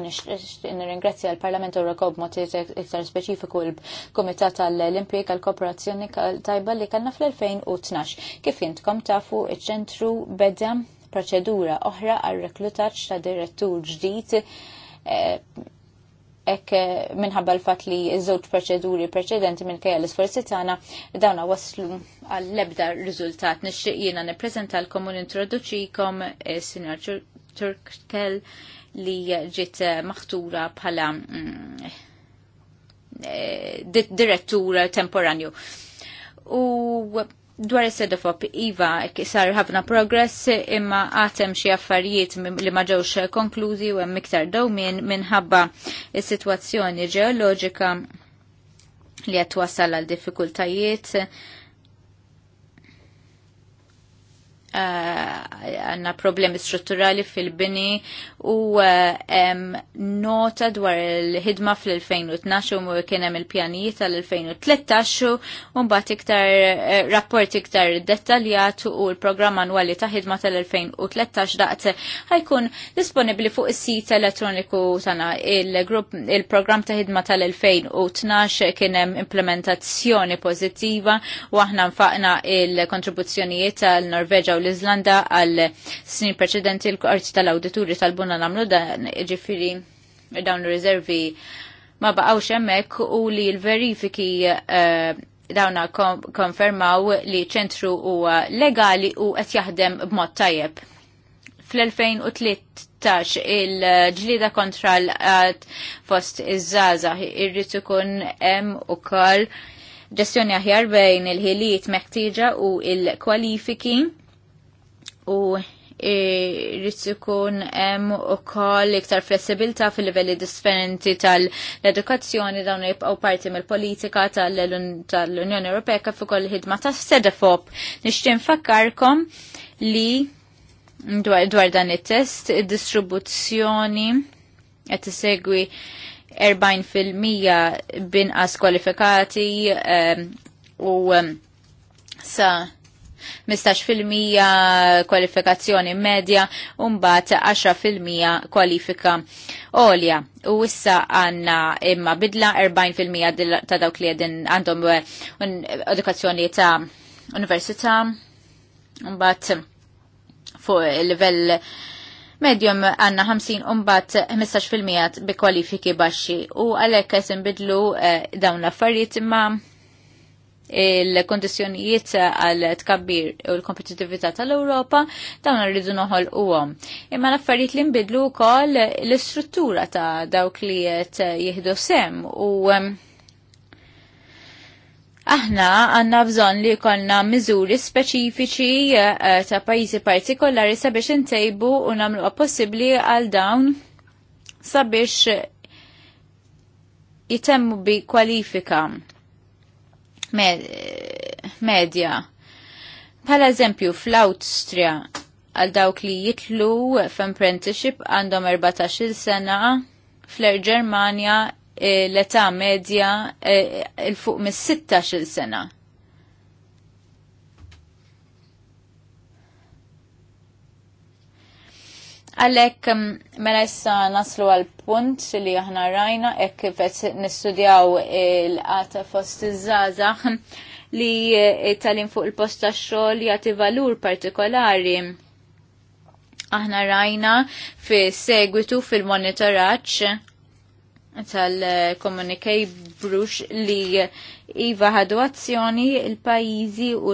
Nirringrazzja l-Parlament Ewropew b'mod iktar speċifiku l-Kumitat tal-Olimpijek għall-Kooperazzjoni tajba li kellna fl-2012. Kif intkom tafu iċ-ċentru beda proċedura oħra għal reklutaġġ ta' direttur ġdid eh, ek eh, minħabba l-fat li iż-żewġ proċeduri preċedenti minn kajja l-isforzi tagħna dawna waslu għall-ebda riżultat nixtieq jiena nippreżentalkom u nintroduċikom is eh, sinjor Turkel li ġiet eh, maħtura bħala mm, direttur temporanju. U dwar is-sedofop iva sar ħafna progress imma għatem xi affarijiet li ma ġewx konklużi u hemm iktar dawmin minħabba is-sitwazzjoni ġeoloġika li qed wasal għal diffikultajiet Eh, għanna problemi strutturali fil-bini u eh, nota dwar il-ħidma fl-2012 u kien hemm il-pjanijiet tal-2013 u mbagħad iktar eh, rapport iktar dettaljat u l-programm annwali ta' ħidma tal-2013 daqt ħajkun disponibbli fuq is-sit elettroniku tagħna il-grupp il-programm ta' ħidma tal-2012 kien hemm implementazzjoni pożittiva u aħna nfaqna il-kontribuzzjonijiet tal-Norveġa l-Izlanda għal snin preċedenti l-Qorti tal-Awdituri tal-Buna namlu dan ġifiri dawn riservi ma baqawx hemmhekk u li l-verifiki eh, dawna konfermaw li ċentru huwa legali u qed jaħdem b'mod tajjeb. Fl-2013 il-ġlida kontra l għad fost iż-żaza irrid ikun hemm ukoll ġestjoni aħjar bejn il-ħiliet meħtieġa u il-kwalifiki u irrit e, ikun hemm ukoll iktar flessibilità fil-livelli differenti tal-edukazzjoni dawn jibqgħu parti mill-politika tal-Unjoni Ewropea kif ukoll ħidma ta' sedefop. Nixtieq nfakkarkom li dwar dan it-test id-distribuzzjoni qed isegwi 40% binqas kwalifikati e, u e, sa' 15% kwalifikazzjoni medja u mbagħad 10% kwalifika għolja. U issa għanna imma bidla 40% ta' dawk li għedin għandhom eh, edukazzjoni ta' università unbat fuq il-livell Medium għanna 50 unbat 15% bi kwalifiki baxxi u għalek jisim bidlu eh, dawn l-affarijiet ma' il-kondizjonijiet għal tkabbir u l-kompetitività tal-Ewropa dawna rridu noħol għom. Imma l-affarijiet li nbidlu wkoll l-istruttura ta' dawk li qed jieħdu sem u Aħna għanna bżon li konna miżuri speċifiċi eh, ta' pajjiżi partikolari sabiex intejbu u namlu possibbli għal dawn sabiex jitemmu bi kwalifika medja. Pala eżempju, fl-Austria għal dawk li jitlu f-apprenticeship għandhom 14 sena, fl germania eh, l-età medja eh, il-fuq mis-16 sena. Għalek, mm, mela issa naslu għal punt li aħna rajna, ek kifet nistudjaw il-qata fost iż-żazax li tal-in fuq il posta xol xogħol jagħti valur partikolari aħna rajna fi segwitu fil-monitoraċ tal-Communicate Brush li Iva ħadu azzjoni il-pajizi u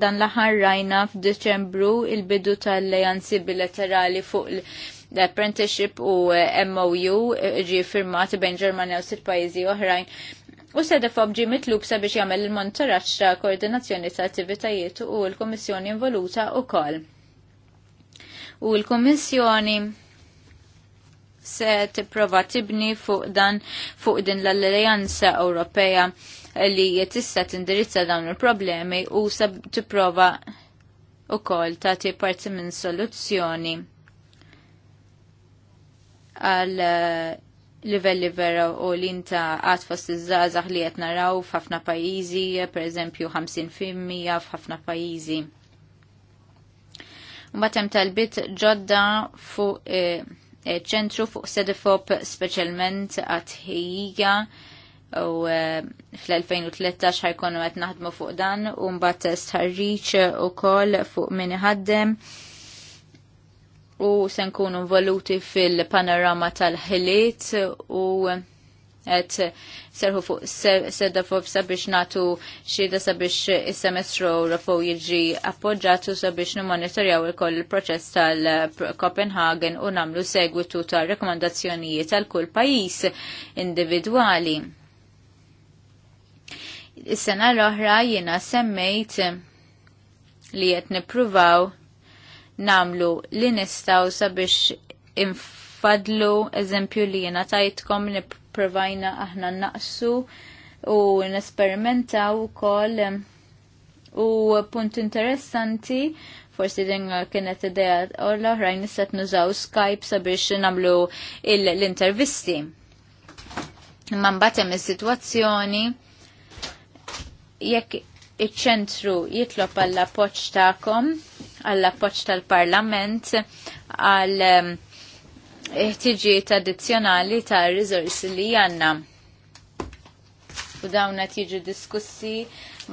dan l-aħħar rajna f'Deċembru il-bidu tal-lejanzi bilaterali fuq l-apprenticeship u MOU ġi firmat bejn Ġermanja u sitt pajizi oħrajn. U sedefob ġi mitlub sabiex jagħmel il-monitoraġġ ta' koordinazzjoni ta' attivitajiet u l-Kummissjoni involuta wkoll. U l-Kummissjoni se tipprova tibni fuq dan fuq din l-Alleanza Ewropea li tista' tindirizza dawn il-problemi u sab tipprova wkoll tagħti parti minn soluzzjoni għal eh, livelli vera u li inta għad fost iż-żgħażagħ li qed naraw f'ħafna pajjiżi, pereżempju 50% f'ħafna pajjiżi. Mbagħad hemm bit ġodda fuq eh, eh, ċentru fuq Sedifop speċjalment għat ħejja u eh, fl-2013 ħajkonu għet naħdmu fuq dan u mbagħad stħarriċ u kol fuq minni ħaddem u se nkunu involuti fil-panorama tal-ħiliet u għet serħu fuq sedda fuq sabiex natu xieda sabiex il-semestru rafu jirġi appoġġatu sabiex monitorjaw il-koll il-proċess tal-Kopenhagen u namlu segwitu tal-rekomandazzjonijiet tal-kull pajis individuali Is-sena l-oħra jiena semmejt li qed nippruvaw namlu li nistgħu sabiex infadlu eżempju li jiena tajtkom nippruvajna aħna naqsu u nesperimentaw ukoll u punt interessanti forsi din kienet idea u l-oħrajn nista' nużaw Skype sabiex nagħmlu l-intervisti. Imma mbagħad hemm is-sitwazzjoni jekk iċ-ċentru jitlob għall appoġġ tagħkom, għall appoġġ tal-Parlament, għal ehm, ħtiġijiet addizzjonali ta' rizorsi li għandna. U dawn qed jiġu diskussi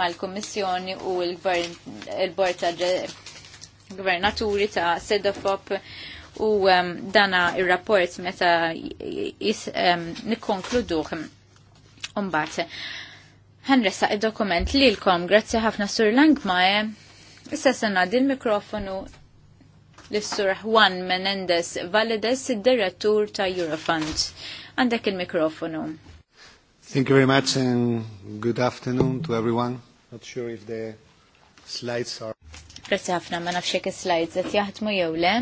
mal-Kummissjoni u l-Bord ta' Gvernaturi ta' Sedofop u ehm, dana ir-rapport meta um, nikkonkluduh. Umbat, ħanressaq id-dokument lilkom. Grazzi ħafna Sur Langmae. Issa sena din mikrofonu l-Sur Juan Menendez Valides, id-direttur ta' Eurofund. Għandek il-mikrofonu. Thank you very much and good afternoon to everyone. Not sure if the slides are... Grazie ħafna, ma nafxek slides, għet jaħdmu jew le.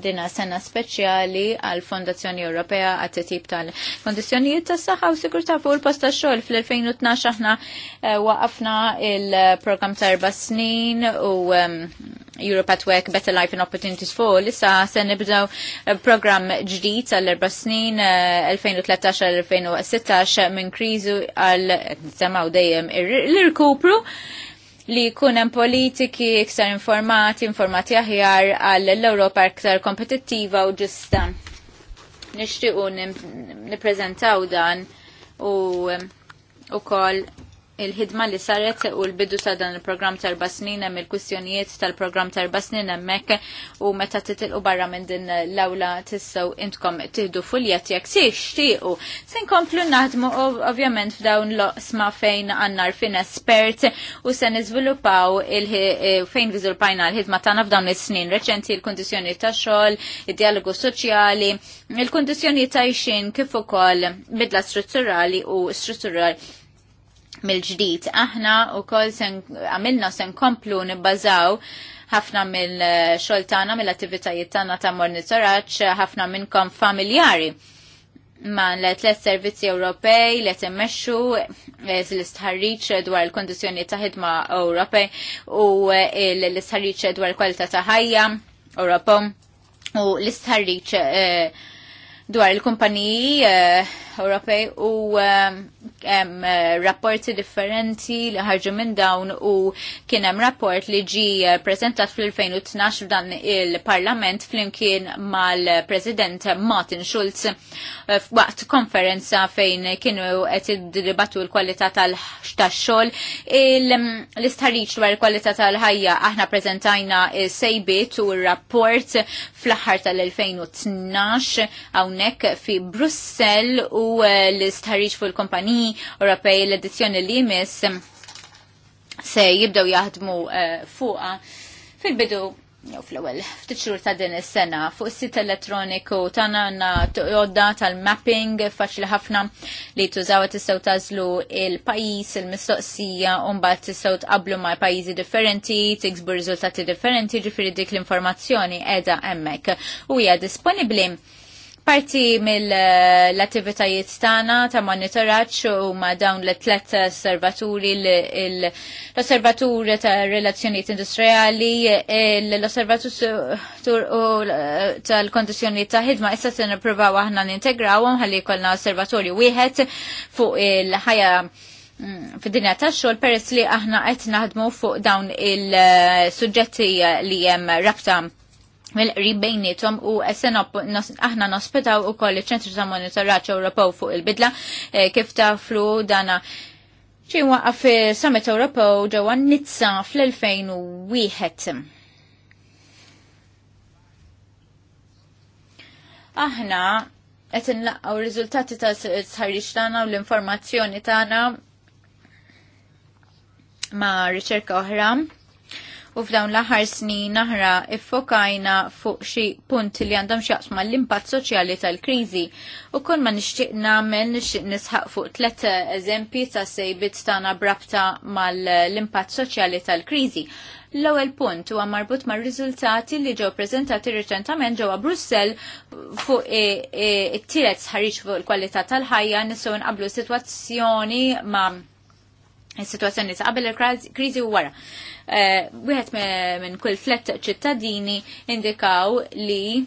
dina sena speċjali għal Fondazzjoni Ewropea għat tip tal-kondizjonijiet tas saħħa u sigurtà fuq il-posta xogħol fl-2012 aħna eh, waqafna il-programm ta' erba' snin u ehm, Europe at Work Better Life and Opportunities for issa se nibdaw eh, programm ġdid għall erba' snin 2013-2016 eh, minn kriżu għal semaw dejjem l-irkupru li kunem politiki iktar informati, informati aħjar għall l-Europa iktar kompetittiva u ġusta. Nishtiqu niprezentaw dan u u kol il-ħidma li saret u l-bidu ta' dan il-programm tarba snin hemm il-kwistjonijiet tal-programm tarba snin hemmhekk u meta titilqu barra minn din l-awla tistgħu intkom tieħdu fuljet jekk tixtiequ. Se nkomplu naħdmu ovvjament f'dawn loqsma fejn għandna rfin espert u se niżviluppaw e, fejn viżulpajna l-ħidma tagħna f'dawn is-snin reċenti l-kundizzjoni tax-xogħol, id-dialogu soċjali, il kundizzjonijiet ta' xin kif ukoll bidla strutturali u strutturali mill-ġdid. Aħna u sen, għamilna sen komplu nibbażaw ħafna mill-xoltana, mill-attivitajiet tagħna ta' monitoraċ, ħafna minnkom familjari ma l-tlet servizzi Ewropej li qed immexxu eh, l-istħarriċ dwar il kondizjoni ta' ħidma Ewropej u eh, l-istħarriċ dwar il-kwalità ta' ħajja Ewropew u l-istħarriċ eh, dwar il-kumpaniji Ewropej u hemm eh, rapporti differenti li ħarġu minn dawn u kien hemm rapport li ġi eh, preżentat fl-2012 f'dan il-Parlament flimkien mal-President Martin Schulz eh, waqt konferenza fejn kienu qed iddibattu l-kwalità tal-xogħol l-istħarriġ dwar il-kwalità tal-ħajja aħna preżentajna sejbit u r-rapport fl-aħħar tal-2012 hawnhekk fi Brussell u l-istħarriġ fuq il kompaniji Ewropej l-edizzjoni li jmiss se jibdew jaħdmu eh, fuqa fil-bidu jew fl-ewwel ftit ta' din is-sena fuq is-sit elettroniku tagħna għandna għodda tal-mapping faċli ħafna li tużaw tistgħu tażlu il-pajjiż il-mistoqsija u mbagħad tistgħu tqablu ma' pajjiżi differenti, tiksbu riżultati differenti, ġifieri dik l-informazzjoni qiegħda hemmhekk u hija disponibbli Parti mill-attivitajiet tagħna ta' monitoraġġ huma dawn l tlet osservaturi l-osservatur ta' relazzjonijiet industrijali, l-osservatur tal-kondizzjonijiet ta' ħidma issa se nippruvaw aħna nintegrawhom ħalli jkollna osservatorju wieħed fuq il-ħajja mm, fid-dinja ta' xogħol peress li aħna qed naħdmu fuq dawn il-suġġetti li hemm rabta mill-qrib bejnietom u sena aħna nospetaw u koll ċentru ta' monitoraċ Ewropew fuq il-bidla e, kif taflu dana ċin waqaf Summit Ewropew ġewwa Nizza fl-2001. Aħna qed inlaqgħu riżultati ta' sħarriġ tagħna u l-informazzjoni tagħna ma' riċerka oħra u f'dawn l-aħħar snin naħra iffokajna fuq xi punti li għandhom x'jaqsmu l impatt soċjali tal-kriżi. U kull ma nixtieq nagħmel nixtieq nisħaq fuq tliet eżempji ta' sejbit tagħna brabta mal-impatt soċjali tal-kriżi. L-ewwel punt huwa marbut mar-riżultati li ġew preżentati riċentament ġewwa Brussell fuq it-tielet sħarriġ fuq il-kwalità tal-ħajja nisew inqablu sitwazzjoni ma' is-sitwazzjoni ta' qabel il-kriżi u wara. Eh, wieħed minn kull flett ċittadini indikaw li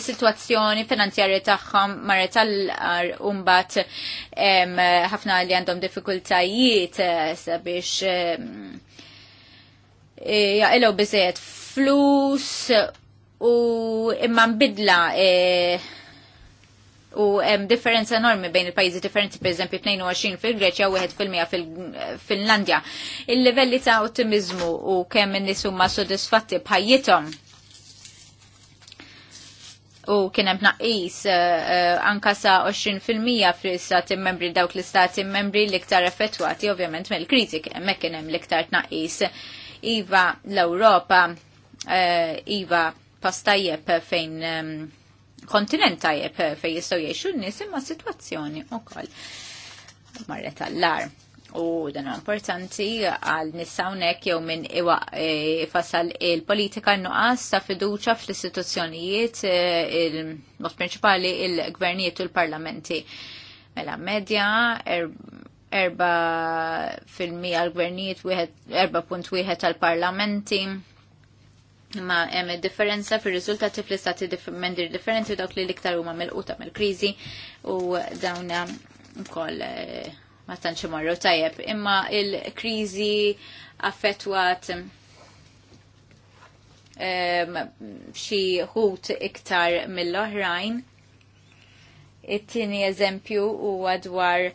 is-sitwazzjoni finanzjarja tagħhom marret tal-qar umbat ħafna li għandhom diffikultajiet eh, sabiex eh, jaqilgħu biżejjed flus u imma nbidla U hemm differenza enormi bejn il-pajjiżi differenti, eżempju 22 fil-Greċja u 1% fil-Finlandja. mija fil Il-livelli ta' ottimizmu u kemm in-nies huma sodisfatti bħajjithom u kien hemm tnaqqis, eh, eh, anka sa 20% fl-istati membri dawk l-istati membri l-iktar effettwati ovvjament mill-kritik hemmhekk kien hemm l-iktar tnaqqis. Iva l-Ewropa, eh, Iva pastajjeb fejn ehm, kontinent tajjeb eh, fejn jistgħu jgħixu n-nies imma sitwazzjoni wkoll marret allar. U dan importanti għal nissawnek jew minn iwa eh, fasal il-politika nuqas ta' fiduċa fl-istituzzjonijiet eh, il-mod prinċipali il-gvernijiet u l-parlamenti. Mela medja er-, erba fil-mija l-gvernijiet, 4.1 tal-parlamenti, ma hemm differenza fir riżultati fl-istati mendir differenti dawk li l-iktar huma mill-quta mill-kriżi u dawn ukoll eh, ma tantx imorru tajjeb. Imma il-kriżi affettwat ehm, xi ħut iktar mill-oħrajn. It-tieni eżempju huwa dwar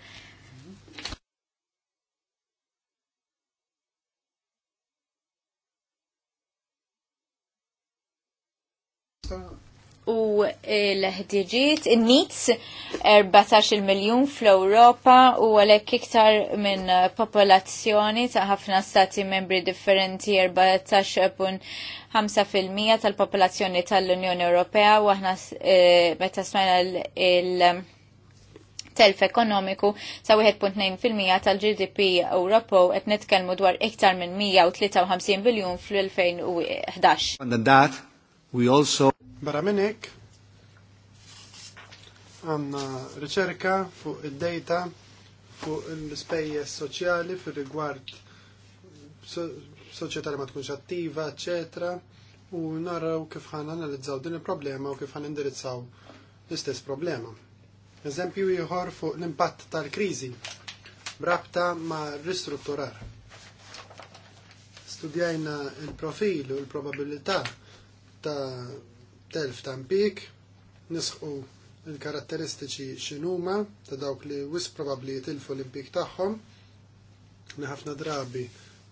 u l-ħdiġiet, il-nits 14 miljon fl-Europa u għalek iktar minn popolazzjoni ta' ħafna stati membri differenti 14.5% tal-popolazzjoni tal-Unjoni Ewropea u għahna eh, meta smajna l- telf ekonomiku sa 1.9% tal-GDP Ewropew qed nitkellmu dwar iktar minn 153 biljun fl-2011. We also Barra minnek għanna riċerka fuq id-data fuq l-spejjeż soċjali fir rigward soċjetà li ma tkunx attiva, eccetera u naraw kif ħan analizzaw din il-problema u kif ħan indirizzaw l-istess problema. Eżempju ieħor fuq l-impatt tal-kriżi brabta ma' ristrutturar. Studjajna il-profil u l-probabilità il profil u l probabilità ta' telf ta' mpik, nisħu il-karatteristiċi xinuma ta' dawk li wis probabli jitilfu l-impik tagħhom, li ħafna drabi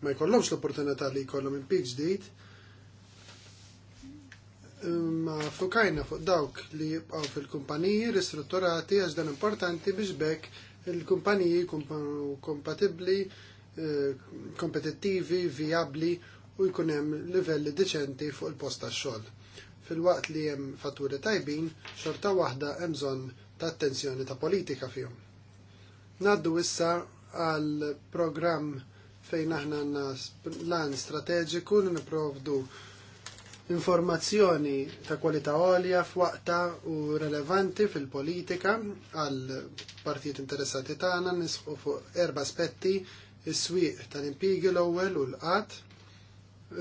ma jkollhomx l-opportunità li jkollhom impik ġdid, ma fukajna fuq dawk li jibqaw fil-kumpaniji ristrutturati għax dan importanti biex bekk il-kumpaniji kompatibli, eh, kompetittivi, viabli u jkun hemm livelli deċenti fuq il-post tax-xogħol. Fil-waqt li hemm fatturi tajbin, xorta waħda hemm bżonn ta' attenzjoni ta' politika fihom. Naddu issa għal programm fejn aħna għandna plan strateġiku li niprovdu informazzjoni ta' kwalità għolja f'waqta u relevanti fil-politika għal partijiet interessati tagħna nisħu fuq erba' aspetti is-swieq tal-impigi l-ewwel u l-qatt,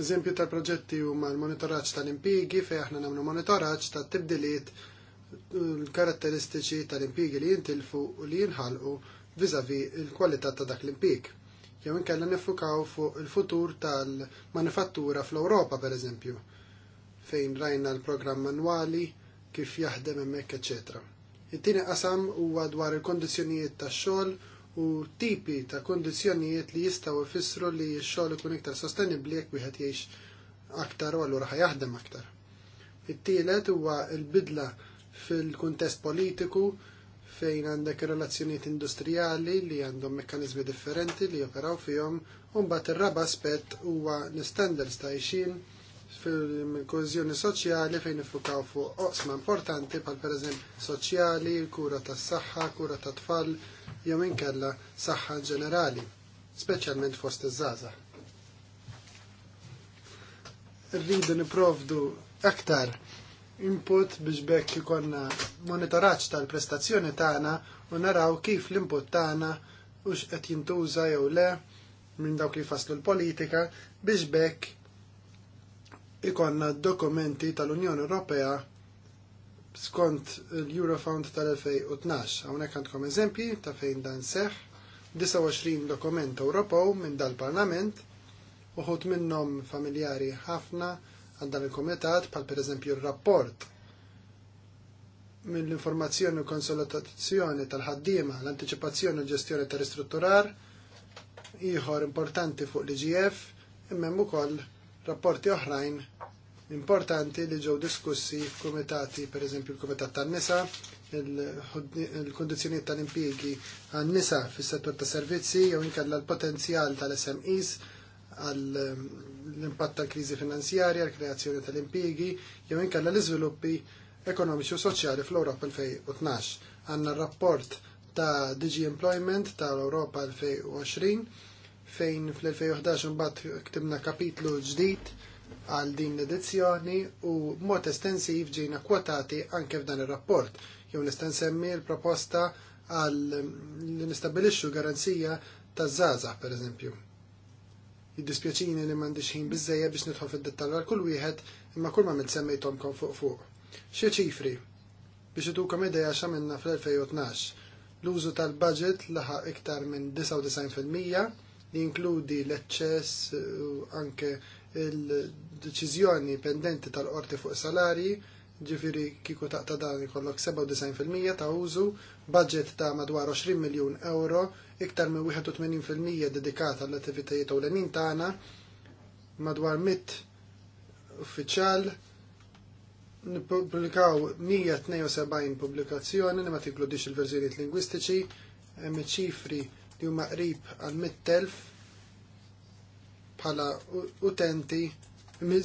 Eżempju tal-proġetti huma l-monitoraġġ tal-impigi fejn aħna nagħmlu monitoraġġ tat-tibdiliet l-karatteristiċi tal-impigi li jintilfu u li jinħalqu viżavi l-kwalità ta' dak l-impig. Jew inkella nifukaw fuq il-futur tal-manifattura fl-Ewropa pereżempju fejn rajna l-programm manwali kif jaħdem hemmhekk, eċċetera. It-tieni qasam huwa dwar il-kondizzjonijiet tax-xogħol u tipi ta' kondizjonijiet li jistgħu jfissru li x-xogħol ikun iktar sostenibbli jekk wieħed jgħix aktar u allura ħajaħdem aktar. It-tielet huwa l-bidla fil-kuntest politiku fejn għandek relazzjonijiet industrijali li għandhom mekkanizmi differenti li joperaw fihom, u mbagħad ir-raba aspett huwa l-standards ta' ixin fil-kohezjoni soċjali fejn nifukaw fuq oqsma importanti bħal pereżempju soċjali, kura tas-saħħa, kura tat-tfal, jew inkella saħħa ġenerali, speċjalment fost iż-żgħażagħ. Rridu niprovdu aktar input biex bekk ikonna monitoraġġ tal-prestazzjoni tagħna u naraw kif l-input tagħna u x'qed jintuża jew le minn dawk li faslu l-politika biex bekk ikonna dokumenti tal-Unjoni Ewropea skont l-Eurofound tal-2012. Hawnhekk għandkom eżempji ta' fejn dan seħ 29 dokument Ewropew minn dal-Parlament, uħut minnhom familjari ħafna għal dan il-Kumitat per pereżempju r-rapport mill-informazzjoni u konsolatazzjoni tal-ħaddiema, l-antiċipazzjoni u ġestjoni tal-istrutturar, ieħor importanti fuq l-IGF, imma ukoll rapporti oħrajn importanti li ġew diskussi f'kumitati, per eżempju, l-Kumitat tan-nisa, il-kondizjoniet tal-impjiegi għan-nisa fis-settur ta' servizzi jew inkella l-potenzjal tal-SMEs għall-impatt ehm, tal-kriżi finanzjarja, l-kreazzjoni tal-impjiegi jew inkella l-iżviluppi ekonomiċi u soċjali fl-Ewropa 2012. Għandna r-rapport ta' Digi Employment tal-Ewropa 2020 fejn fl-2011 imbagħad ktibna kapitlu ġdid għal din l-edizzjoni u mod estensiv ġejna kwotati anke f'dan ir-rapport. Jew nista' nsemmi l-proposta għal li nistabilixxu garanzija taż-żgħażagħ pereżempju. Jiddispjaċini li m'għandix ħin biżejjed biex nidħol fid-dettall għal kull wieħed imma kull ma minn fuq fuq. Xi ċifri biex idukom idea x'għamilna fl-2012. L-użu tal-budget laħaq iktar minn 99% li jinkludi l-eċċess u anke il-deċiżjoni pendenti tal-qorti fuq salari, ġifiri kiku ta' dan ikollok 97% ta' użu, budget ta' madwar 20 miljon euro, iktar minn 81% dedikata l-attivitajiet u l-enin tagħna, madwar 100 uffiċjal, nipublikaw 172 pubblikazzjoni li ma tinkludix il-verżjonijiet lingwistiċi, hemm ċifri li huma qrib għal 100,000 bħala utenti,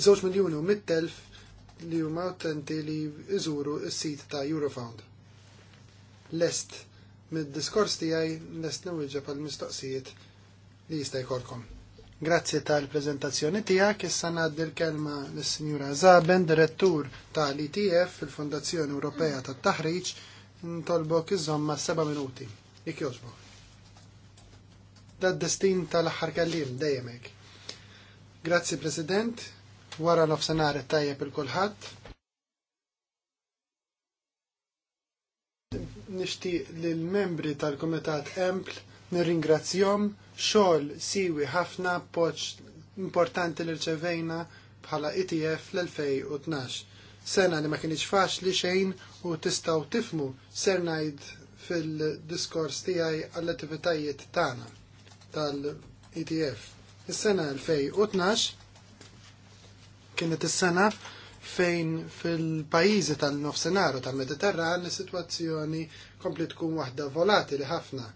żewġ miljuni u mittelf li huma utenti li iżuru s-sit ta' Eurofound. Lest mid-diskors tiegħi lest nuħġa pal mistoqsijiet li jista' jkollkom. Grazzi tal-prezentazzjoni tiegħek, issa ngħaddi l-kelma l sinjura Zaben, direttur tal-ITF fil-Fondazzjoni Ewropea tat-Taħriġ, ntolbok iżomma seba' minuti. Ik jogħġbok. Da destin tal-aħħar dejemek. dejjem hekk. Grazzi President, wara nofsenar tajjeb il-kulħadd. Nishti l membri tal-Kumitat Empl nir-ringrazzjom xogħol siwi ħafna poċ importanti li rċevejna bħala ETF l-2012. Sena li ma kienx faċli xejn u tistaw tifmu ser fil-diskors tiegħi għall-attivitajiet tagħna tal-ETF. Is-sena 2012 kienet is-sena fejn fil-pajizi tal-nofsenaru tal-Mediterran is-sitwazzjoni kompli tkun waħda volatili ħafna.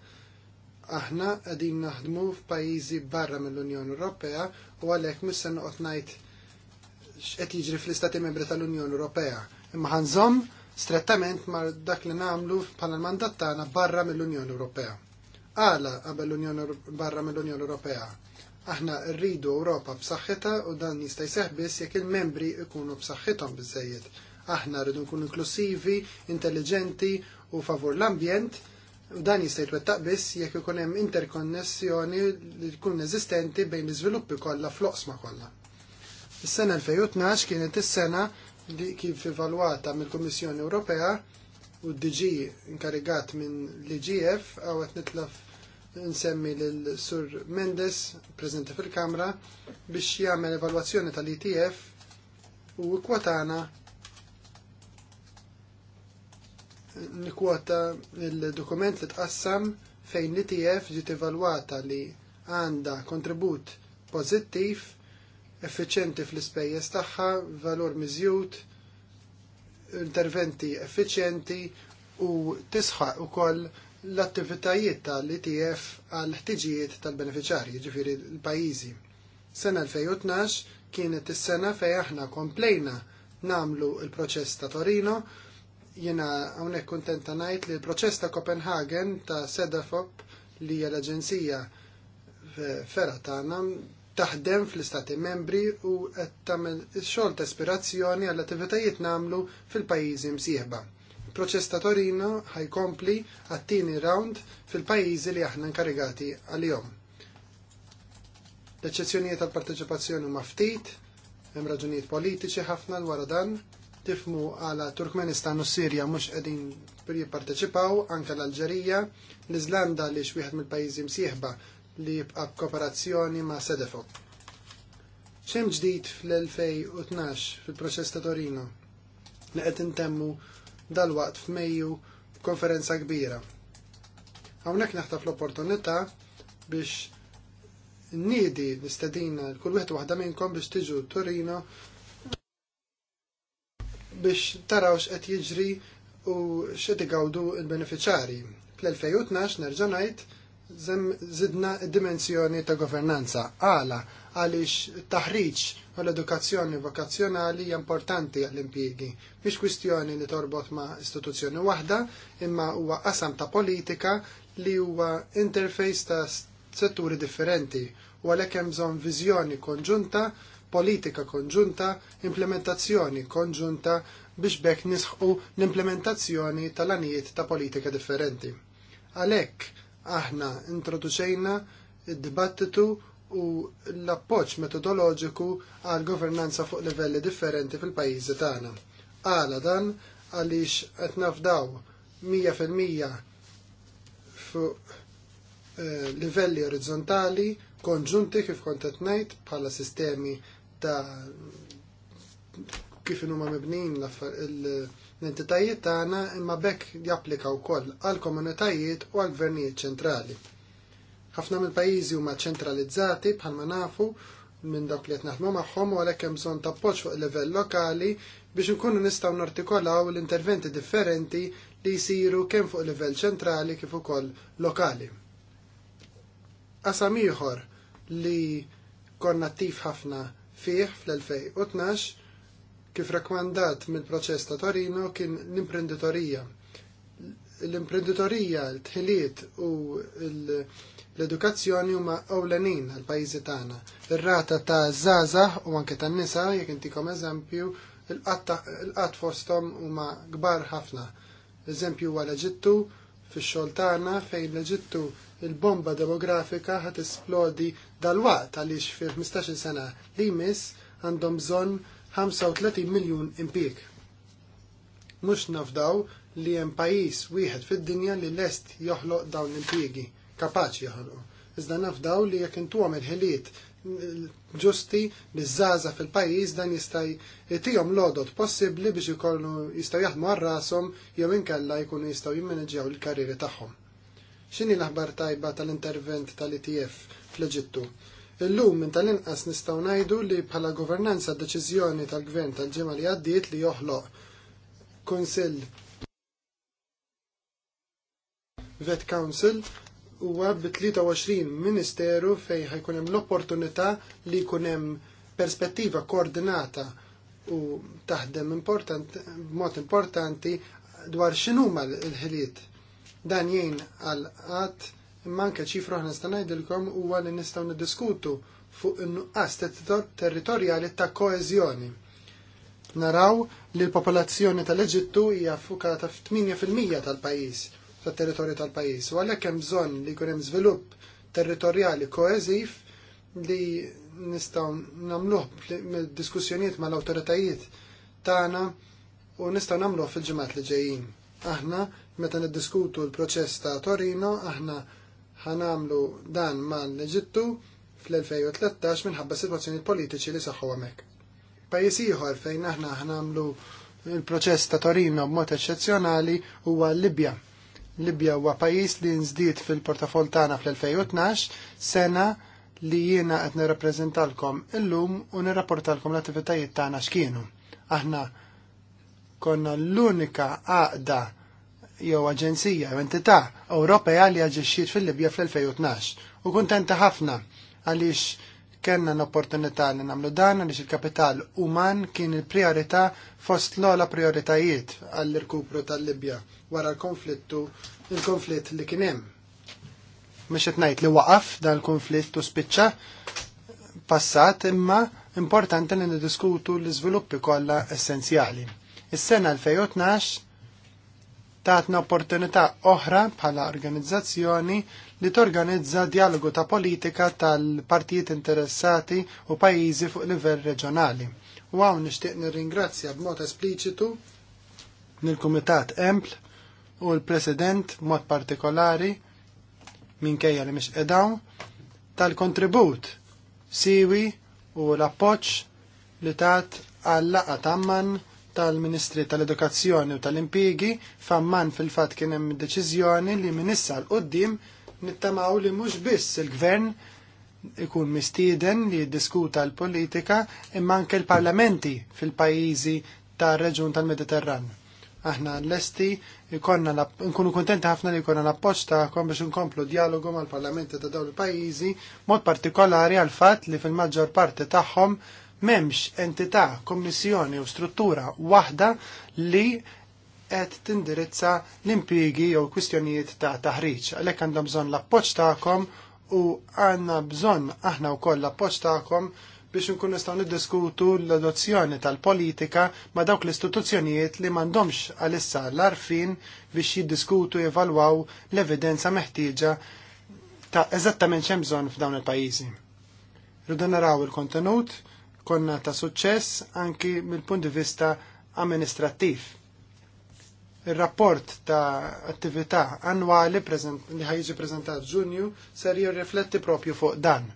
Aħna qegħdin naħdmu f'pajjiżi barra mill-Unjoni Ewropea u għalhekk mis-sena noqgħod ngħid x'qed jiġri fl-Istati Membri tal-Unjoni Ewropea. Imma ħanżomm strettament mar dak li nagħmlu bħala l-mandat tagħna barra mill-Unjoni Ewropea. Għala qabel l-Unjoni barra mill-Unjoni Ewropea Aħna rridu Ewropa b'saħħitha u dan jista' jseħħ biss jekk il-membri jkunu b'saħħithom biżejjed. Aħna rridu nkunu inklusivi, intelligenti u favur l-ambjent u dan jista' jitwettaq biss jekk ikun hemm interkonnessjoni li tkun eżistenti bejn l-iżviluppi kollha fl-oqsma kollha. Is-sena 2012 kienet is-sena li kif evalwata mill-Kummissjoni Ewropea u d-DG inkarigat minn l-IGF għawet nitlaf nsemmi l-Sur Mendes, prezenti fil-Kamra, biex jagħmel evalwazzjoni tal-ITF u kwatana nikwota il-dokument li tqassam fejn l etf ġiet evalwata li għandha kontribut pożittiv, effiċenti fl-ispejjeż tagħha, valur miżjud, interventi effiċjenti u tisħaq ukoll l-attivitajiet tal etf għal ħtiġijiet tal-beneficjarji, ġifiri l-pajizi. Sena 2012 kienet is-sena fej aħna komplejna namlu il-proċess ta' Torino, jena għonek kontenta najt li l-proċess ta' Copenhagen ta' Sedafop li hija l-Aġenzija fera tagħna taħdem fl-istati membri u qed tagħmel xogħol ta' ispirazzjoni għall attivitajiet namlu fil-pajjiżi msieħba. Proċess ta' Torino ħajkompli għattini round fil-pajjiżi li aħna nkarigati għal-jom. L-eċċezzjonijiet tal-parteċipazzjoni ma' ftit, hemm raġunijiet politiċi ħafna l wara dan, tifmu għala Turkmenistan u Sirja mhux qegħdin jipparteċipaw, anke l-Alġerija, l-Iżlanda li xwieħed mill-pajjiżi msieħba li jibqa' kooperazzjoni ma' Sedefo. X'hemm ġdid fl-2012 fil-proċess ta' Torino li qed intemmu dal-waqt f'Mejju konferenza kbira. Hawnhekk naħtaf l-opportunità biex nidi nistedina kull wieħed waħda minnkom biex tiġu Torino biex taraw x'qed jiġri u x'qed igawdu l-beneficjarji. Fl-2012 nerġa' ngħid zidna dimensjoni ta' governanza għala għaliex taħriġ għal edukazzjoni vokazzjonali hija importanti għall-impjiegi. Mhix kwistjoni li torbot ma' istituzzjoni waħda, imma huwa qasam ta' politika li huwa interface ta' setturi differenti u għalhekk hemm bżonn viżjoni konġunta, politika konġunta, implementazzjoni konġunta biex bekk nisħu l-implementazzjoni tal-anijiet ta' politika differenti. Għalhekk aħna introduċejna id-dibattitu u l-appoġġ metodoloġiku għal governanza fuq livelli differenti fil-pajjiżi tagħna. Għala dan għaliex qed nafdaw 100% fuq eh, livelli orizzontali konġunti kif kont qed ngħid bħala sistemi ta' kif huma mibnin l-entitajiet tagħna imma bekk japplika wkoll għall komunitajiet u għall gvernijiet ċentrali. Ħafna mill-pajjiżi huma ċentralizzati bħalma nafu minn dawk li qed naħdmu magħhom u għalhekk hemm bżonn tappoġġ fuq livell lokali biex inkunu nistgħu nartikolaw l-interventi differenti li jsiru kemm fuq livell ċentrali kif ukoll lokali. Qasam ieħor li konna attiv ħafna fih fl-2012 kif rakkomandat mill-proċess ta' Torino kien l-imprenditorija. L-imprenditorija, l-tħiliet u l L-edukazzjoni huma ewlenin għal pajjiżi tagħna. Ir-rata ta' żgħażagħ u anke tan-nisa jekk intikom eżempju il-qatt fosthom huma kbar ħafna. Eżempju huwa l-Eġittu fix-xogħol tagħna fejn l-Eġittu il-bomba demografika ħat isplodi dal-waqt għaliex fi 15 il sena li jmiss għandhom bżonn 35 miljun impjieg. Mhux nafdaw li hemm pajjiż wieħed fid-dinja li lest joħloq dawn l impjiegi kapaċi jaħolqu. Iżda nafdaw li jekk intuhom il-ħiliet ġusti li fil-pajjiż dan jista' jtihom lodot possibbli biex ikollu jistgħu jaħdmu għal rashom jew inkella jkunu jistgħu jimmaneġġjaw il-karriri tagħhom. X'inhi l-aħbar tajba tal-intervent tal-ITF fl-Eġittu? Illum minn tal-inqas nistgħu ngħidu li bħala governanza deċiżjoni tal-gvern tal-ġimgħa li għaddiet li joħloq kunsill Vet Council huwa bi 23 ministeru fejn ħajkun hemm l-opportunità li jkun hemm perspettiva koordinata u taħdem important, b'mod importanti dwar x'inhuma l-ħiliet. Dan jgħin għal qatt imma anke ċifru aħna nista' ngħidilkom huwa li nistgħu niddiskutu fuq in-nuqqas territorjali ta' koeżjoni. Naraw li l-popolazzjoni tal-Eġittu hija affukata f'8% tal-pajjiż tat-territorju tal-pajjiż. U għalhekk hemm bżonn li jkun hemm żvilupp territorjali koeżiv li nistgħu nagħmluh mid-diskussjonijiet mal-awtoritajiet tagħna u nistgħu nagħmluh fil-ġimgħat li ġejjin. Aħna meta niddiskutu l-proċess ta' Torino, aħna ħanamlu dan mal-Eġittu fl-2013 minħabba situazzjoni politiċi li saħħu għamek. Pajis ieħor fejn aħna ħanamlu il-proċess ta' Torino b'mod eċċezzjonali huwa l-Libja. Libja huwa pajjiż li nżdied fil-portafol tagħna fl-2012, sena li jiena qed nirrappreżentalkom illum u nirrapportalkom l-attivitajiet tagħna x'kienu. Aħna konna l-unika għaqda jew aġenzija jew entità Ewropea li aġixxiet fil-Libja fl-2012 u kuntenta ħafna għaliex Kellna l-opportunità li nagħmlu dan għaliex il-kapital uman kien il-priorità fost l ogħla prioritajiet għall-irkupru tal-Libja wara l-konflittu il-konflitt li kien hemm. Mhux qed ngħid li waqaf dan l-konflitt u spiċċa passat imma importanti li niddiskutu l-iżviluppi kollha essenzjali. Is-sena 2012 tatna opportunità oħra bħala organizzazzjoni li torganizza dialogu ta' politika tal-partijiet interessati u pajjiżi fuq livell reġjonali. U hawn nixtieq nirringrazzja b'mod espliċitu lill-Kumitat Empl u l-President b'mod partikolari minkejja li mhix edaw tal-kontribut siwi u l-appoġġ li tat għall laqa tamman tal-Ministri tal-Edukazzjoni u tal-Impigi famman fil-fat kien hemm deċiżjoni li minissa l qoddim nittamaw li mhux biss il-Gvern ikun mistieden li jiddiskuta l-politika imma anke l-parlamenti fil-pajjiżi tar-reġun tal-Mediterran. Aħna l-esti nkunu kontenti ħafna li jkollna l-appoġġ tagħkom biex inkomplu dialogu mal-parlamenti ta' dawn il-pajjiżi, mod partikolari għal fatt li fil-maġġor parti tagħhom Memx entità, kommissjoni u struttura waħda li qed tindirizza l impigi jew kwistjonijiet ta' taħriġ. Għalhekk għandhom bżonn l-appoġġ tagħkom u għandna bżonn aħna wkoll l-appoġġ tagħkom biex nkun nistgħu niddiskutu l-adozzjoni tal-politika ma' dawk l-istituzzjonijiet li m'għandhomx għalissa l-arfin biex jiddiskutu jevalwaw l-evidenza meħtieġa ta' eżattament x'hemm bżonn f'dawn il-pajjiżi. Rridu naraw il-kontenut, konna ta' suċċess anki mill-punt di vista amministrattiv. Il-rapport ta' attività annwali li ħajġi prezentat ġunju ser jirrifletti propju fuq dan.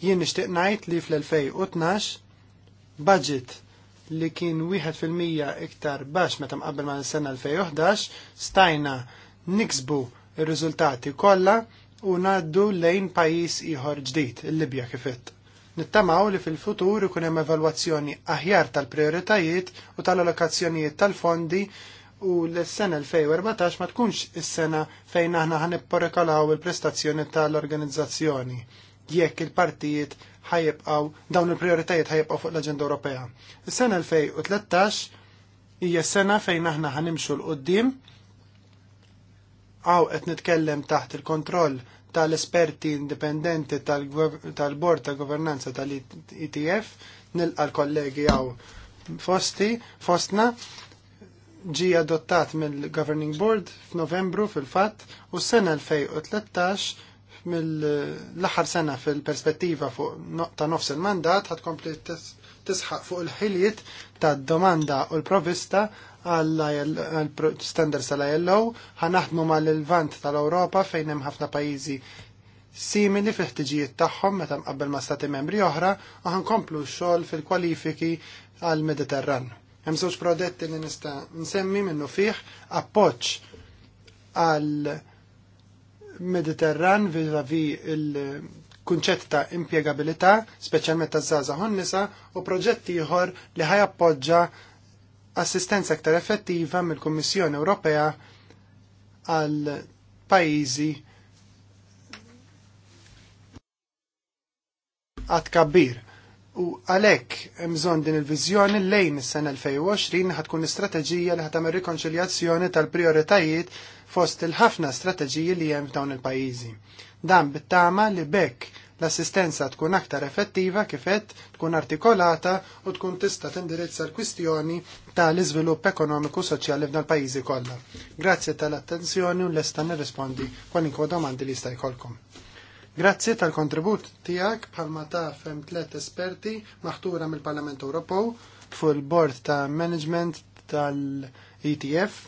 Jien nixtieq ngħid li fl-2012 budget li kien 1% iktar baxx meta mqabbel ma' l sena 2011 stajna niksbu r-riżultati kollha u ngħaddu lejn pajjiż ieħor ġdid, il-Libja kifett. Nittamaw li fil-futur ikun hemm evalwazzjoni aħjar tal-prioritajiet u tal-allokazzjonijiet tal-fondi u l-sena 2014 ma tkunx is-sena fejn aħna ħanipporekalaw il-prestazzjoni tal-organizzazzjoni jekk il-partijiet ħajibqaw dawn il-prioritajiet ħajibqaw fuq l-Aġenda Ewropea. Is-sena 2013 hija sena fejn aħna ħanimxu l-qoddim għaw qed nitkellem taħt il-kontroll tal-esperti indipendenti tal-Bord ta' Governanza tal-ETF, nilqa l-kollegi għaw fosti, fostna, ġi adottat mill-Governing Board f'Novembru fil-fatt u s-sena 2013 mill-aħħar sena fil-perspettiva fuq ta' nofs il-mandat ħad kompli tisħaq fuq il-ħiliet ta' domanda u l-provista għal standards tal-ILO, ħanaħdmu mal vant tal-Ewropa fejn hemm ħafna pajjiżi simili fil-ħtiġijiet tagħhom meta mqabbel ma' stati membri oħra u ħankomplu x-xogħol fil-kwalifiki għal-Mediterran. Hemm żewġ prodetti li nista' nsemmi minnu fih appoġġ għal Mediterran viva vi il-kunċett ta' impjegabilità, speċjalment ta' zaza nisa u proġetti ieħor li appoġġa assistenza aktar effettiva mill-Kummissjoni Ewropea għal pajjiżi għad kabbir. U għalek mżon din il-vizjoni lejn is-sena 2020 kun strategija li ħatamel rikonċiljazzjoni tal-prioritajiet fost il-ħafna strateġiji li hemm f'dawn il-pajjiżi. Dan bit-tama li bekk L-assistenza tkun aktar effettiva kifet, tkun artikolata u tkun tista' tindirizza l-kwistjoni tal-iżvilupp ekonomiku soċjali f'dan pajjiżi kollha. Grazzi tal-attenzjoni u lesta nirrispondi kwalinkwa domandi li jista' jkollkom. Grazzi tal-kontribut tiegħek bħalma ta' fem tliet esperti maħtura mill-Parlament Ewropew fuq il-Bord ta' Management tal-ETF.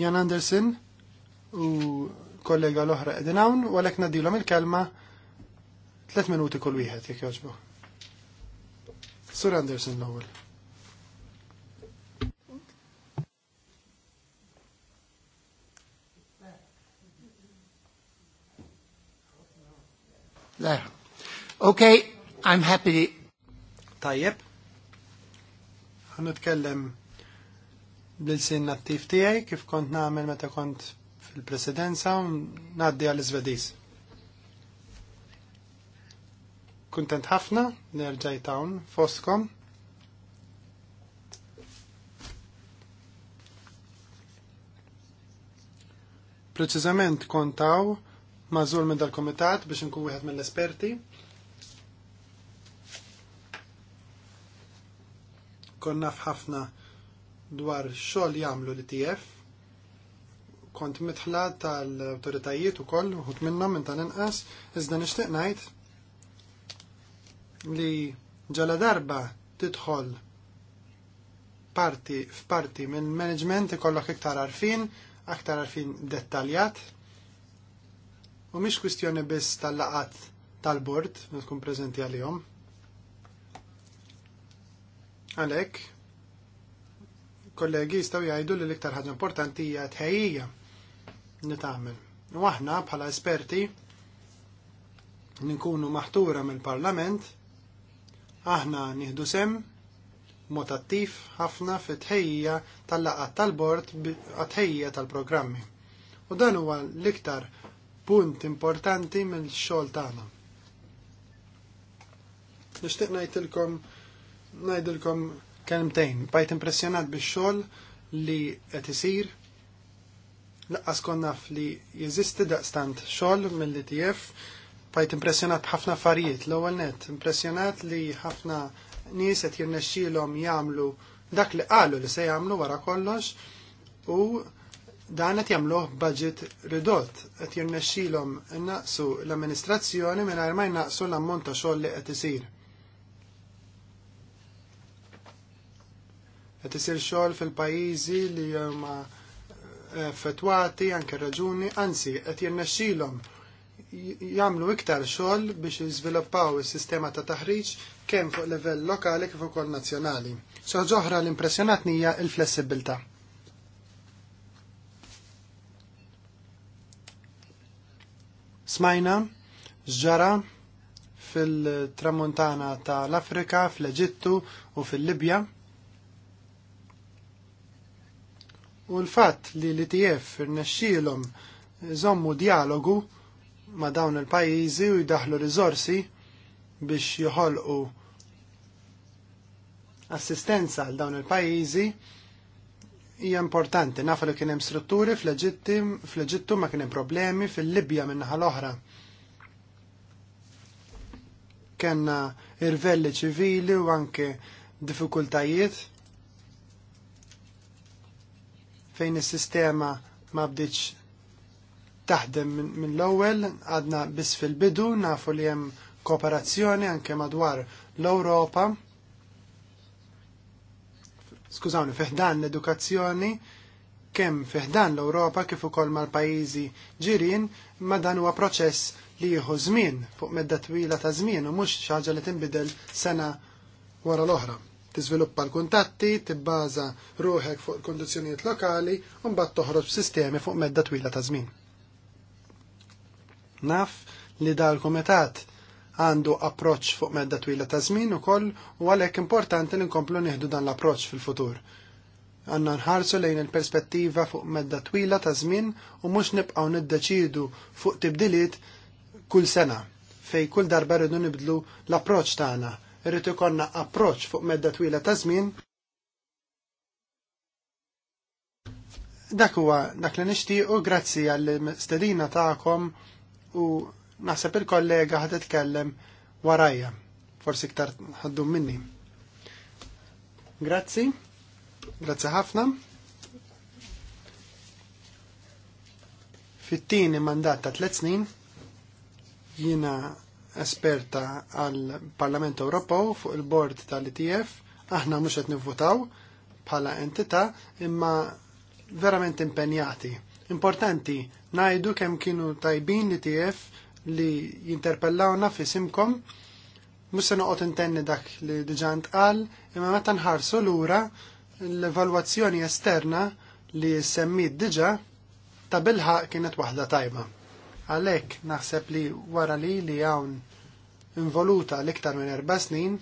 Jan Anderson u kollega l-oħra qegħdin hawn u għalhekk nadilhom il-kelma tliet minuti kull wieħed jekk jogħġbu. Sur Anderson l-ewwel. There. Okay, I'm happy. Tajjeb. Għan nitkellem bil-sin nattiv tijaj, kif kont namel meta kont fil-presidenza u naddi għall-Iżvediż. Kuntent ħafna nerġaj tawn foskom. Preċiżament kontaw mażul minn dal-komitat biex nkun wieħed mill-esperti. Konna ħafna dwar xogħol jagħmlu li TF kont mitħla tal-autoritajiet u koll, uħut minnom minn tal-inqas, iżda nishtiq najt li ġala darba tidħol parti f'parti minn management ikollok iktar arfin, aktar arfin dettaljat, u mhix kwistjoni biss tal-laqat tal-bord, li tkun preżenti għalihom. Għalhekk, kollegi jistgħu jgħidu li l-iktar ħaġa importanti hija tħejjija nitagħmel. U aħna bħala esperti ninkunu maħtura mill-Parlament, aħna nieħdu sem mod attiv ħafna fit ħejja tal-laqat tal-bord għat ħejja tal-programmi. U dan huwa l-iktar punt importanti mill-xogħol tagħna. Nixtieq ngħidilkom ngħidilkom kelmtejn, bajt impressjonat bix-xogħol li qed isir laqqas kon naf li jeżisti daqstant xogħol mill etf bħajt impressjonat b'ħafna affarijiet l-ewwel net, impressjonat li ħafna nies qed jirnexxielhom jagħmlu dak li qalu li se jagħmlu wara kollox u dan qed jagħmluh budget ridott qed jirnexxielhom innaqsu l-amministrazzjoni mingħajr ma jnaqsu l-ammont ta' xogħol li qed isir. Qed isir xogħol fil-pajjiżi li huma effettwati anke raġuni, anzi qed jirnexxilhom jagħmlu iktar xogħol biex jiżviluppaw is-sistema ta' taħriġ kemm fuq livell lokali kif ukoll nazzjonali. Soħġ oħra l-impressjonatni hija l-flessibilità. Smajna ġara fil-tramuntana tal-Afrika, fl-Eġittu u fil-Libja U l-fatt li l-ITF irnexxielhom żommu dialogu ma' dawn il-pajjiżi u jdaħlu riżorsi biex joħolqu assistenza għal dawn il-pajjiżi hija importanti. Nafu li kien hemm strutturi fl-Eġittu ma kien hemm problemi fil-Libja min-naħa l-oħra. Kenna irvelli ċivili u anke diffikultajiet fejn is-sistema ma bdiċ taħdem minn l-ewwel, għadna biss fil-bidu, nafu li hemm kooperazzjoni anke madwar l europa Skużawni, fiħdan l-edukazzjoni kemm fiħdan l-Ewropa kif ukoll mal-pajjiżi ġirin, ma dan huwa proċess li jieħu żmien fuq medda twila ta' żmien u mhux xi ħaġa li tinbidel sena wara l-oħra tiżviluppa l-kuntatti, tibbaża ruħek fuq kondizzjonijiet lokali u mbagħad toħroġ sistemi fuq medda twila ta' żmien. Naf li dal kumitat għandu approċċ fuq medda twila ta' żmien ukoll u għalhekk importanti li nkomplu nieħdu dan l-approċċ fil-futur. Għanna nħarsu lejn il-perspettiva fuq medda twila ta' żmien u mhux nibqgħu niddeċidu fuq tibdiliet kull sena fej kull darba rridu nibdlu l-approċċ tagħna rritu konna approċċ fuq medda twila ta' żmien. Dak huwa dak li nixtiequ grazzi għall-stedina tagħkom u naħseb il-kollega ħad itkellem warajja, forsi iktar ħaddum minni. Grazzi, grazzi ħafna. Fittini tieni mandat ta' tliet snin jina esperta għal Parlament Ewropew fuq il-bord tal-ITF, aħna mhux qed nivvutaw bħala entità imma verament impenjati. Importanti ngħidu kemm kienu tajbin l-ITF e li jinterpellawna fi simkom mhux se noqgħod intenni dak li diġà ntqal, imma meta nħarsu lura l-evalwazzjoni esterna li semmit diġà ta' bilħaq kienet waħda tajba. Għalek naħseb li wara li li hawn involuta l-iktar minn erba' snin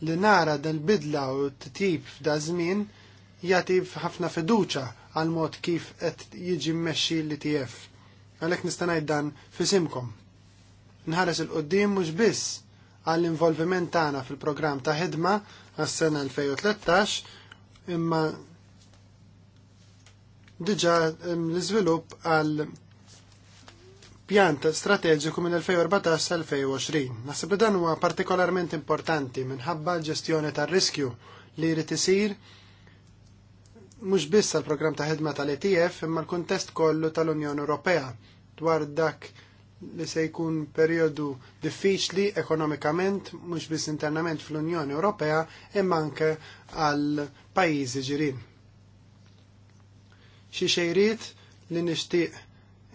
li nara dan bidla u t-tip f'da żmien jati ħafna fiduċa għal mod kif qed jiġi mmexxi l TF. Għalhekk nista' ngħid dan fisimkom. Nħares il-qoddim mhux biss għall-involviment tagħna fil-programm ta' ħidma għas-sena 2013 imma diġà l-iżvilupp għal Pjant strateġiku minn 2014-2020. Nasib dan huwa partikolarment importanti minħabba l-ġestjoni tar-riskju li jrid isir mhux biss għall programm ta' ħidma tal-ETF imma l-kuntest kollu tal-Unjoni Ewropea dwar dak li se jkun perjodu diffiċli ekonomikament mhux biss internament fl-Unjoni Ewropea imma anke għal pajjiżi ġirien. Xi xejrid li nixtieq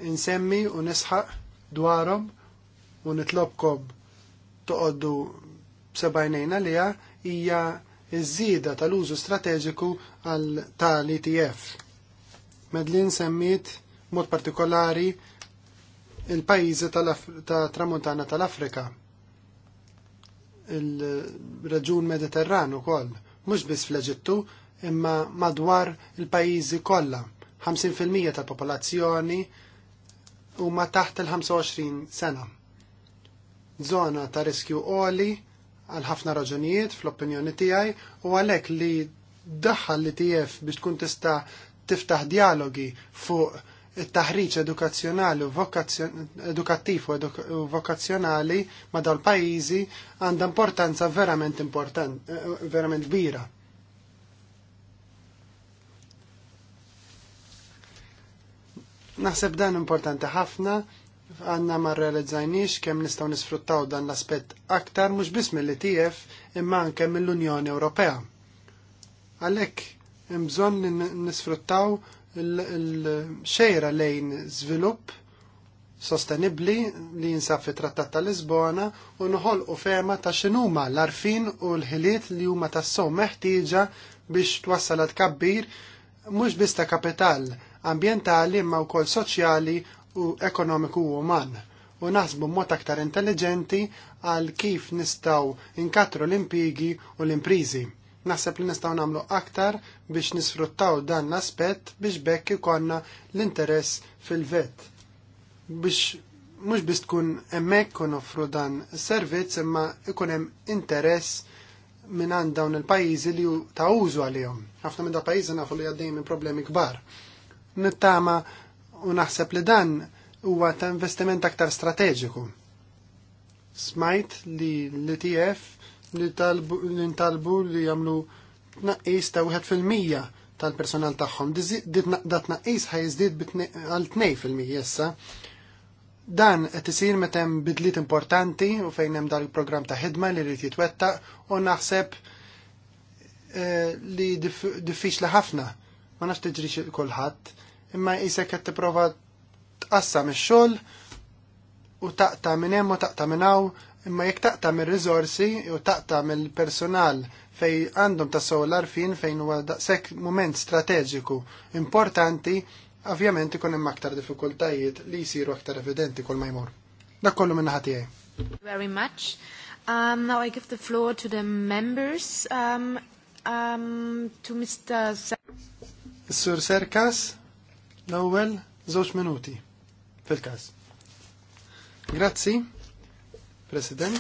insemmi u nisħaq dwarom u nitlobkom toqoddu sebajnejna liha hija iż-żieda tal-użu strateġiku għal tal-ETF. Medlin semmit mod partikolari il-pajjiżi ta' tramuntana tal-Afrika, il-reġun Mediterranu kol, mhux biss fl-Eġittu, imma madwar il-pajjiżi kollha. 50% tal-popolazzjoni huma taħt il-25 sena. Zona ta' riskju qoli għal ħafna raġunijiet fl-opinjoni tiegħi u għalhekk li daħħal li tijef biex tkun tista' tiftaħ dialogi fuq it-taħriġ edukazzjonali u edukattiv u vokazzjonali ma dal pajjiżi għandha importanza verament importanti, eh, verament kbira. Naħseb dan importanti ħafna, għanna ma realizzajniex kemm nistgħu nisfruttaw dan l-aspett aktar mhux biss mill-ITF imma anke mill-Unjoni Ewropea. Għalhekk hemm bżonn nisfruttaw l-xejra lejn żvilupp sostenibli li jinsab fi trattat tal Lisbona u nħolqu fema ta' x'inhuma l-arfin u l-ħiliet li huma tassew meħtieġa biex twassal kabbir mhux biss ta' kapital ambjentali imma wkoll soċjali u ekonomiku u uman u nasbu mod aktar intelligenti għal kif nistaw inkatru l-impigi u l-imprizi. Naħseb li nistaw namlu aktar biex nisfruttaw dan l-aspett biex bekk ikonna l-interess fil-vet. Biex mux biex tkun emmek kun offru dan servizz imma ikun hemm interess minn dawn il-pajjiżi li ta' użu għalihom. Ħafna minn da' pajjiżi nafu li għaddejjem minn problemi kbar nittama u naħseb li dan huwa ta' investiment aktar strateġiku. Smajt li l-ETF li ntalbu li jagħmlu tnaqqis ta' wieħed fil-mija tal-personal tagħhom. Da tnaqqis ħajżdied għal 2% fil-mija issa. Dan qed isir meta hemm bidliet importanti u fejn hemm dal-programm ta' ħidma li rid jitwettaq u naħseb eh, li diffiċli ħafna ma nafx tiġri kulħadd imma jisek qed tipprova tqassam ix-xogħol u taqta' minn hemm u taqta' minaw, imma jekk taqta' mir rizorsi u taqta' mill-personal fej għandhom tassew l-arfin fejn huwa daqshekk mument strateġiku importanti, ovvjament ikun hemm aktar diffikultajiet li jsiru aktar evidenti kol ma jmur. Dak kollu minn ħatijaj. Very much. Um, now I give the floor to the members. Um, um, to Mr. Sir Sur Serkas, L-ewwel żewġ minuti fil-każ. Grazzi, President.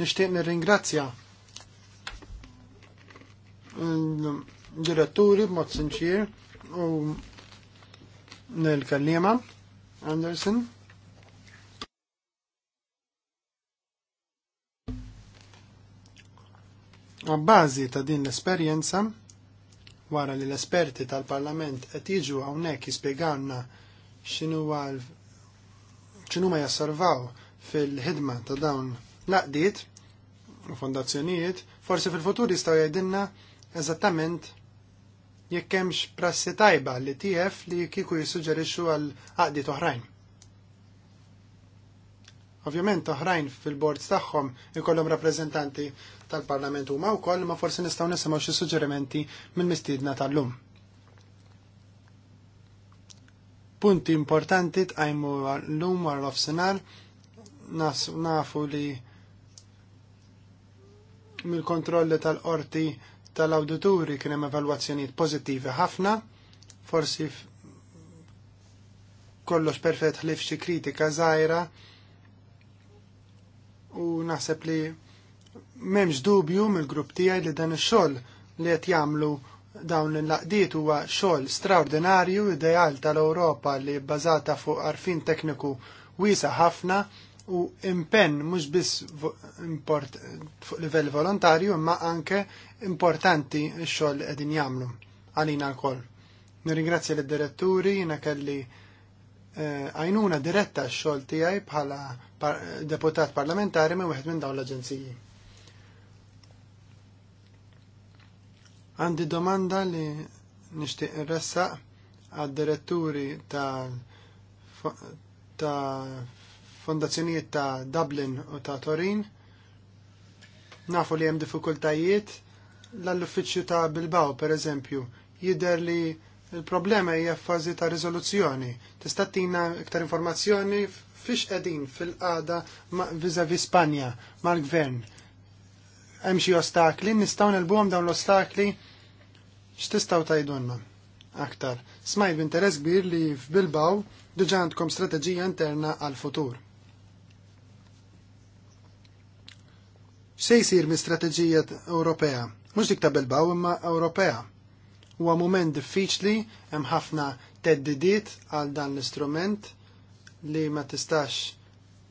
Nixtieq nirringrazzja l-diretturi b'mod sinċir u nil-kallima Anderson. Għabbażi ta' din l-esperjenza wara li l-esperti tal-Parlament qed jiġu hawnhekk jispjegawna x'inhuwa x'inhuma jasservaw fil-ħidma ta' dawn laqdiet u fondazzjonijiet, forsi fil-futur jistgħu jgħidilna eżattament jekk hemmx prassi tajba li tief li kieku jissuġġerixxu għal għaqdiet oħrajn. Ovvjament oħrajn fil-bords tagħhom ikollhom rappreżentanti tal-Parlament huma wkoll ma forsi nistgħu nisimgħu xi suġġerimenti mill-mistiedna tal-lum. Punti importanti tqajmu l-lum għal nofsinhar nafu li mill-kontrolli tal-qorti tal-awdituri kien hemm evalwazzjonijiet pożittivi ħafna, forsi kollox perfett ħlif xi kritika żgħira u naħseb li m'hemmx dubju mill-grupp tiegħi li dan ix-xogħol li qed jagħmlu dawn l-laqdiet huwa xogħol straordinarju ideal tal-Ewropa li bbażata fuq arfin tekniku wiesa ħafna u impenn mhux biss fuq livell volontarju imma anke importanti x-xogħol qegħdin jagħmlu għalina wkoll. Nirringrazzja lid-diretturi jina kelli eh, għajnuna diretta x-xogħol tiegħi bħala deputat parlamentari me wieħed minn dawn l-aġenziji. Għandi domanda li nixtieq irressaq għad-diretturi ta' ta' fondazzjonijiet ta' Dublin u ta' Torin. Nafu li hemm diffikultajiet l-uffiċċju ta' Bilbao, per eżempju, jider li il-problema hija f'fażi ta' riżoluzzjoni. Tista' tina iktar informazzjoni fiex qegħdin fil-qada vi Spanja mal-gvern. Hemm xi ostakli, nistgħu nilbuhom dawn l-ostakli X'tistgħu tgħidulna aktar? Smajt b'interess kbir li f'Bilbaw diġà għandkom strateġija interna għal-futur. Se jsir mis-strateġija Ewropea? Mhux dik ta' Bilbaw imma Ewropea. Huwa mument diffiċli hemm ħafna teddidiet għal dan l-istrument li ma tistax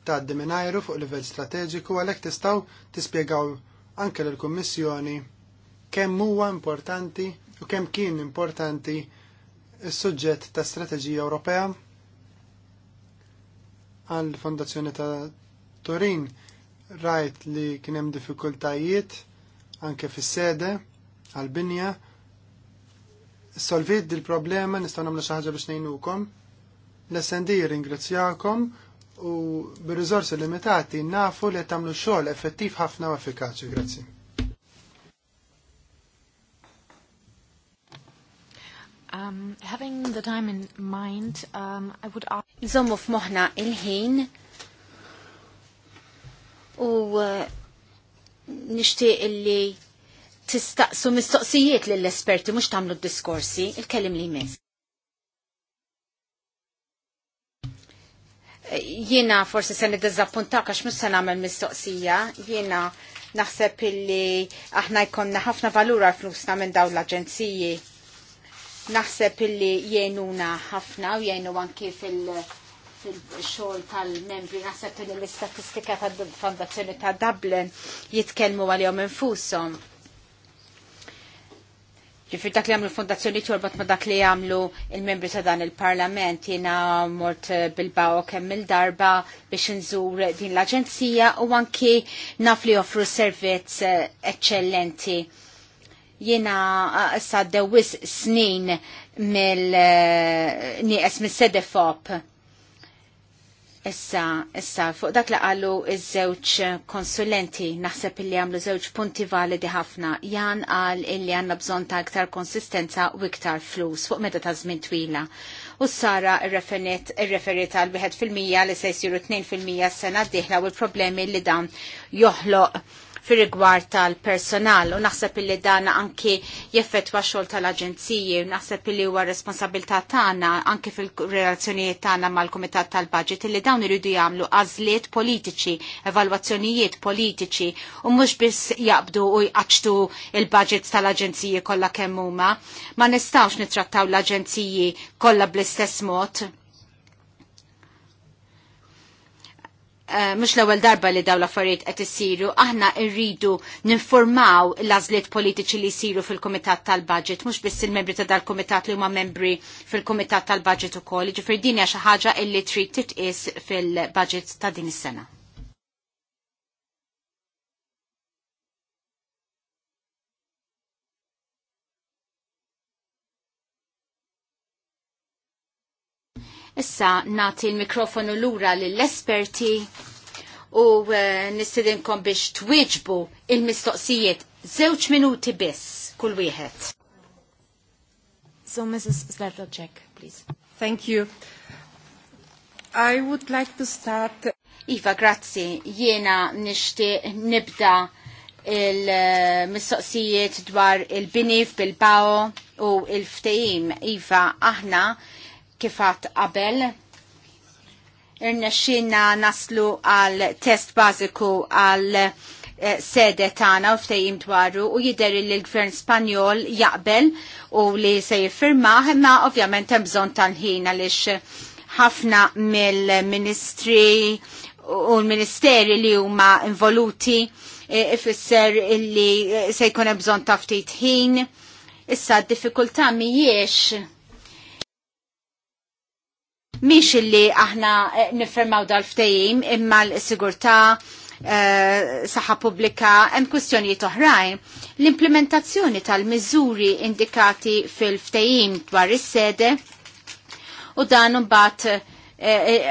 tgħaddi mingħajru fuq livell strateġiku għalhekk tistgħu tispjegaw anke lill kummissjoni kemm huwa importanti u kemm kien importanti is-suġġett ta' strateġija Ewropea għall fondazzjoni ta' Turin rajt li kien hemm diffikultajiet anke fis-sede għall-binja. Solvit il problema nistgħu nagħmlu xi ħaġa biex ngħinukom. L-SND ringrazzjakom u bir-riżorsi limitati nafu li tagħmlu xogħol effettiv ħafna u effikaċi. Grazzi. Um, um, Nżommu f'moħna il-ħin u uh, nishtiq li tistaqsu mistoqsijiet lill-esperti mux tamlu diskorsi il-kelim li jmiss. Jiena forsi se nidizappuntak għax mux se nagħmel mistoqsija, jiena naħseb illi aħna jkollna ħafna valura flusna minn dawn l-aġenziji naħseb illi jenuna ħafna u jenu anki fil- fil-xol tal-membri, naħseb illi l-istatistika tal-Fondazzjoni ta' Dublin jitkelmu għal-jom infusom. Ġifir dak li għamlu l-fondazzjoni torbot ma dak li għamlu il-membri ta' dan il-parlament jiena mort eh, bil-baw kemm il-darba biex nżur din l-aġenzija u anki naf li offru servizz eh, eccellenti Jena s-saddewis snin mill eh, nies mill-sedefop. Issa, issa, fuq dak li qalu iż-żewġ konsulenti, naħseb illi għamlu żewġ punti validi ħafna. Jan għal illi għanna bżon ta' iktar konsistenza u iktar flus fuq meta ta' żmien twila u Sara ir-referit għal biħed fil-mija li se jsiru 2% s-sena d u l-problemi li dan joħloq fir rigward tal-personal u naħseb illi dana anki jeffetwa xogħol tal-aġenziji u naħseb illi huwa responsabilità tagħna anki fil-relazzjonijiet tagħna mal-Kumitat tal-Baġit illi dawn iridu jagħmlu għażliet politiċi, evalwazzjonijiet politiċi u mhux biss jaqbdu u jqaċtu il-budgets tal-aġenziji kollha kemm huma. Ma nistgħux nittrattaw l-aġenziji kollha bl-istess mod Eh, mux l-ewel darba li daw l-affarijiet qed isiru, aħna rridu ninformaw l azliet politiċi li jsiru fil-Kumitat tal-Budget, mhux biss il-membri ta' dal-Kumitat li huma membri fil-Kumitat tal-Budget ukoll, ġifier din hija xi ħaġa li trid titqis fil-budget ta' din is-sena. Issa nati l-mikrofonu lura lill-esperti u eh, nistidinkom biex twiġbu il-mistoqsijiet żewġ minuti biss kull wieħed. So Mrs. Svertelczek, please. Thank you. I would like to start Iva, grazzi. Jiena nishti nibda il-mistoqsijiet dwar il bil-bao u il-ftejim. Iva, aħna kifat qabel irnexxina naslu għal test bażiku għal eh, sede tagħna u ftejim dwaru u jidher li l-Gvern Spanjol jaqbel u li se jiffirmah imma ovvjament hemm bżonn tal-ħin għaliex ħafna mill-ministri u l-ministeri li huma involuti eh, ifisser illi eh, se jkun hemm bżonn ta' ftit ħin. Issa d-diffikultà mhijiex miex illi aħna eh, niffermaw dal-ftejim imma l-sigurta saħa eh, saħħa pubblika hemm kwistjonijiet oħrajn. L-implementazzjoni tal-miżuri indikati fil-ftehim dwar is-sede u dan mbagħad eh,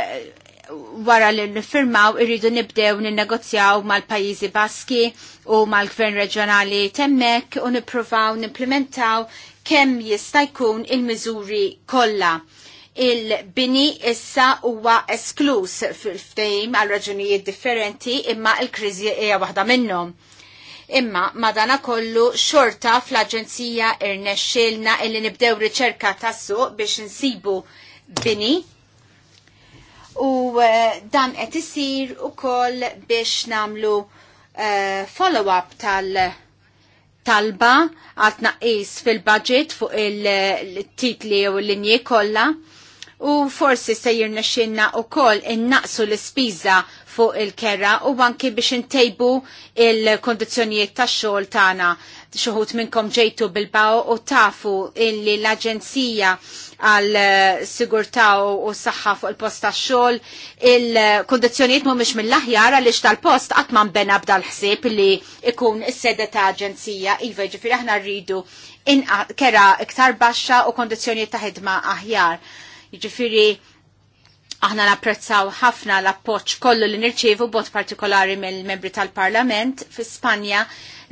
wara li nifirmaw irridu nibdew ninnegozjaw mal-pajjiżi Baski u mal-gvern reġjonali temmek u nippruvaw nimplementaw kemm jista' jkun il-miżuri kollha il-bini issa huwa esklus fil-ftejm għal raġunijiet differenti imma il-kriżi hija waħda minnhom. Imma madana kollu xorta fl-Aġenzija irnexxilna illi nibdew riċerka tassu biex insibu bini u eh, dan qed isir ukoll biex namlu uh, follow-up tal- talba għal tnaqqis fil-budget fuq il-titli u l-linji kollha u forsi se jirnexxinna wkoll innaqsu l-ispiża fuq il-kerra u anki biex intejbu il kondizjonijiet tax-xogħol tagħna. Xuħut minnkom ġejtu bil-baw u tafu illi l-Aġenzija għal sigurtà u s-saħħa fuq il-post tax-xogħol il mu mhumiex mill-aħjar għaliex tal-post qatt ma bdal-ħsieb li ikun is-sede ta' aġenzija iva ġifieri aħna rridu kera iktar baxxa u kondizzjonijiet ta' ħidma aħjar Jiġifieri aħna napprezzaw ħafna l-appoċ kollu li nirċievu bot partikolari mill-membri tal-Parlament fi Spanja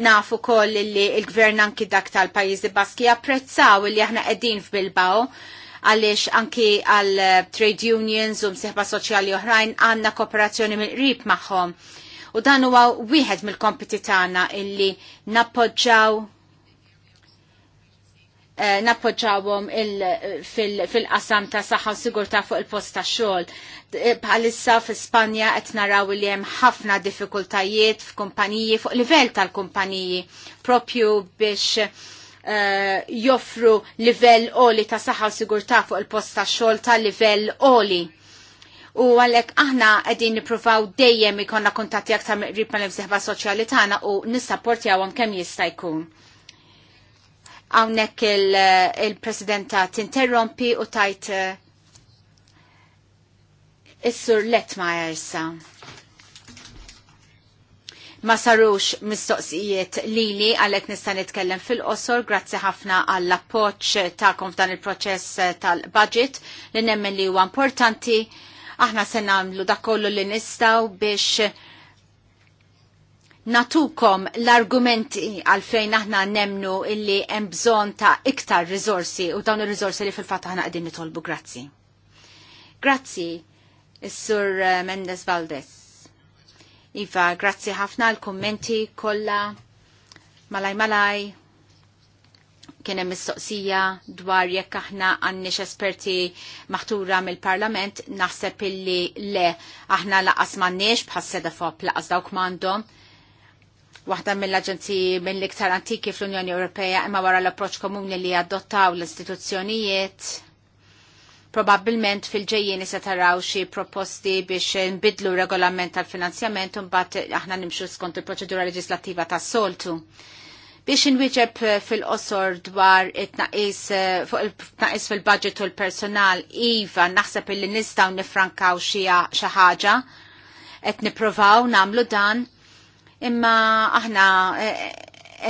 nafu koll li il-gvern anki dak tal-Pajjiżi Baski japprezzaw li aħna qegħdin f'Bilbao għaliex anki għal trade unions u msieħba soċjali oħrajn għandna kooperazzjoni mill-qrib magħhom. U dan huwa wieħed mill-kompiti tagħna illi nappoġġaw Eh, nappoġġawhom fil-qasam ta' saħħa u sigurtà fuq il-post ta' xogħol. Eh, bħalissa f'Ispanja qed naraw li hemm ħafna diffikultajiet f'kumpaniji fuq livell tal-kumpaniji propju biex eh, joffru livell oli ta' saħħa u sigurtà fuq il-post ta' xogħol ta' livell oli. U għalek aħna għedin niprofaw dejjem ikonna kontatti aktar mill-qrib mal-imsieħba soċjali tagħna u nissapportjawhom kemm jista' jkun. Hawnhekk il-Presidenta il eh, tinterrompi u tajt eh, is-sur Letma jersa. Ma sarux mistoqsijiet lili għalhekk nista' nitkellem fil-qosor grazzi ħafna għall appoġġ tagħkom f'dan il-proċess eh, tal-budget li nemmen li huwa importanti. Aħna se nagħmlu dak kollu li nistgħu biex natukom l-argumenti għalfejn aħna nemnu illi hemm bżonn ta' iktar riżorsi u dawn ir-riżorsi li fil-fatt aħna qegħdin nitolbu grazzi. Grazzi, is-Sur eh, Mendes Valdez. Iva, grazzi ħafna l-kommenti kollha malaj malaj kien hemm mistoqsija dwar jekk aħna għandniex esperti maħtura mill-Parlament naħseb illi le aħna laqas m'għandniex bħas sedafop laqas dawk m'għandhom waħda mill aġenzi mill-iktar antiki fl-Unjoni Ewropea imma wara l-approċ komuni li adottaw l-istituzzjonijiet. Probabbilment fil ġejjini se taraw xi proposti biex nbidlu regolament tal-finanzjament u mbagħad aħna nimxu skont il-proċedura leġislattiva tas-soltu. Biex inwieġeb fil-qosor dwar it-naqis it tnaqis it fil budget u l-personal, iva naħseb illi nistgħu nifrankaw xi ħaġa qed nippruvaw nagħmlu dan imma aħna e,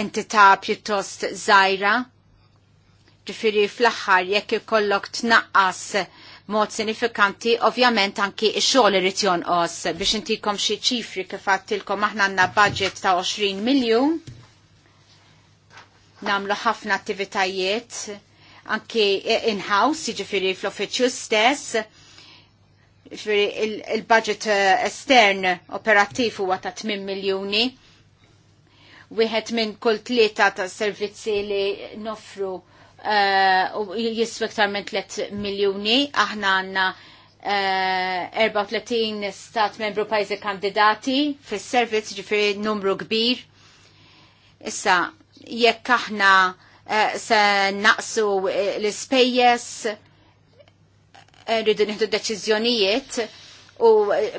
entità pjuttost żgħira. Ġifiri fl-aħħar jekk ikollok tnaqqas mod sinifikanti, ovvjament anki xogħol irid jonqos biex intikom xi ċifri kif għattilkom aħna għandna budget ta' 20 miljon. Namlu ħafna attivitajiet anki in-house, jiġifieri fl-offiċju stess, il-budget eh, estern operattiv huwa ta' 8 miljuni. Wieħed minn kull tlieta ta' servizzi li nofru eh, uh, jiswa ktar minn 3 miljuni. Aħna għandna uh, eh, 34 stat membru pajzi kandidati fis-servizz ġifieri numru kbir. Issa jekk aħna uh, se naqsu l-ispejjeż rridu nieħdu deċiżjonijiet u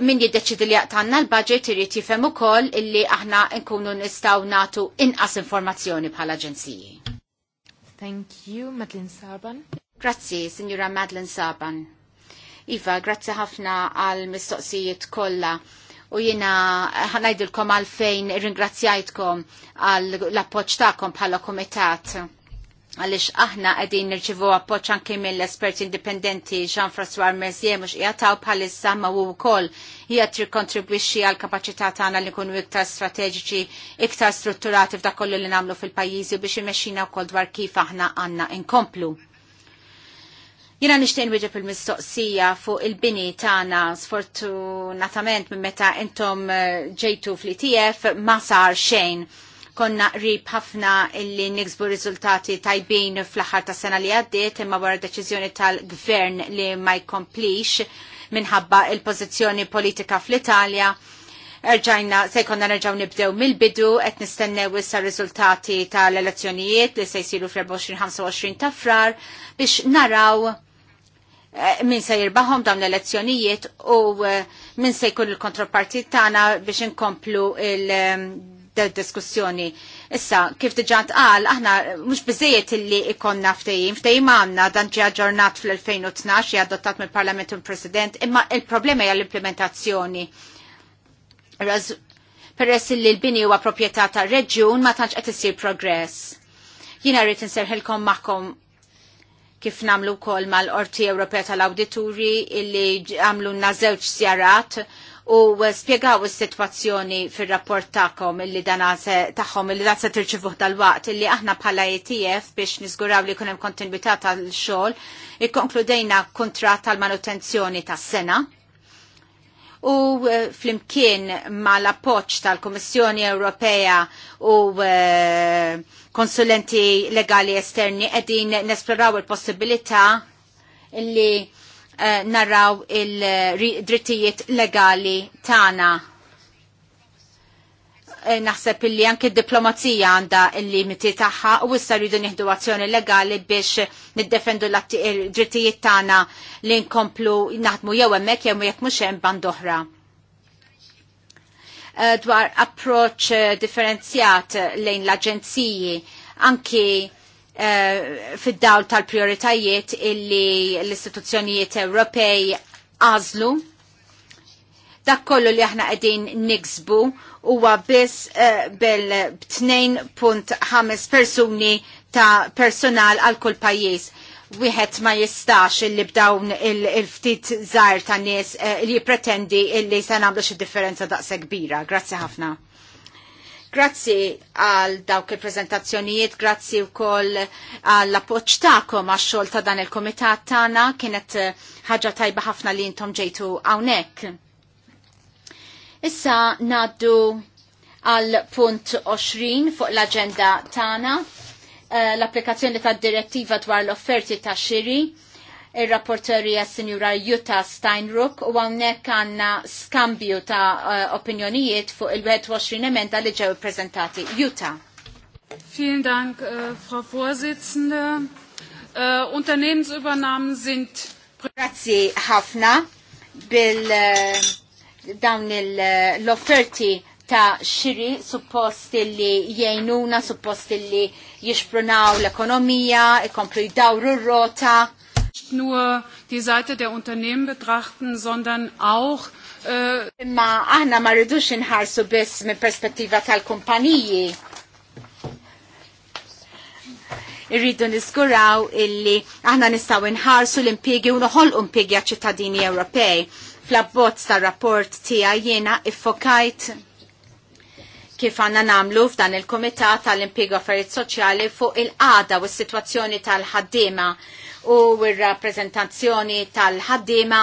min jiddeċidi li jaqtanna l-budget irid jifhem ukoll illi aħna nkunu nistgħu nagħtu inqas informazzjoni bħala aġenziji. Thank you, Madeline Saban. Grazzi, Signora Madeline Saban. Iva, grazzi ħafna għal mistoqsijiet kollha u jina ħanajdilkom għalfejn ringrazzjajtkom għal l-appoċ bħala komitat għalix aħna għedin nirċivu appoċ anki mill-esperti indipendenti Jean-François Merzier mux jgħataw bħalissa ma u kol jgħat kontribwixi għal kapacità tagħna li kunu iktar strateġiċi, iktar strutturati f'da kollu li namlu fil-pajjiżi biex u wkoll dwar kif aħna għandna inkomplu. Jina nishtin nwiġeb il-mistoqsija fuq il-bini tagħna sfortunatament minn meta intom eh, ġejtu fl-ITF ma sar xejn konna qrib ħafna illi niksbu riżultati tajbin fl-aħħar ta' sena li għaddiet imma wara deċiżjoni tal-gvern li ma jkomplix minħabba il-pożizzjoni politika fl-Italja erġajna se jkollna nerġgħu nibdew mill-bidu qed nistennew issa riżultati tal-elezzjonijiet li se jsiru fl-24-25 ta' frar biex naraw eh, min se jirbaħom dawn l-elezzjonijiet u eh, min se jkun il-kontroparti tagħna biex inkomplu diskussjoni. Issa, kif diġant għal, aħna mux bizzejiet illi ikonna ftejim, ftejim għanna dan ġi ġornat fl-2012 jadottat mill parlament u president imma il-problema hija l-implementazzjoni. Peress li l-bini huwa proprjetà ta' reġjun ma tantx qed isir progress. Jiena rrid inserħilkom magħkom kif namlu kol mal-Orti Ewropea tal-Awdituri illi għamlu nna żewġ sjarat u spiegaw is-sitwazzjoni fir-rapport tagħkom illi dan se tagħhom illi dan se tirċivuh dal-waqt illi aħna bħala ETF biex nisguraw li jkun hemm kontinwità tal-xogħol ikkonkludejna kuntratt tal-manutenzjoni tas-sena u eh, flimkien ma l-appoċ tal-Komissjoni Ewropea u eh, konsulenti legali esterni edin nesploraw il-possibilità li Eh, naraw narraw il-drittijiet legali tagħna. Eh, naħseb illi anke d-diplomazija għandha il-limiti tagħha u issa rridu nieħdu azzjoni legali biex niddefendu l-drittijiet tagħna li nkomplu naħdmu jew hemmhekk jew jekk mhux hemm band oħra eh, dwar approċ differenzjat lejn l-aġenziji anki Eh, fid-dawl tal-prioritajiet illi l-istituzzjonijiet Ewropej għażlu. Dak kollu li aħna qegħdin niksbu huwa biss eh, bil-2.5 persuni ta' personal għal kull pajjiż wieħed ma jistax illi b'dawn il-ftit żgħar ta' nies eh, li jippretendi illi se nagħmlu xi differenza daqshekk kbira. Grazzi ħafna. Grazzi għal dawk il-prezentazzjonijiet, grazzi u koll għall appoċ ta'kom għax xol ta' dan il-komitat tana, kienet eh, ħagġa tajba ħafna li intom ġejtu għawnek. Issa naddu għal punt 20 fuq l-agenda tana, eh, l-applikazzjoni ta' direttiva dwar l-offerti ta' xiri il-rapporterija sinjura Jutta Steinruck u għawnek għanna skambju ta' uh, opinjonijiet fuq il-21 emenda li ġew prezentati. Jutta. Vielen Dank, uh, Frau Vorsitzende. Uh, Unternehmensübernahmen sind... Grazie, Hafna, bil uh, dawn l-offerti ta' xiri suppost li jgħinuna, suppost li jixprunaw l-ekonomija, ikomplu jdawru r-rota nicht nur die Seite der Unternehmen betrachten, sondern auch äh, Ma aħna ma rridux inħarsu biss minn perspettiva tal-kumpaniji. Irridu niskuraw illi aħna nistaw inħarsu l-impiegi u noħol impiegi ċittadini Ewropej. Fl-abbozz tar rapport tija jena iffokajt kif għanna namlu f'dan il-Komitat tal-Impiego Affarijiet Soċjali fuq il-qada u s-sitwazzjoni tal-ħaddiema u r-rappreżentazzjoni tal-ħaddiema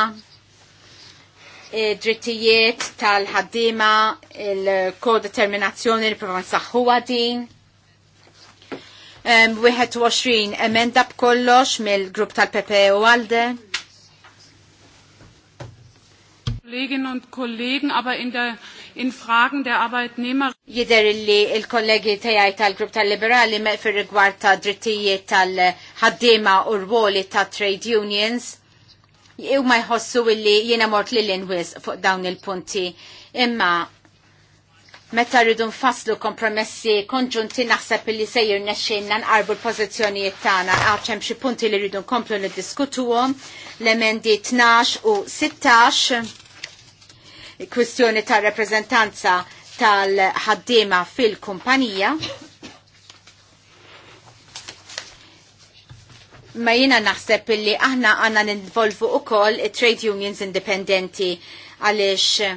drittijiet tal-ħaddiema, il-kodeterminazzjoni li provan saħħuwa din. 21 emenda b'kollox mill-grupp tal-PPE u Alde Kolleginnen und Kollegen, aber in, der, in Fragen der Arbeitnehmer. Jider li il-kollegi tijaj tal-grupp tal-liberali me fir rigward ta' drittijiet tal-ħaddima u rwoli ta' trade unions. Jew ma jħossu illi jiena mort li l-inwis fuq dawn il-punti. Imma meta rridu nfasslu kompromessi konġunti naħseb illi sejjer nexxinna nqarbu l-pożizzjonijiet tagħna għax hemm xi punti li rridu nkomplu niddiskutuhom l-emendi 12 u 16 kwistjoni ta' rappresentanza tal-ħaddiema fil-kumpanija. Ma jina naħseb illi aħna għanna ninvolvu u koll trade unions indipendenti għalix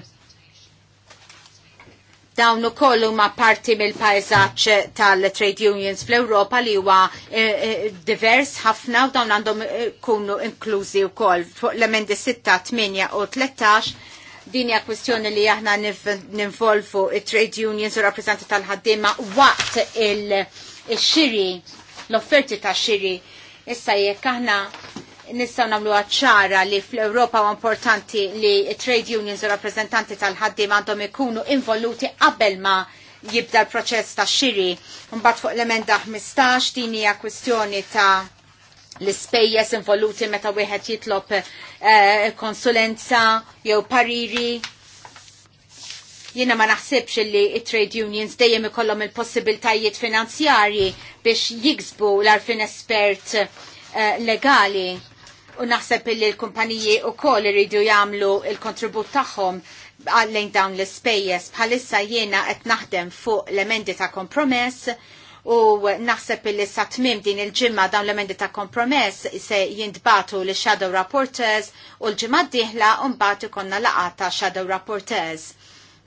dawn u koll huma parti mill-pajzaċ tal-trade unions fl-Europa li huwa eh, eh, divers ħafna u dawn għandhom eh, kunu inklużi u koll l-emendi 6, 8 u 13 Din hija kwestjoni li aħna ninvolvu it-trade unions u rappreżenti tal-ħaddiema waqt il-xiri, l-offerti ta' xiri. Issa jekk aħna nistgħu nagħmlu ċara li fl-Ewropa huwa importanti li trade unions u rappreżentanti tal-ħaddiema għandhom ikunu involuti qabel ma' jibda l-proċess ta' xiri. Mbagħad fuq l-emenda 15 din hija kwestjoni ta' l-ispejjeż involuti meta wieħed jitlob eh, konsulenza jew pariri. Jiena ma naħsibx li trade unions dejjem ikollhom il-possibiltajiet finanzjarji biex jiksbu l-arfin espert eh, legali u naħseb li l-kumpaniji wkoll iridu jagħmlu l kontribut tagħhom lejn dawn l-ispejjeż bħalissa jiena qed naħdem fuq l-emendi ta' kompromess u naħseb li sa tmim din il-ġimma dawn l-emendi ta' kompromess se jindbatu li shadow rapporteurs u l-ġimma diħla unbatu konna laqata shadow rapporteurs.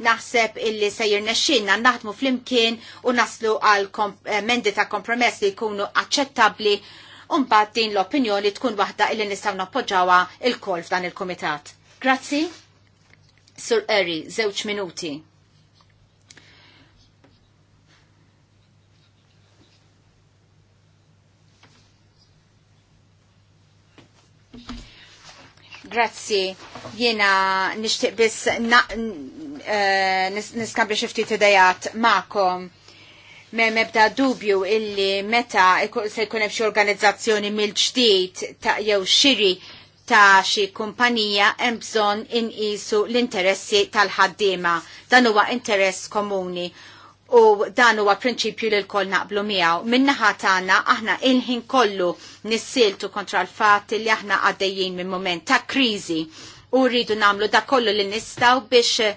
Naħseb illi se jirnexxinna naħdmu fl-imkien u naslu għal emendi ta' kompromess li jkunu aċċettabbli Unbat din l-opinjoni tkun waħda illi nistaw nappoġġawa il kolf f'dan il-komitat. Grazzi. Sur Eri, zewċ minuti. Grazzi, jiena nixtieq biss eh, niskambi xi ftit idejat magħkom. Me mebda dubju illi meta se jkun hemm xi organizzazzjoni mill-ġdid ta' jew xiri ta' xi kumpanija hemm bżonn inqisu l-interessi tal-ħaddiema. Dan huwa interess komuni u dan huwa prinċipju li l-koll naqblu miegħu. Min-naħa tagħna aħna il-ħin kollu nissiltu kontra l-fatt li aħna għaddejjin minn moment ta' kriżi u rridu nagħmlu da kollu li nistgħu biex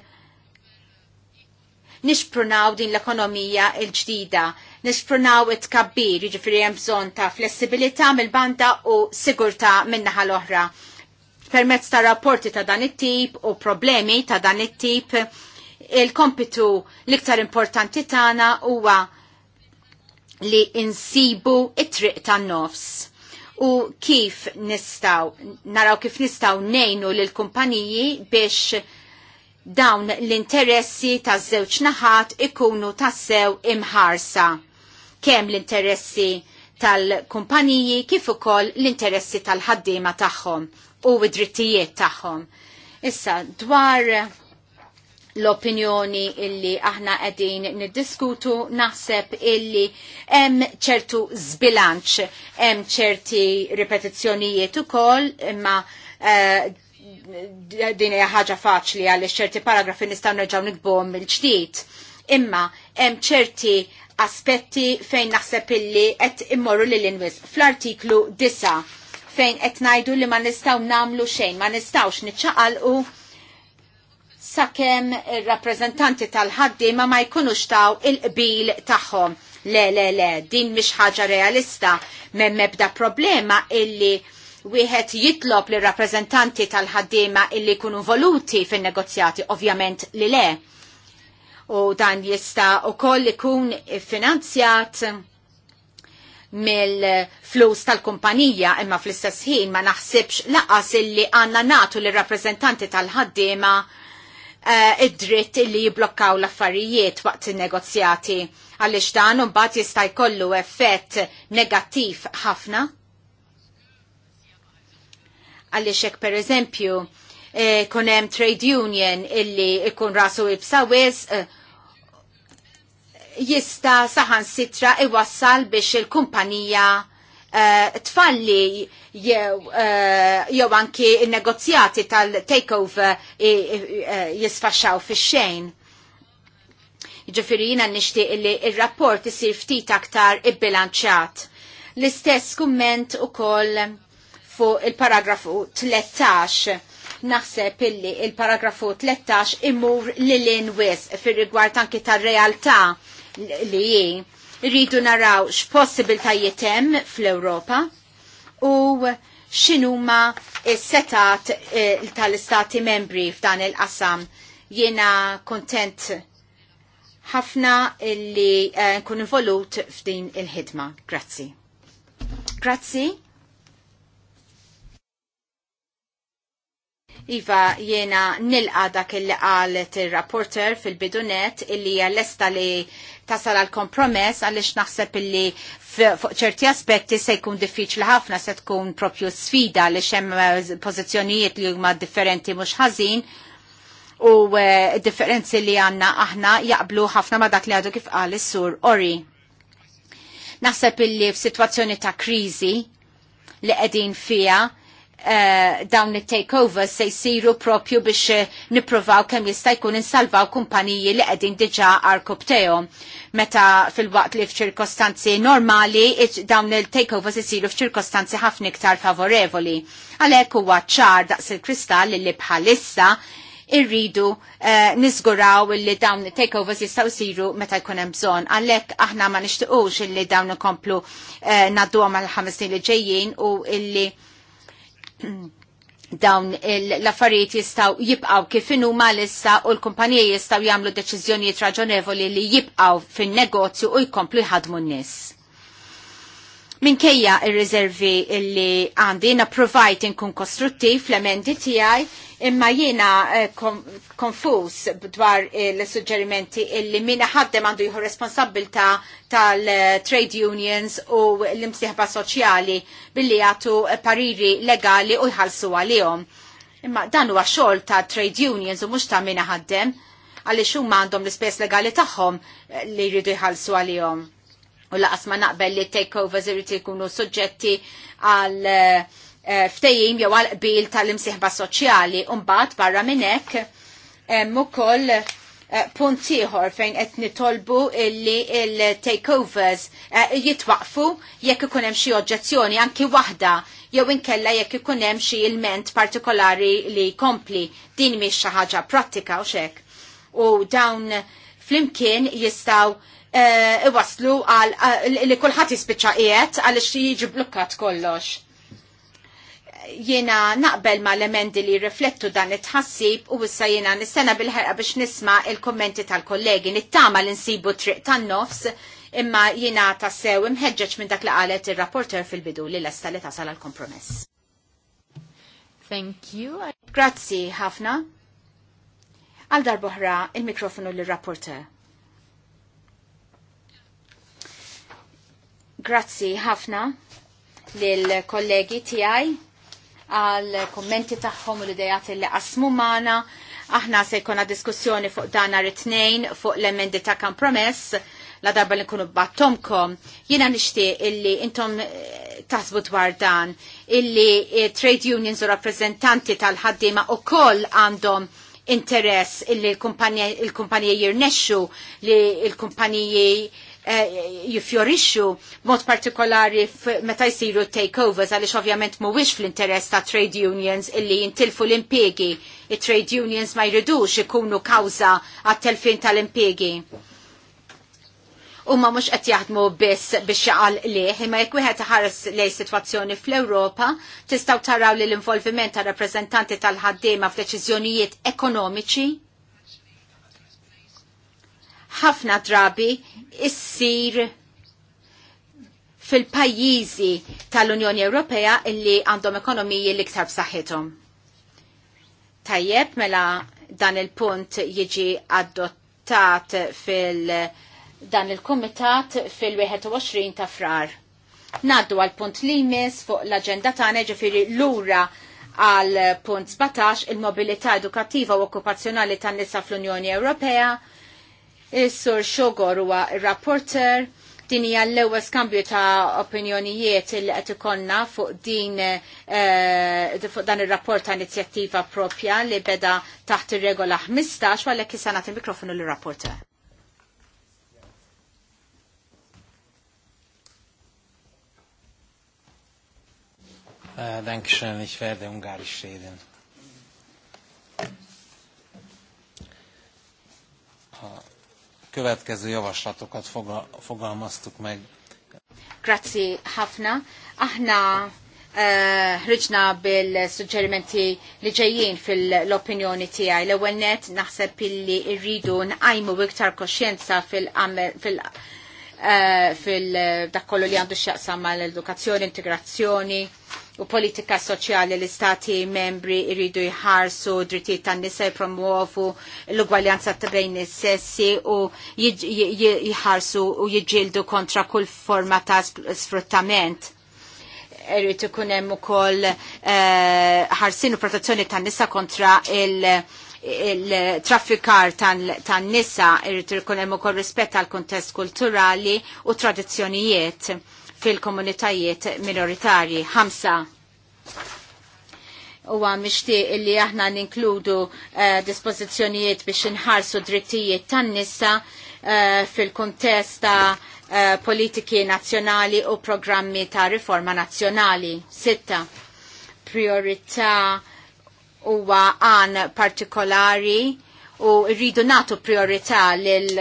nixprunaw din l-ekonomija l-ġdida, nixprunaw it-kabbir, jiġifieri hemm bżonn ta' flessibilità mill-banda u sigurtà min-naħa l-oħra. Permezz ta' rapporti ta' dan it-tip u problemi ta' dan it-tip il-kompitu l-iktar importanti tagħna huwa li insibu it-triq tan-nofs u kif nistaw, naraw kif nistaw nejnu l kumpaniji biex dawn l-interessi ta' żewġ naħat ikunu tassew imħarsa. Kemm l-interessi tal-kumpaniji kif ukoll l-interessi tal-ħaddiema tagħhom u id-drittijiet tagħhom. Issa dwar l-opinjoni illi aħna qegħdin niddiskutu naħseb illi hemm ċertu zbilanċ, hemm ċerti ripetizzjonijiet ukoll, imma uh, din hija ħaġa faċli għaliex ċerti paragrafi nistgħu nerġgħu nikbuhom mill-ġdid. Imma hemm ċerti aspetti fejn naħseb illi qed immorru lil inwis fl-artiklu 9 fejn qed ngħidu li ma nistgħu nagħmlu xejn, ma nistgħux niċċaqalqu sakemm ir-rappreżentanti tal-ħaddiema ma jkunux taw il-qbil tagħhom. Le, le, le, din mhix ħaġa realista, me ebda problema illi wieħed jitlob li rappreżentanti tal-ħaddiema illi jkunu voluti fin-negozjati, ovvjament li le. U dan jista' ukoll ikun finanzjat mill-flus tal-kumpanija imma fl-istess ħin ma naħsibx laqas illi għanna natu l rappreżentanti tal-ħaddiema Eh, id-dritt illi jiblokkaw l-affarijiet waqt il-negozjati għalix dan mbagħad jista' jkollu effett negattiv ħafna. Għalix hekk pereżempju eżempju, eh, kunem hemm trade union illi ikun rasu il-psawiz, eh, jista saħan sitra iwassal biex il-kumpanija Eh, tfalli jew eh, jew anki n-negozjati tal-takeover eh, jisfaxxaw fix-xejn. Ġifiri jina nishtiq li il-rapport jisir ftit aktar ibbilanċat. L-istess kumment u koll fuq il-paragrafu 13 naħseb illi il-paragrafu 13 imur li l-inwis fil rigward anki tar realtà li jie Rridu naraw x'possibiltajiet hemm fl-Ewropa u x'inhuma s-setat eh, tal-istati membri f'dan il-qasam. Jiena kontent ħafna li eh, nkun involut f'din il-ħidma. Grazzi. Grazzi. Iva jena nilqa dak il qalet il-rapporter fil-bidunet illi għal-lesta li tasal għal-kompromess għalix naħseb illi fuq ċerti aspetti se jkun diffiċli ħafna se tkun propju sfida li xem eh, pozizjonijiet li huma differenti mhux ħażin u eh, differenzi li għanna aħna jaqblu ħafna ma dak li għadu kif qal is-sur Ori. Naħseb illi f'sitwazzjoni ta' kriżi li qegħdin fija Uh, dawn it-takeovers se jsiru propju biex eh, nipprovaw kemm jista' jkun insalvaw kumpaniji li qegħdin diġà arkub Meta fil-waqt li f'ċirkostanzi normali dawn il-takeovers isiru f'ċirkostanzi ħafna iktar favorevoli. Għalhekk huwa ċar daqs il-kristall li bħalissa irridu uh, eh, nizguraw illi dawn takeovers jistaw siru meta jkun hemm bżonn. Għalhekk aħna ma nixtiequx illi dawn ikomplu uh, naddu għal ħames li ġejjin u illi dawn l-affarijiet jistaw jibqaw kif huma lissa u l-kumpaniji jistaw jagħmlu deċiżjonijiet raġonevoli li jibqaw fin-negozju u jkomplu jħadmu n-nies minkejja ir-riservi il li għandi na provajt inkun kostruttiv fl-emendi tiegħi imma jiena eh, konfus dwar l-suġġerimenti illi min ħaddem għandu jħu responsabilta tal-trade unions u l-imsieħba soċjali billi jagħtu pariri legali u jħallsu għalihom. Imma dan huwa xogħol ta' trade unions u mhux ta' min ħaddem għaliex huma għandhom l-ispess legali tagħhom li jridu jħallsu għalihom u laqas ma naqbel li takeovers irrid ikunu suġġetti għal eh, ftejjim jew għal qbil tal-imsieħba soċjali u mbagħad barra minn hekk hemm ukoll eh, punt ieħor fejn qed nitolbu illi il-takeovers eh, jitwaqfu jekk ikun hemm xi oġġezzjoni anki waħda jew inkella jekk ikun hemm xi ilment partikolari li jkompli din mhix xi ħaġa prattika u xek. U dawn flimkien jistgħu Eh, iwaslu għal eh, li kulħadd jispiċċa qiegħed għaliex jiġi blukkat kollox. Jiena naqbel ma l-emendi li riflettu dan it-ħassib u issa jiena nistena bil-ħerqa biex nisma il-kommenti tal-kollegi nittama li nsibu triq tan-nofs imma jiena tassew imħeġġeġ minn dak li qalet ir-rapporter fil-bidu li lesta li tasal għal kompromess. Thank you. Grazzi ħafna. Għal darboħra il-mikrofonu l-rapporter. Grazzi ħafna lill-kollegi tiegħi għal kommenti tagħhom u l-idejat li qasmu magħna. Aħna se jkollna diskussjoni fuq dan nhar it-tnejn fuq l-emendi ta' kompromess la darba li nkunu battomkom. Jiena nixtieq illi intom eh, tasbu dwar dan illi eh, trade unions u rappreżentanti tal-ħaddiema ukoll għandhom interess illi l-kumpanija jirnexxu li l-kumpaniji Eh, jifjorixxu mod partikolari meta jsiru takeovers għaliex ovvjament mhuwiex fl-interess ta' trade unions illi jintilfu l-impjegi. It-trade unions ma jridux ikunu kawża għat-telfin tal-impjegi umma mux qed jaħdmu biss biex jaqal liħ, imma jekk wieħed ħares lej sitwazzjoni fl-Ewropa, tistgħu taraw li l-involviment ta' rappreżentanti tal-ħaddiema f'deċiżjonijiet ekonomiċi ħafna drabi issir fil-pajjiżi tal-Unjoni Ewropea illi għandhom ekonomiji l-iktar b'saħħithom. Tajjeb mela dan il-punt jiġi adottat fil- dan il-Kumitat fil-21 ta' frar. Naddu għal punt limis fuq l-agenda tagħna ġifieri lura għal punt 17 il-mobilità edukattiva u okkupazzjonali tan-nisa fl-Unjoni Ewropea Is-sur Xogor huwa rapporter din hija l-ewwel skambju ta' opinjonijiet li qed ikonna fuq din eh, fuq dan ir-rapport ta' inizjattiva propja li beda taħt ir-regola 15 għalhekk issa nagħti mikrofonu lir rapporter äh, Dankeschön, ich werde Ungarisch reden. következő javaslatokat fogalmaztuk meg. Grazzi ħafna. Aħna eh, ħriġna bil-suġġerimenti li ġejjin fil-opinjoni tiegħi. L-ewwel net naħseb illi rridu nqajmu iktar koxjenza fil dakollu eh, dak kollu li għandu x'jaqsam mal-edukazzjoni, integrazzjoni u politika soċjali l-istati membri iridu jħarsu drittijiet tan nisa jipromuovu l-ugwaljanza ta' bejn is-sessi u jħarsu u jiġildu kontra kull forma ta' sfruttament Irid ikun hemm ukoll eh, ħarsin u protezzjoni tan-nisa kontra il- il-traffikar tan-nisa irrit ikun hemm ukoll rispett għal kuntest kulturali u tradizzjonijiet fil-komunitajiet minoritarji. Ħamsa huwa mixtieq illi aħna ninkludu uh, dispożizzjonijiet biex inħarsu drittijiet tan-nisa uh, eh, fil-kuntest ta' uh, eh, politiki nazzjonali u programmi ta' riforma nazzjonali. Sitta, priorità huwa għan partikolari u rridu natu priorità lil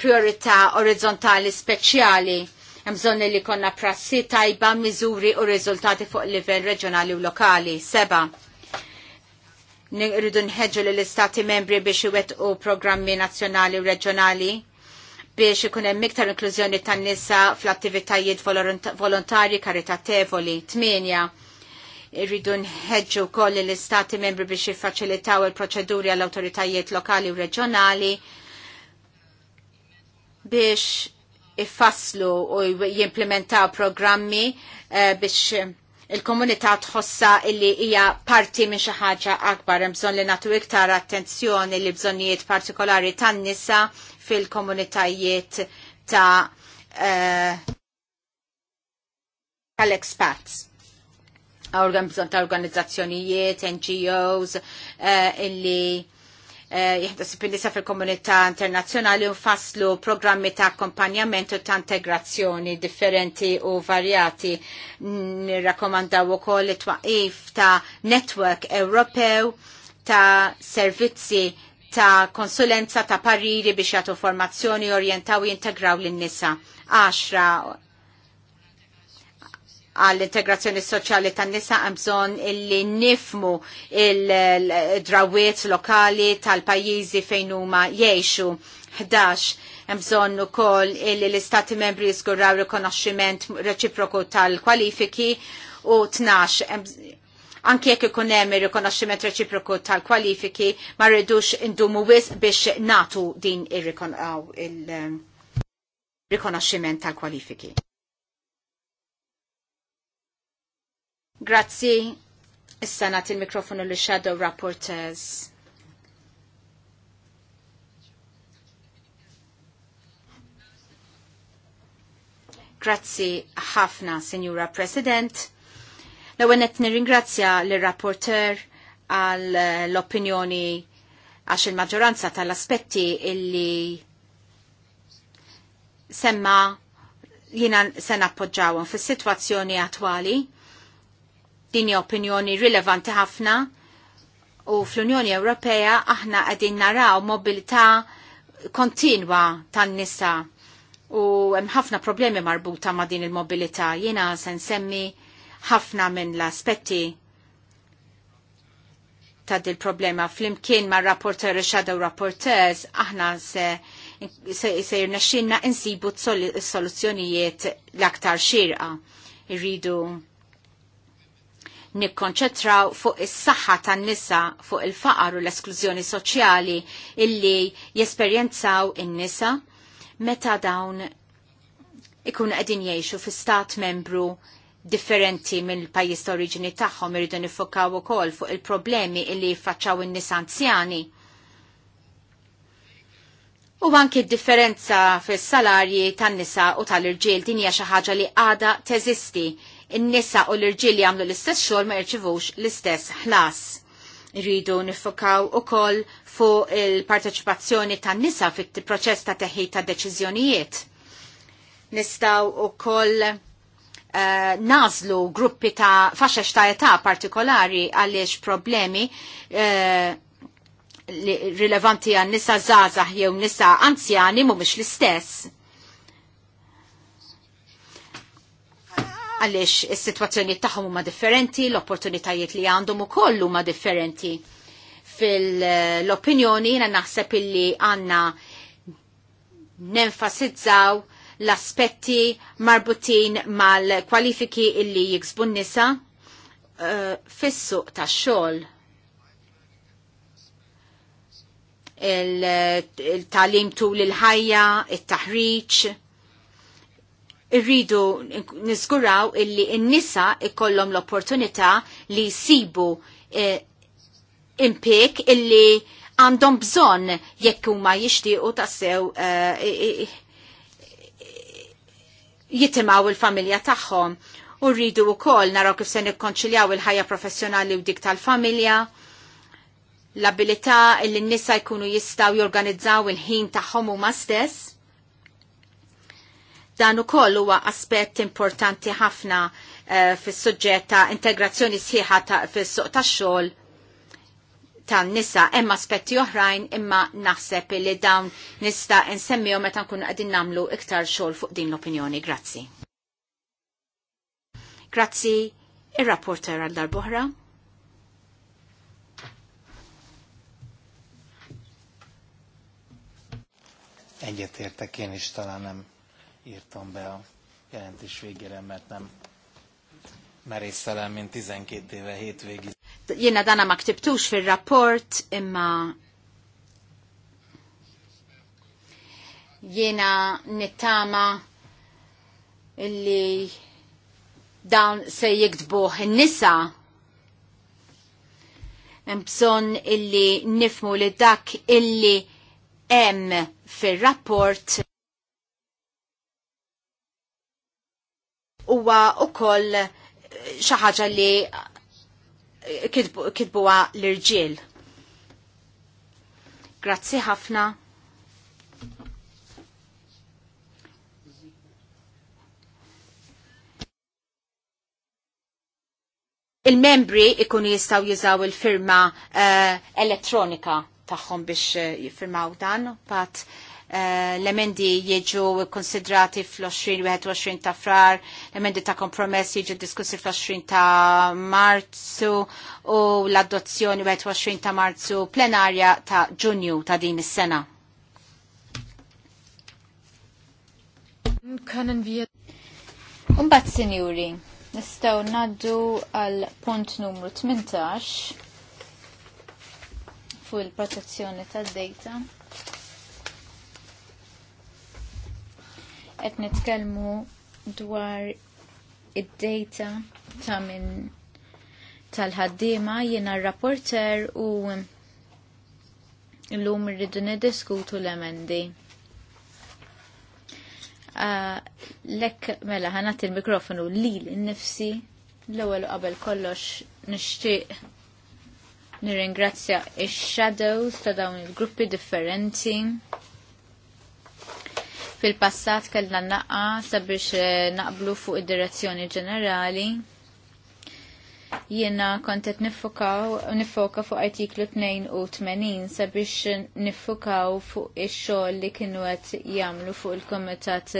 priorità orizzontali speċjali Mżon li konna prassi tajba, miżuri u riżultati fuq livell reġjonali u lokali. Seba, nirridu nħedġu l-istati membri biex iwettqu programmi nazzjonali u reġjonali biex ikun hemm iktar inklużjoni tan-nisa fl-attivitajiet volontarji karitatevoli. Tminja, irridu nħeġġu wkoll l-istati membri biex jiffaċilitaw il-proċeduri għall awtoritajiet lokali u reġjonali biex ifasslu u jimplementaw programmi uh, biex eh, il-komunità tħossa illi hija parti minn xi ħaġa akbar hemm bżonn li nagħtu iktar attenzjoni li bżonnijiet partikolari tan-nisa fil-komunitajiet ta' eh, tal-expats Bżonn ta' organizzazzjonijiet, NGOs, uh, illi Eh, jihda nisa fil-komunità internazzjonali u faslu programmi ta' akkompanjament u ta' integrazzjoni differenti u varjati. Nirrakkomandaw ukoll it-twaqif ta' network Ewropew ta' servizzi ta' konsulenza ta' pariri biex jagħtu formazzjoni orientaw jintegraw lin-nisa. 10 għall-integrazzjoni soċjali tan nisa hemm bżonn illi nifmu il-drawiet lokali tal-pajjiżi fejn huma jgħixu. 11 hemm bżonn ukoll illi l-istati membri jiżguraw rikonoxximent reċiproku tal-kwalifiki u 12 anke jekk ikun hemm ir-rikonoxximent reċiproku tal-kwalifiki ma rridux indumu wisq biex natu din ir-rikonoxximent tal-kwalifiki. Grazzi. Issa nagħti il-mikrofonu li Shadow Rapporteurs. Grazzi ħafna, Signora President. L-ewwel qed nirringrazzja l rapporteur għal l-opinjoni għax il-maġġoranza tal-aspetti illi semma jina sen nappoġġawhom fis-sitwazzjoni attwali Din opinjoni rilevanti ħafna u fl-Unjoni Ewropea aħna qegħdin naraw mobilità kontinwa tan-nisa u hemm ħafna problemi marbuta ma' din il-mobilità. Jiena se nsemmi ħafna minn l-aspetti ta' dil problema flimkien ma' rapporter shadow rapporters aħna se se, jirnexxinna insibu soluzzjonijiet l-aktar xirqa. Irridu nikkonċentraw fuq is-saħħa tan-nisa fuq il-faqar u l-esklużjoni soċjali illi jesperjenzaw in-nisa meta dawn ikunu qegħdin jgħixu fi stat membru differenti minn pajjiż ta' oriġini tagħhom iridu nifokaw ukoll fuq il-problemi illi jiffaċċaw in-nisa anzjani. U anki differenza fis salarji tan-nisa u tal-irġiel din hija xi ħaġa li għada teżisti in-nisa u l-irġiel jagħmlu l-istess xogħol ma jirċivux l-istess ħlas. Rridu nifokaw ukoll fuq il-parteċipazzjoni tan-nisa fit-proċess ta' teħid ta' deċiżjonijiet. Nistaw ukoll uh, nażlu gruppi ta' faxex ta' età partikolari għaliex problemi uh, rilevanti għan nisa zazah jew nisa anzjani mumiex l-istess. għaliex is situazzjoni tagħhom huma differenti, l-opportunitajiet li għandhom ukoll huma differenti. Fil-opinjoni jiena naħseb illi għandna nenfasizzaw l-aspetti marbutin mal-kwalifiki illi jiksbu nisa uh, fis-suq tax-xogħol. il-talim tul il-ħajja, il-taħriċ, irridu niżguraw illi n-nisa ikollom l-opportunità li jsibu eh, impik illi għandhom bżonn jekk huma jixtiequ tassew eh, jitimaw il-familja tagħhom u rridu wkoll naraw kif se nikkonċiljaw il-ħajja professjonali u dik tal-familja l-abilità illi n-nisa jkunu jistaw jorganizzaw il-ħin tagħhom huma stess Dan ukoll huwa aspett importanti ħafna uh, fis-suġġett ta' integrazzjoni sħiħa ta' fis-suq tax-xogħol tan nisa hemm aspetti oħrajn imma naħseb li dawn nista' nsemmihom meta nkunu qegħdin nagħmlu iktar xogħol fuq din l-opinjoni. Grazzi. Grazzi ir-rapporter għal darbohra. Egyetértek én is talán nem írtam be a jelentés végére, mert nem merészelem, mint 12 éve hétvégi. Jena dana ma ktibtux fil-rapport imma jena nittama illi dan se jikdbuħ n-nisa bżon illi nifmu li dak illi em fil-rapport huwa wkoll xi ħaġa li kitbuha l-irġiel. Grazzi ħafna. il-membri ikun jistaw jużaw il-firma uh, elettronika tagħhom biex eh, jiffirmaw dan, bat eh, l-emendi jieġu konsidrati fl-20-21 ta' frar, l-emendi ta' kompromess jieġu diskussi fl-20 ta' marzu u l-adozzjoni 21 ta' marzu plenarja ta' ġunju ta' din is-sena. Können wir. Umbat, nistaw naddu għal punt numru 18 fuq il-protezzjoni tad-data. Qed nitkellmu dwar id-data ta' minn tal-ħaddiema jiena r-rapporter u l-lum rridu nediskutu l-emendi. Uh, ah, Lekk mela ħanat il-mikrofonu li l-nifsi l-ewwel qabel kollox nixtieq Nirringrazzja ix-shadows ta' dawn il-gruppi differenti. Fil-passat kellna naqqa sabiex eh, naqblu fuq id-direzzjoni ġenerali jiena kontet nifokaw nifoka fuq artiklu 82 sabiex nifokaw fuq ix-xogħol li kienu qed jagħmlu fuq il-Kumitat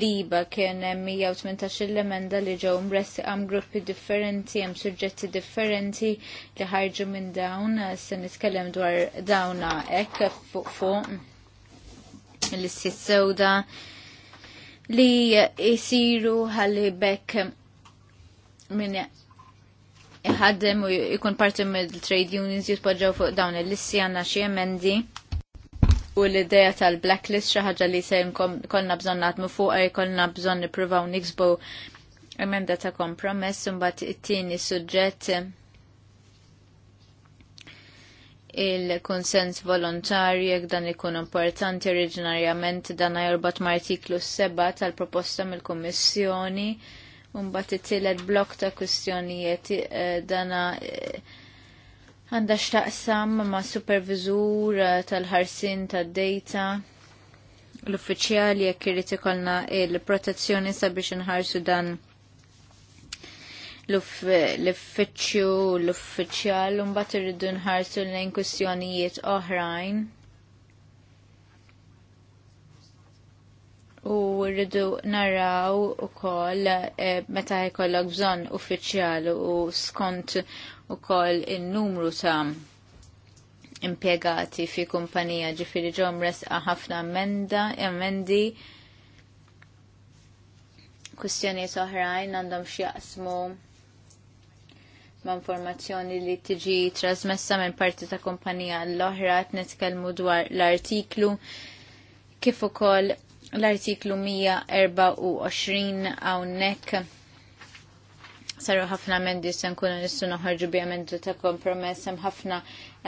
Liba kien hemm l emenda li ġew mressi għam gruppi differenti hemm suġġetti differenti li ħarġu minn dawn se nitkellem dwar dawna hekk fuq fuq l-issis sewda li jisiru ħalli bekk minn iħaddem u jkun parti mill-trade unions jitpoġġaw fuq dawn il-lissi għanna xi emendi u l-ideja tal-blacklist xi ħaġa li se kollna bżonn nagħtmu fuqha jkollna bżonn nippruvaw niksbu emenda ta' kompromess imbagħad it-tieni suġġett il-konsens volontarju jekk dan ikun importanti oriġinarjament dan jorbat ma' artiklu 7 tal-proposta mill-Kummissjoni Mbagħad it-tielet blok ta' kwistjonijiet eh, dana eh, għandha x'taqsam ma' supervizur eh, tal-ħarsin tad-data l-uffiċjali jekk irid ikollna il-protezzjoni sabiex inħarsu dan l-uffiċċju l-uffiċjal u mbagħad irridu nħarsu lejn kwistjonijiet oħrajn u rridu naraw ukoll eh, meta jkollok bżonn uffiċjali u skont ukoll in-numru ta' impjegati fi kumpanija ġifiri ġom resqa ħafna emendi kustjoni soħrajn għandhom xjaqsmu ma' informazzjoni li tiġi trasmessa minn parti ta' kumpanija l-oħra nitkellmu dwar l-artiklu kif ukoll L-artiklu 124 hawnhekk saru ħafna emendi se nkunu nissu noħorġu bi emendu ta' kompromess hemm ħafna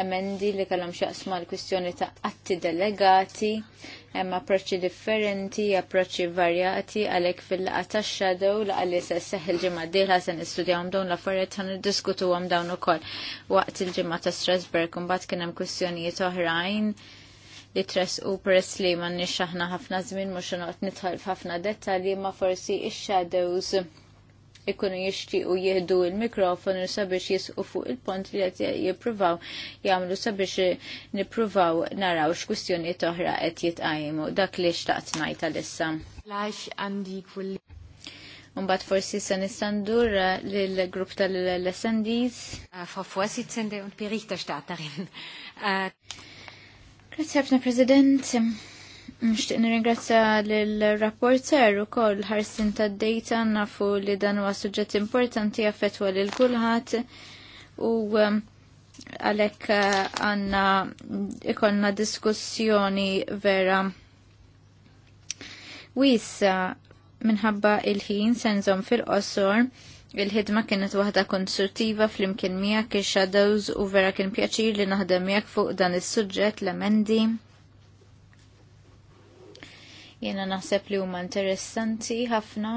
emendi li kellhom x'jaqsmu l-kwistjoni ta' atti delegati, hemm approċċi differenti, approċċi varjati għalhekk fil-laqgħa tax-shadow laqgħa qalli se seħħ il-ġimgħa d-dieħla se nistudjawhom dawn l-affarijiet ħan niddiskutuhom dawn ukoll waqt il-ġimgħa ta' Strasberg imbagħad kien hemm kwistjonijiet oħrajn li tres u peress li ma nix ħafna zmin mhux noqgħod nitħal f'ħafna dettalji ma forsi ix-shadows ikunu jixtiequ jihdu il-mikrofon u sabiex jisqu fuq il-pont li qed jippruvaw jamlu sabiex nippruvaw naraw kustjoni toħra qed jitqajmu dak li xtaqt ngħid għalissa. Mbagħad forsi se nistandur l grupp tal-SNDs. Äh, un Vorsitzende und Berichterstatterin. Äh, Grazie ħafna President. Nishtiq nirringrazzja l-rapporter u koll ħarsin ta' data nafu li dan huwa suġġett importanti affettwa lil kulħadd u um, għalhekk uh, għandna ikollna diskussjoni vera wisa minħabba il-ħin senżom fil-qosor Il-ħidma kienet waħda konsultiva fl-imkien miegħek ix-shadows u vera kien pjaċir li naħdem miegħek fuq dan is-suġġett l-emendi. Jiena naħseb li huma interessanti ħafna.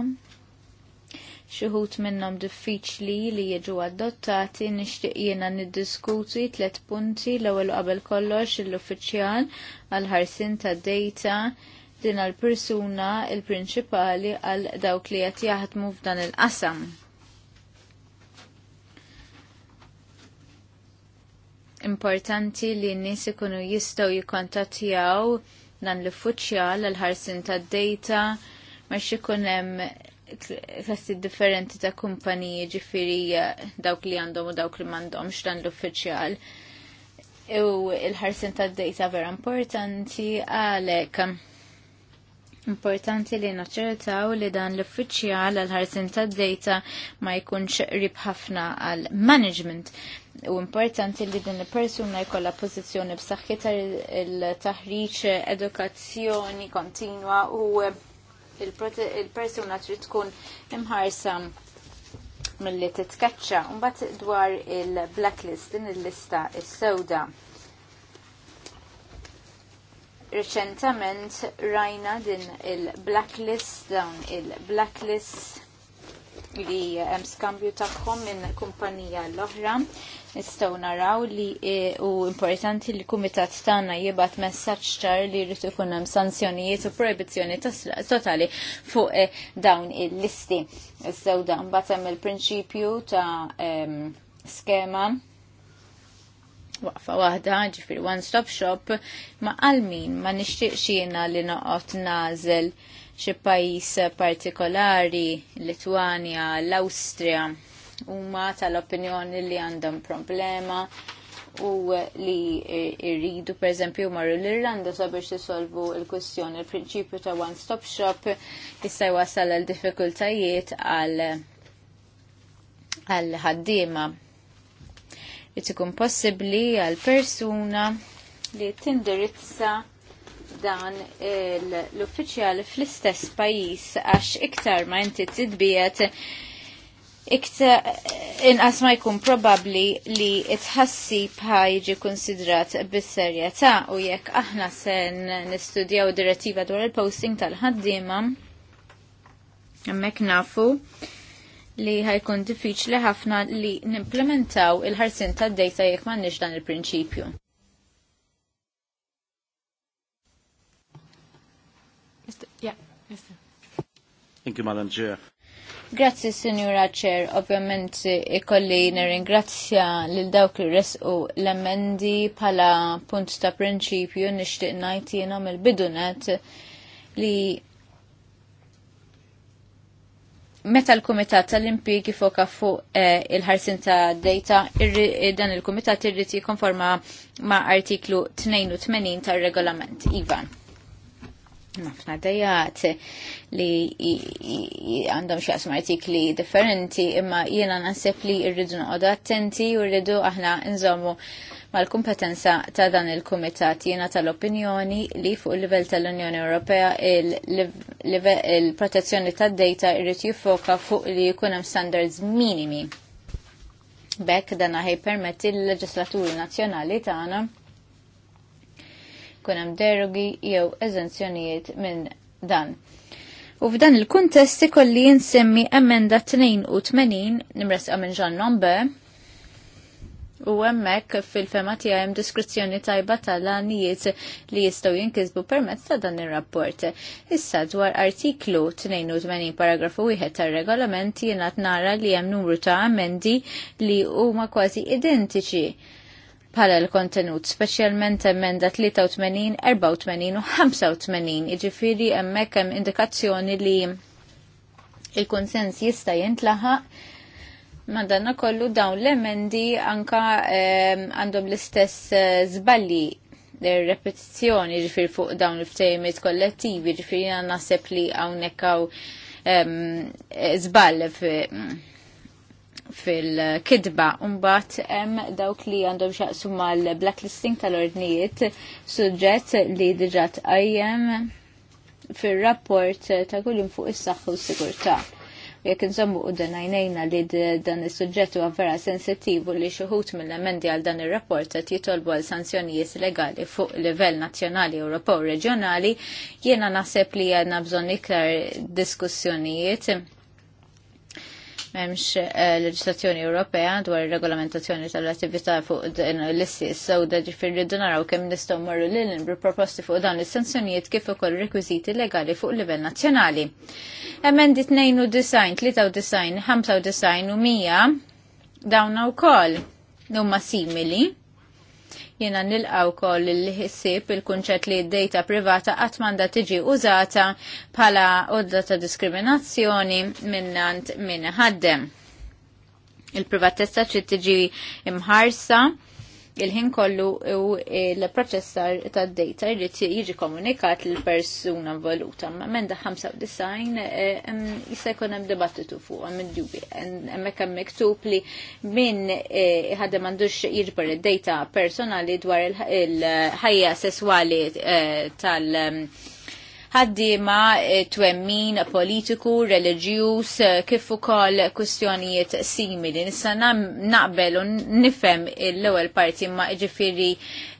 Xi wħud minnhom diffiċli li jiġu adottati nixtieq jiena niddiskuti tliet punti l-ewwel qabel kollox l-uffiċjal għal ħarsin tad dejta din għal persuna il-prinċipali għal dawk li qed jaħdmu f'dan il-qasam. importanti li n nis ikunu jistgħu jikontatjaw dan l-uffiċjal għal ħarsin tad-data ma ikun hemm differenti ta' kumpaniji ġifiri dawk li għandhom u dawk li m'għandhomx dan l-uffiċjal. U l-ħarsin ta' data vera importanti għalhekk. Importanti li naċċertaw li dan l-uffiċjal għal ħarsin tad-data ma jkunx rib ħafna għal management u importanti li din il-persuna jkollha pożizzjoni b'saħħitha il-taħriġ edukazzjoni kontinwa u il-persuna trid tkun imħarsa mill-li titkaċċa. Mbagħad dwar il-blacklist din il-lista is-sewda. Reċentament rajna din il-blacklist dawn il-blacklist li hemm skambju tagħhom minn kumpanija l-oħra nistgħu naraw li e, u importanti li kumitat tagħna jibgħat messaġġ ċar li jrid ikun hemm sanzjonijiet u proibizzjoni totali fuq e, dawn il-listi. Iż-żewda mbagħad hemm il-prinċipju ta' skema waqfa waħda, ġifir one stop shop, ma għalmin ma nixtieqx jiena li noqgħod nażel xi pajjiż partikolari, Litwania, l-Awstrija huma tal-opinjoni li għandhom problema u li irridu per eżempju marru l-Irlanda sabiex jisolvu l kwestjoni il-prinċipju ta' one stop shop jista' wasal għal diffikultajiet għal għal ħaddiema jrid ikun possibbli għal persuna li tindirizza dan l uffiċjali fl-istess pajjiż għax iktar ma inti tidbiet Ikta eh, inqas ma jkun probabbli li itħassib ħajġi konsidrat bis-serjetà u jekk aħna sen nistudjaw direttiva dwar il-posting tal-ħaddiema hemmhekk nafu li ħajkun diffiċli ħafna li nimplementaw il-ħarsin tad-dejta jekk m'għandniex dan il-prinċipju. Thank you, Madam Chair. Grazzi, Signora Chair, ovvjament ikolli nirringrazzja lil dawk li resqu l-emendi pala punt ta' prinċipju nixtieq ngħid jiena il bidunet li meta l-Kumitat tal-Impjegi foka fuq eh, il-ħarsin ta' data, eh, dan il-Kumitat irrid jikkonforma ma' artiklu 82 tar-regolament. Ivan ħafna dejat li għandhom xie qasma artikli differenti imma jiena naħseb li rridu noqogħdu attenti u rridu aħna nżommu mal-kompetenza ta' dan il-kumitat jiena tal-opinjoni li fuq il-livell tal-Unjoni Ewropea il-protezzjoni il livell tal unjoni ewropea il protezzjoni ta' tad data irrid jiffoka fuq li jkun hemm standards minimi. Bekk dan ħaj permetti l-leġislaturi nazzjonali tagħna kun hemm derogi jew eżenzjonijiet minn dan. U f'dan il-kuntest ikolli jinsemmi emenda 82 nimresqa minn ġan Nombe u hemmhekk fil-fema tiegħi hemm diskrizzjoni tajba tal-għanijiet li jistgħu jinkisbu permezz ta' dan ir-rapport. Issa dwar artiklu 82 paragrafu 1 tar-regolament jingħad nara li hemm numru ta' emendi li huma kważi identiċi pala l-kontenut, specialment emenda 83, 84 u 85, iġifiri emmek em indikazzjoni li il-konsens jista jintlaħaq Madanna kollu dawn l-emendi anka ehm, għandhom l-istess zballi eh, repetizzjoni ġifir fuq dawn il-ftejmiet kollettivi ġifir jina nasib li għawnek għaw zball ehm, eh, fil-kidba umbat em dawk li għandhom xaqsu mal-blacklisting tal-ordnijiet suġġett li diġat tqajjem fil-rapport ta' kullim fuq is saħħu u s-sigurtà. Jekk nżommu u d għajnejna li dan is-suġġett huwa vera li xi mill-emendi għal dan ir-rapport qed jitolbu għal sanzjonijiet legali fuq livell nazzjonali Ewropew reġjonali, jiena naħseb li għadna bżonn iktar diskussjonijiet memx eh, leġislazzjoni Ewropea dwar regolamentazzjoni tal-attività fuq din l-issi s-sewda ġifirri rridu naraw kemm nistgħu marru lil proposti fuq dan is-sanzjonijiet kif ukoll rekwiżiti legali fuq livell nazzjonali. Emendi 92, 93, 95 u 100 dawna wkoll huma simili Jena nilqaw kol l-ħissib il-kunċet li d-data privata għatmanda tiġi użata pala odda ta' diskriminazzjoni minnant minn ħaddem. il privatessa ċi tiġi imħarsa il-ħin kollu u l-proċessar ta' data jrid jiġi komunikat l-persuna voluta. Ma' da' 95 eh, jista' jkun hemm dibattitu fuq hemm dubi hemmhekk hemm miktub li min eh, ħadem għandux jiġbor id-data personali dwar il-ħajja sesswali eh, tal- ħaddiema eh, twemmin politiku, religjus, eh, kif ukoll kwistjonijiet simili. Nissa naqbel u nifhem l-ewwel parti ma ġifieri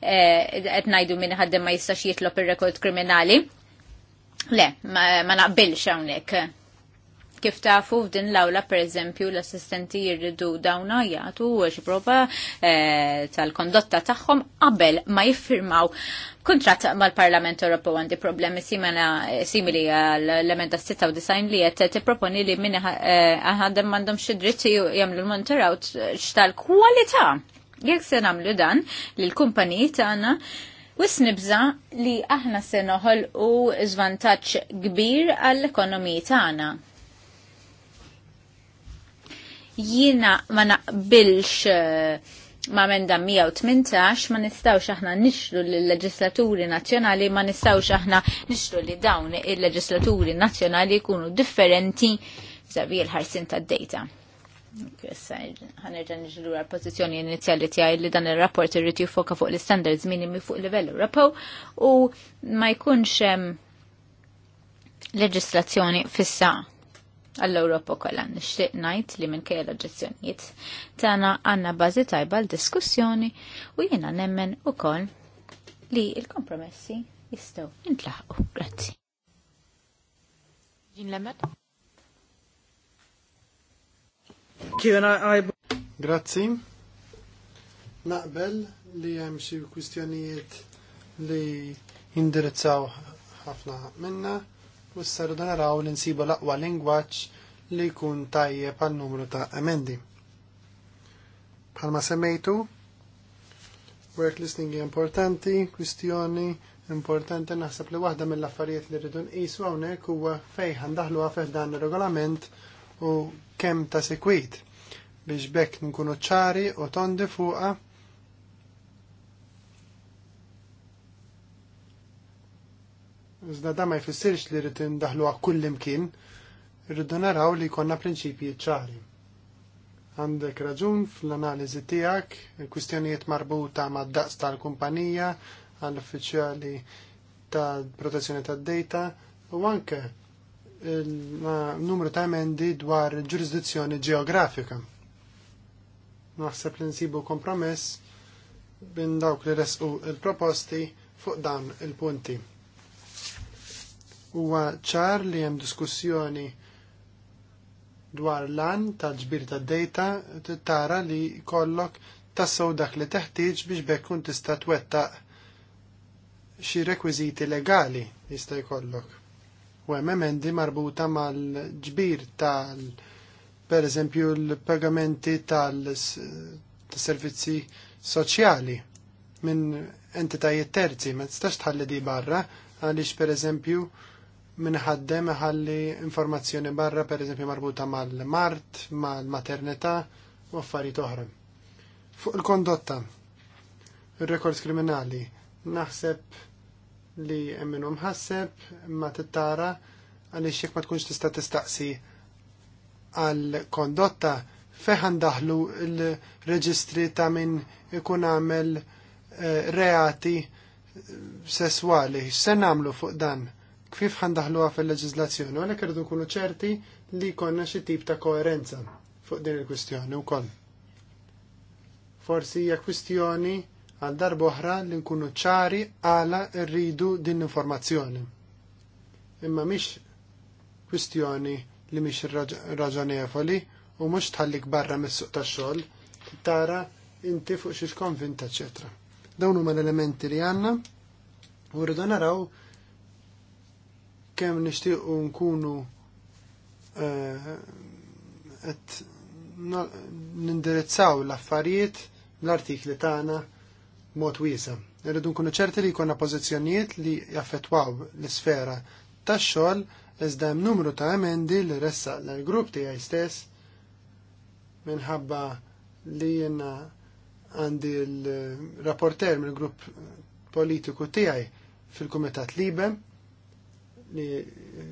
eh, qed ngħidu minn ħaddem ma jistax jitlob ir-rekord kriminali. Le, ma naqbilx hawnhekk kif tafu f'din l-awla per eżempju l-assistenti jirridu dawna jgħatu xi prova tal-kondotta tagħhom qabel ma jiffirmaw kuntratt mal-Parlament Ewropew għandi problemi simili għall-emenda 96 li qed tipproponi li min eh, għandhom m'għandhom xi dritti jagħmlu l-monitoraw x'tal kwalità Jekk se nagħmlu dan li l-kumpaniji tagħna Wis nibza li aħna se noħolqu żvantaġġ kbir għall-ekonomiji tagħna jina ma naqbilx eh, ma' menda 118 ma nistawx aħna nixlu l-leġislaturi nazzjonali, ma nistawx aħna nixlu li dawn il-leġislaturi nazzjonali jkunu differenti sabi l-ħarsin ta' data. Ħanerġa nġlu l-pozizjoni inizjali tiegħi li dan ir-rapport irrid jiffoka fuq l-standards minimi fuq livell Ewropew u ma jkunx leġislazzjoni fissa għall europa kollha nixtieq ngħid li minn l-oġġezzjonijiet tagħna għandna bażi tajba l-diskussjoni u jiena nemmen ukoll li l-kompromessi jistgħu intlaħqu. Grazzi. Ġin Lemmet? Grazzi. Naqbel li hemm xi kwistjonijiet li jindirizzaw ħafna minna u s-saru naraw li nsibu l-aqwa lingwaġġ li jkun tajjeb pal numru ta' emendi. Bħalma semmejtu, work listening importanti, kwistjoni importanti naħseb li waħda mill-affarijiet li rridu nqisu hawnhekk huwa fejn daħlu għafeħ dan ir-regolament u kemm ta' sekwit biex bekk nkunu ċari u tondi fuqa Iżda da ma jfissirx li rrid indaħluha kull imkien, irridu naraw li jkollna prinċipji ċari. Għandek raġun fl-analiżi tiegħek, kwistjonijiet marbuta mad daqs tal-kumpanija, għall-uffiċjali tal-protezzjoni tad-data u anke il-numru ta' emendi dwar ġurisdizzjoni ġeografika. Naħseb li nsibu kompromess bin dawk li resqu il-proposti fuq dan il-punti. Huwa ċar li hemm diskussjoni dwar lan tal-ġbir tad-dejta tara li kollok tassaw dak li teħtieġ biex bekkun tista' twettaq xi rekwiżiti legali jista' jkollok. U hemm emendi marbuta mal-ġbir tal per eżempju l-pagamenti tal-servizzi soċjali minn entitajiet terzi, ma tistax tħalli di barra għaliex per eżempju minħaddem ħalli informazzjoni barra per eżempju marbuta mal-mart, mal-maternità u affarijiet oħra. Fuq il-kondotta, il-rekords kriminali, naħseb li emminu mħasseb ma tittara għaliex jekk ma tkunx tista' tistaqsi għal-kondotta feħan daħlu il-reġistri ta' min ikun għamel eh, reati sesswali Se nagħmlu fuq dan? kif ħandaħluha fil-leġizlazzjoni, għalhekk irridu nkunu ċerti li jkollna xi tip ta' koerenza fuq din il-kwistjoni wkoll. Forsi hija kwistjoni għal boħra li nkunu ċari għala rridu din l-informazzjoni. Imma mhix kwistjoni li mhix raġonevoli u mhux tħallik barra mis-suq tax-xogħol, tara inti fuq xiex konvinta, eċetera. Dawn huma l-elementi li għandna u rridu naraw kemm nixtiequ nkunu eh, qed nindirizzaw l-affarijiet l-artikli tagħna mod wiesa. Irridu nkunu ċerti li jkollna pożizzjonijiet li jaffettwaw l-isfera tax-xogħol iżda hemm numru ta' emendi li ressa l grupp tiegħi stess minħabba li jenna għandi l-rapporter mill-grupp politiku tiegħi fil-Kumitat Libem li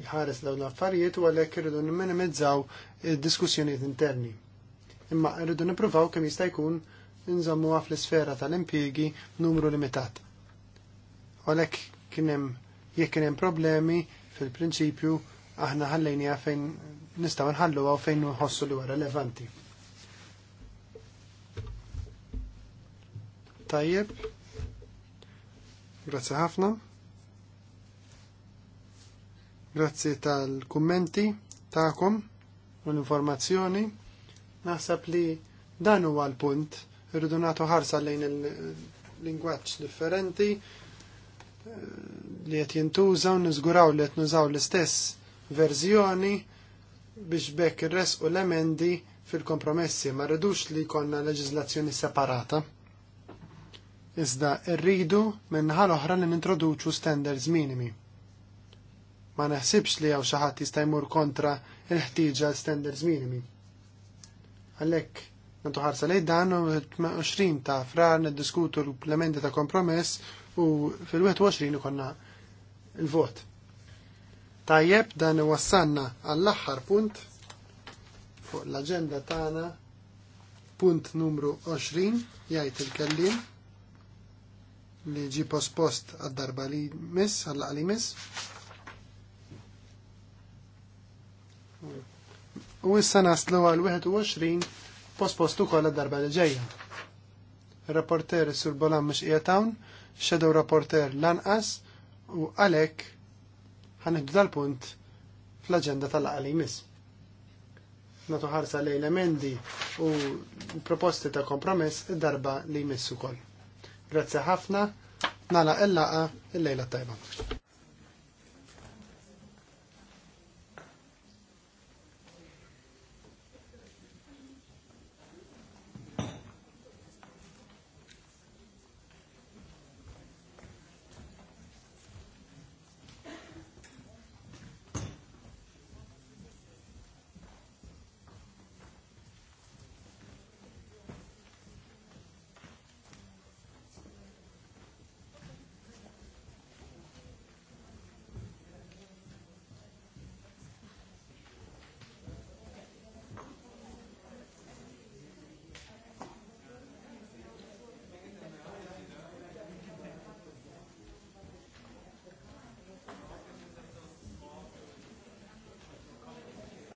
ħares dawn l-affarijiet u għalhekk irridu nimminimizzaw diskussjonijiet interni. Imma irridu nippruvaw kemm jista' jkun nżammuha fl-isfera tal-impjiegi numru limitat. Għalhekk kien hemm jekk kien hemm problemi fil-prinċipju aħna ħallejniha fejn nistgħu nħalluha u fejn nħossu li huwa relevanti. Tajjeb. Grazzi ħafna. Grazzi tal-kummenti ta'kom u l-informazzjoni. Naħseb li dan huwa l-punt irridu nagħtu ħarsa lejn il-lingwaġġ differenti eh, li qed jintużaw niżguraw li qed nużaw l-istess verżjoni biex bekk ir-res u l-emendi fil-kompromessi ma rridux li jkollna leġiżlazzjoni separata. Iżda rridu minn ħal oħra li nintroduċu standards minimi. Ma naħsibx li għaw xi ħadd jista' jmur kontra l ħtijġa standards minimi. Għalhekk nagħtu ħarsa lejn dan u 20 ta' frar niddiskutu l-implementi ta' kompromess u fil-21 ikonna il-vot. Tajjeb dan wassanna għall-aħħar punt fuq l-aġenda tagħna punt numru 20 jgħid il-kellim li ġi post għad-darba li mis, għall li mis. U issa naslu għal 21 post-post ukoll darba li ġejja. Rapporter sur Bolan Mux Ijatawn, shadow rapporter lanqas u għalhekk ħanibdu dal-punt fl-aġenda tal-qali miss. Natu ħarsa lejn l-emendi u proposti ta' kompromess id-darba li jmiss ukoll. Grazzi ħafna, nala il il-lejla tajba.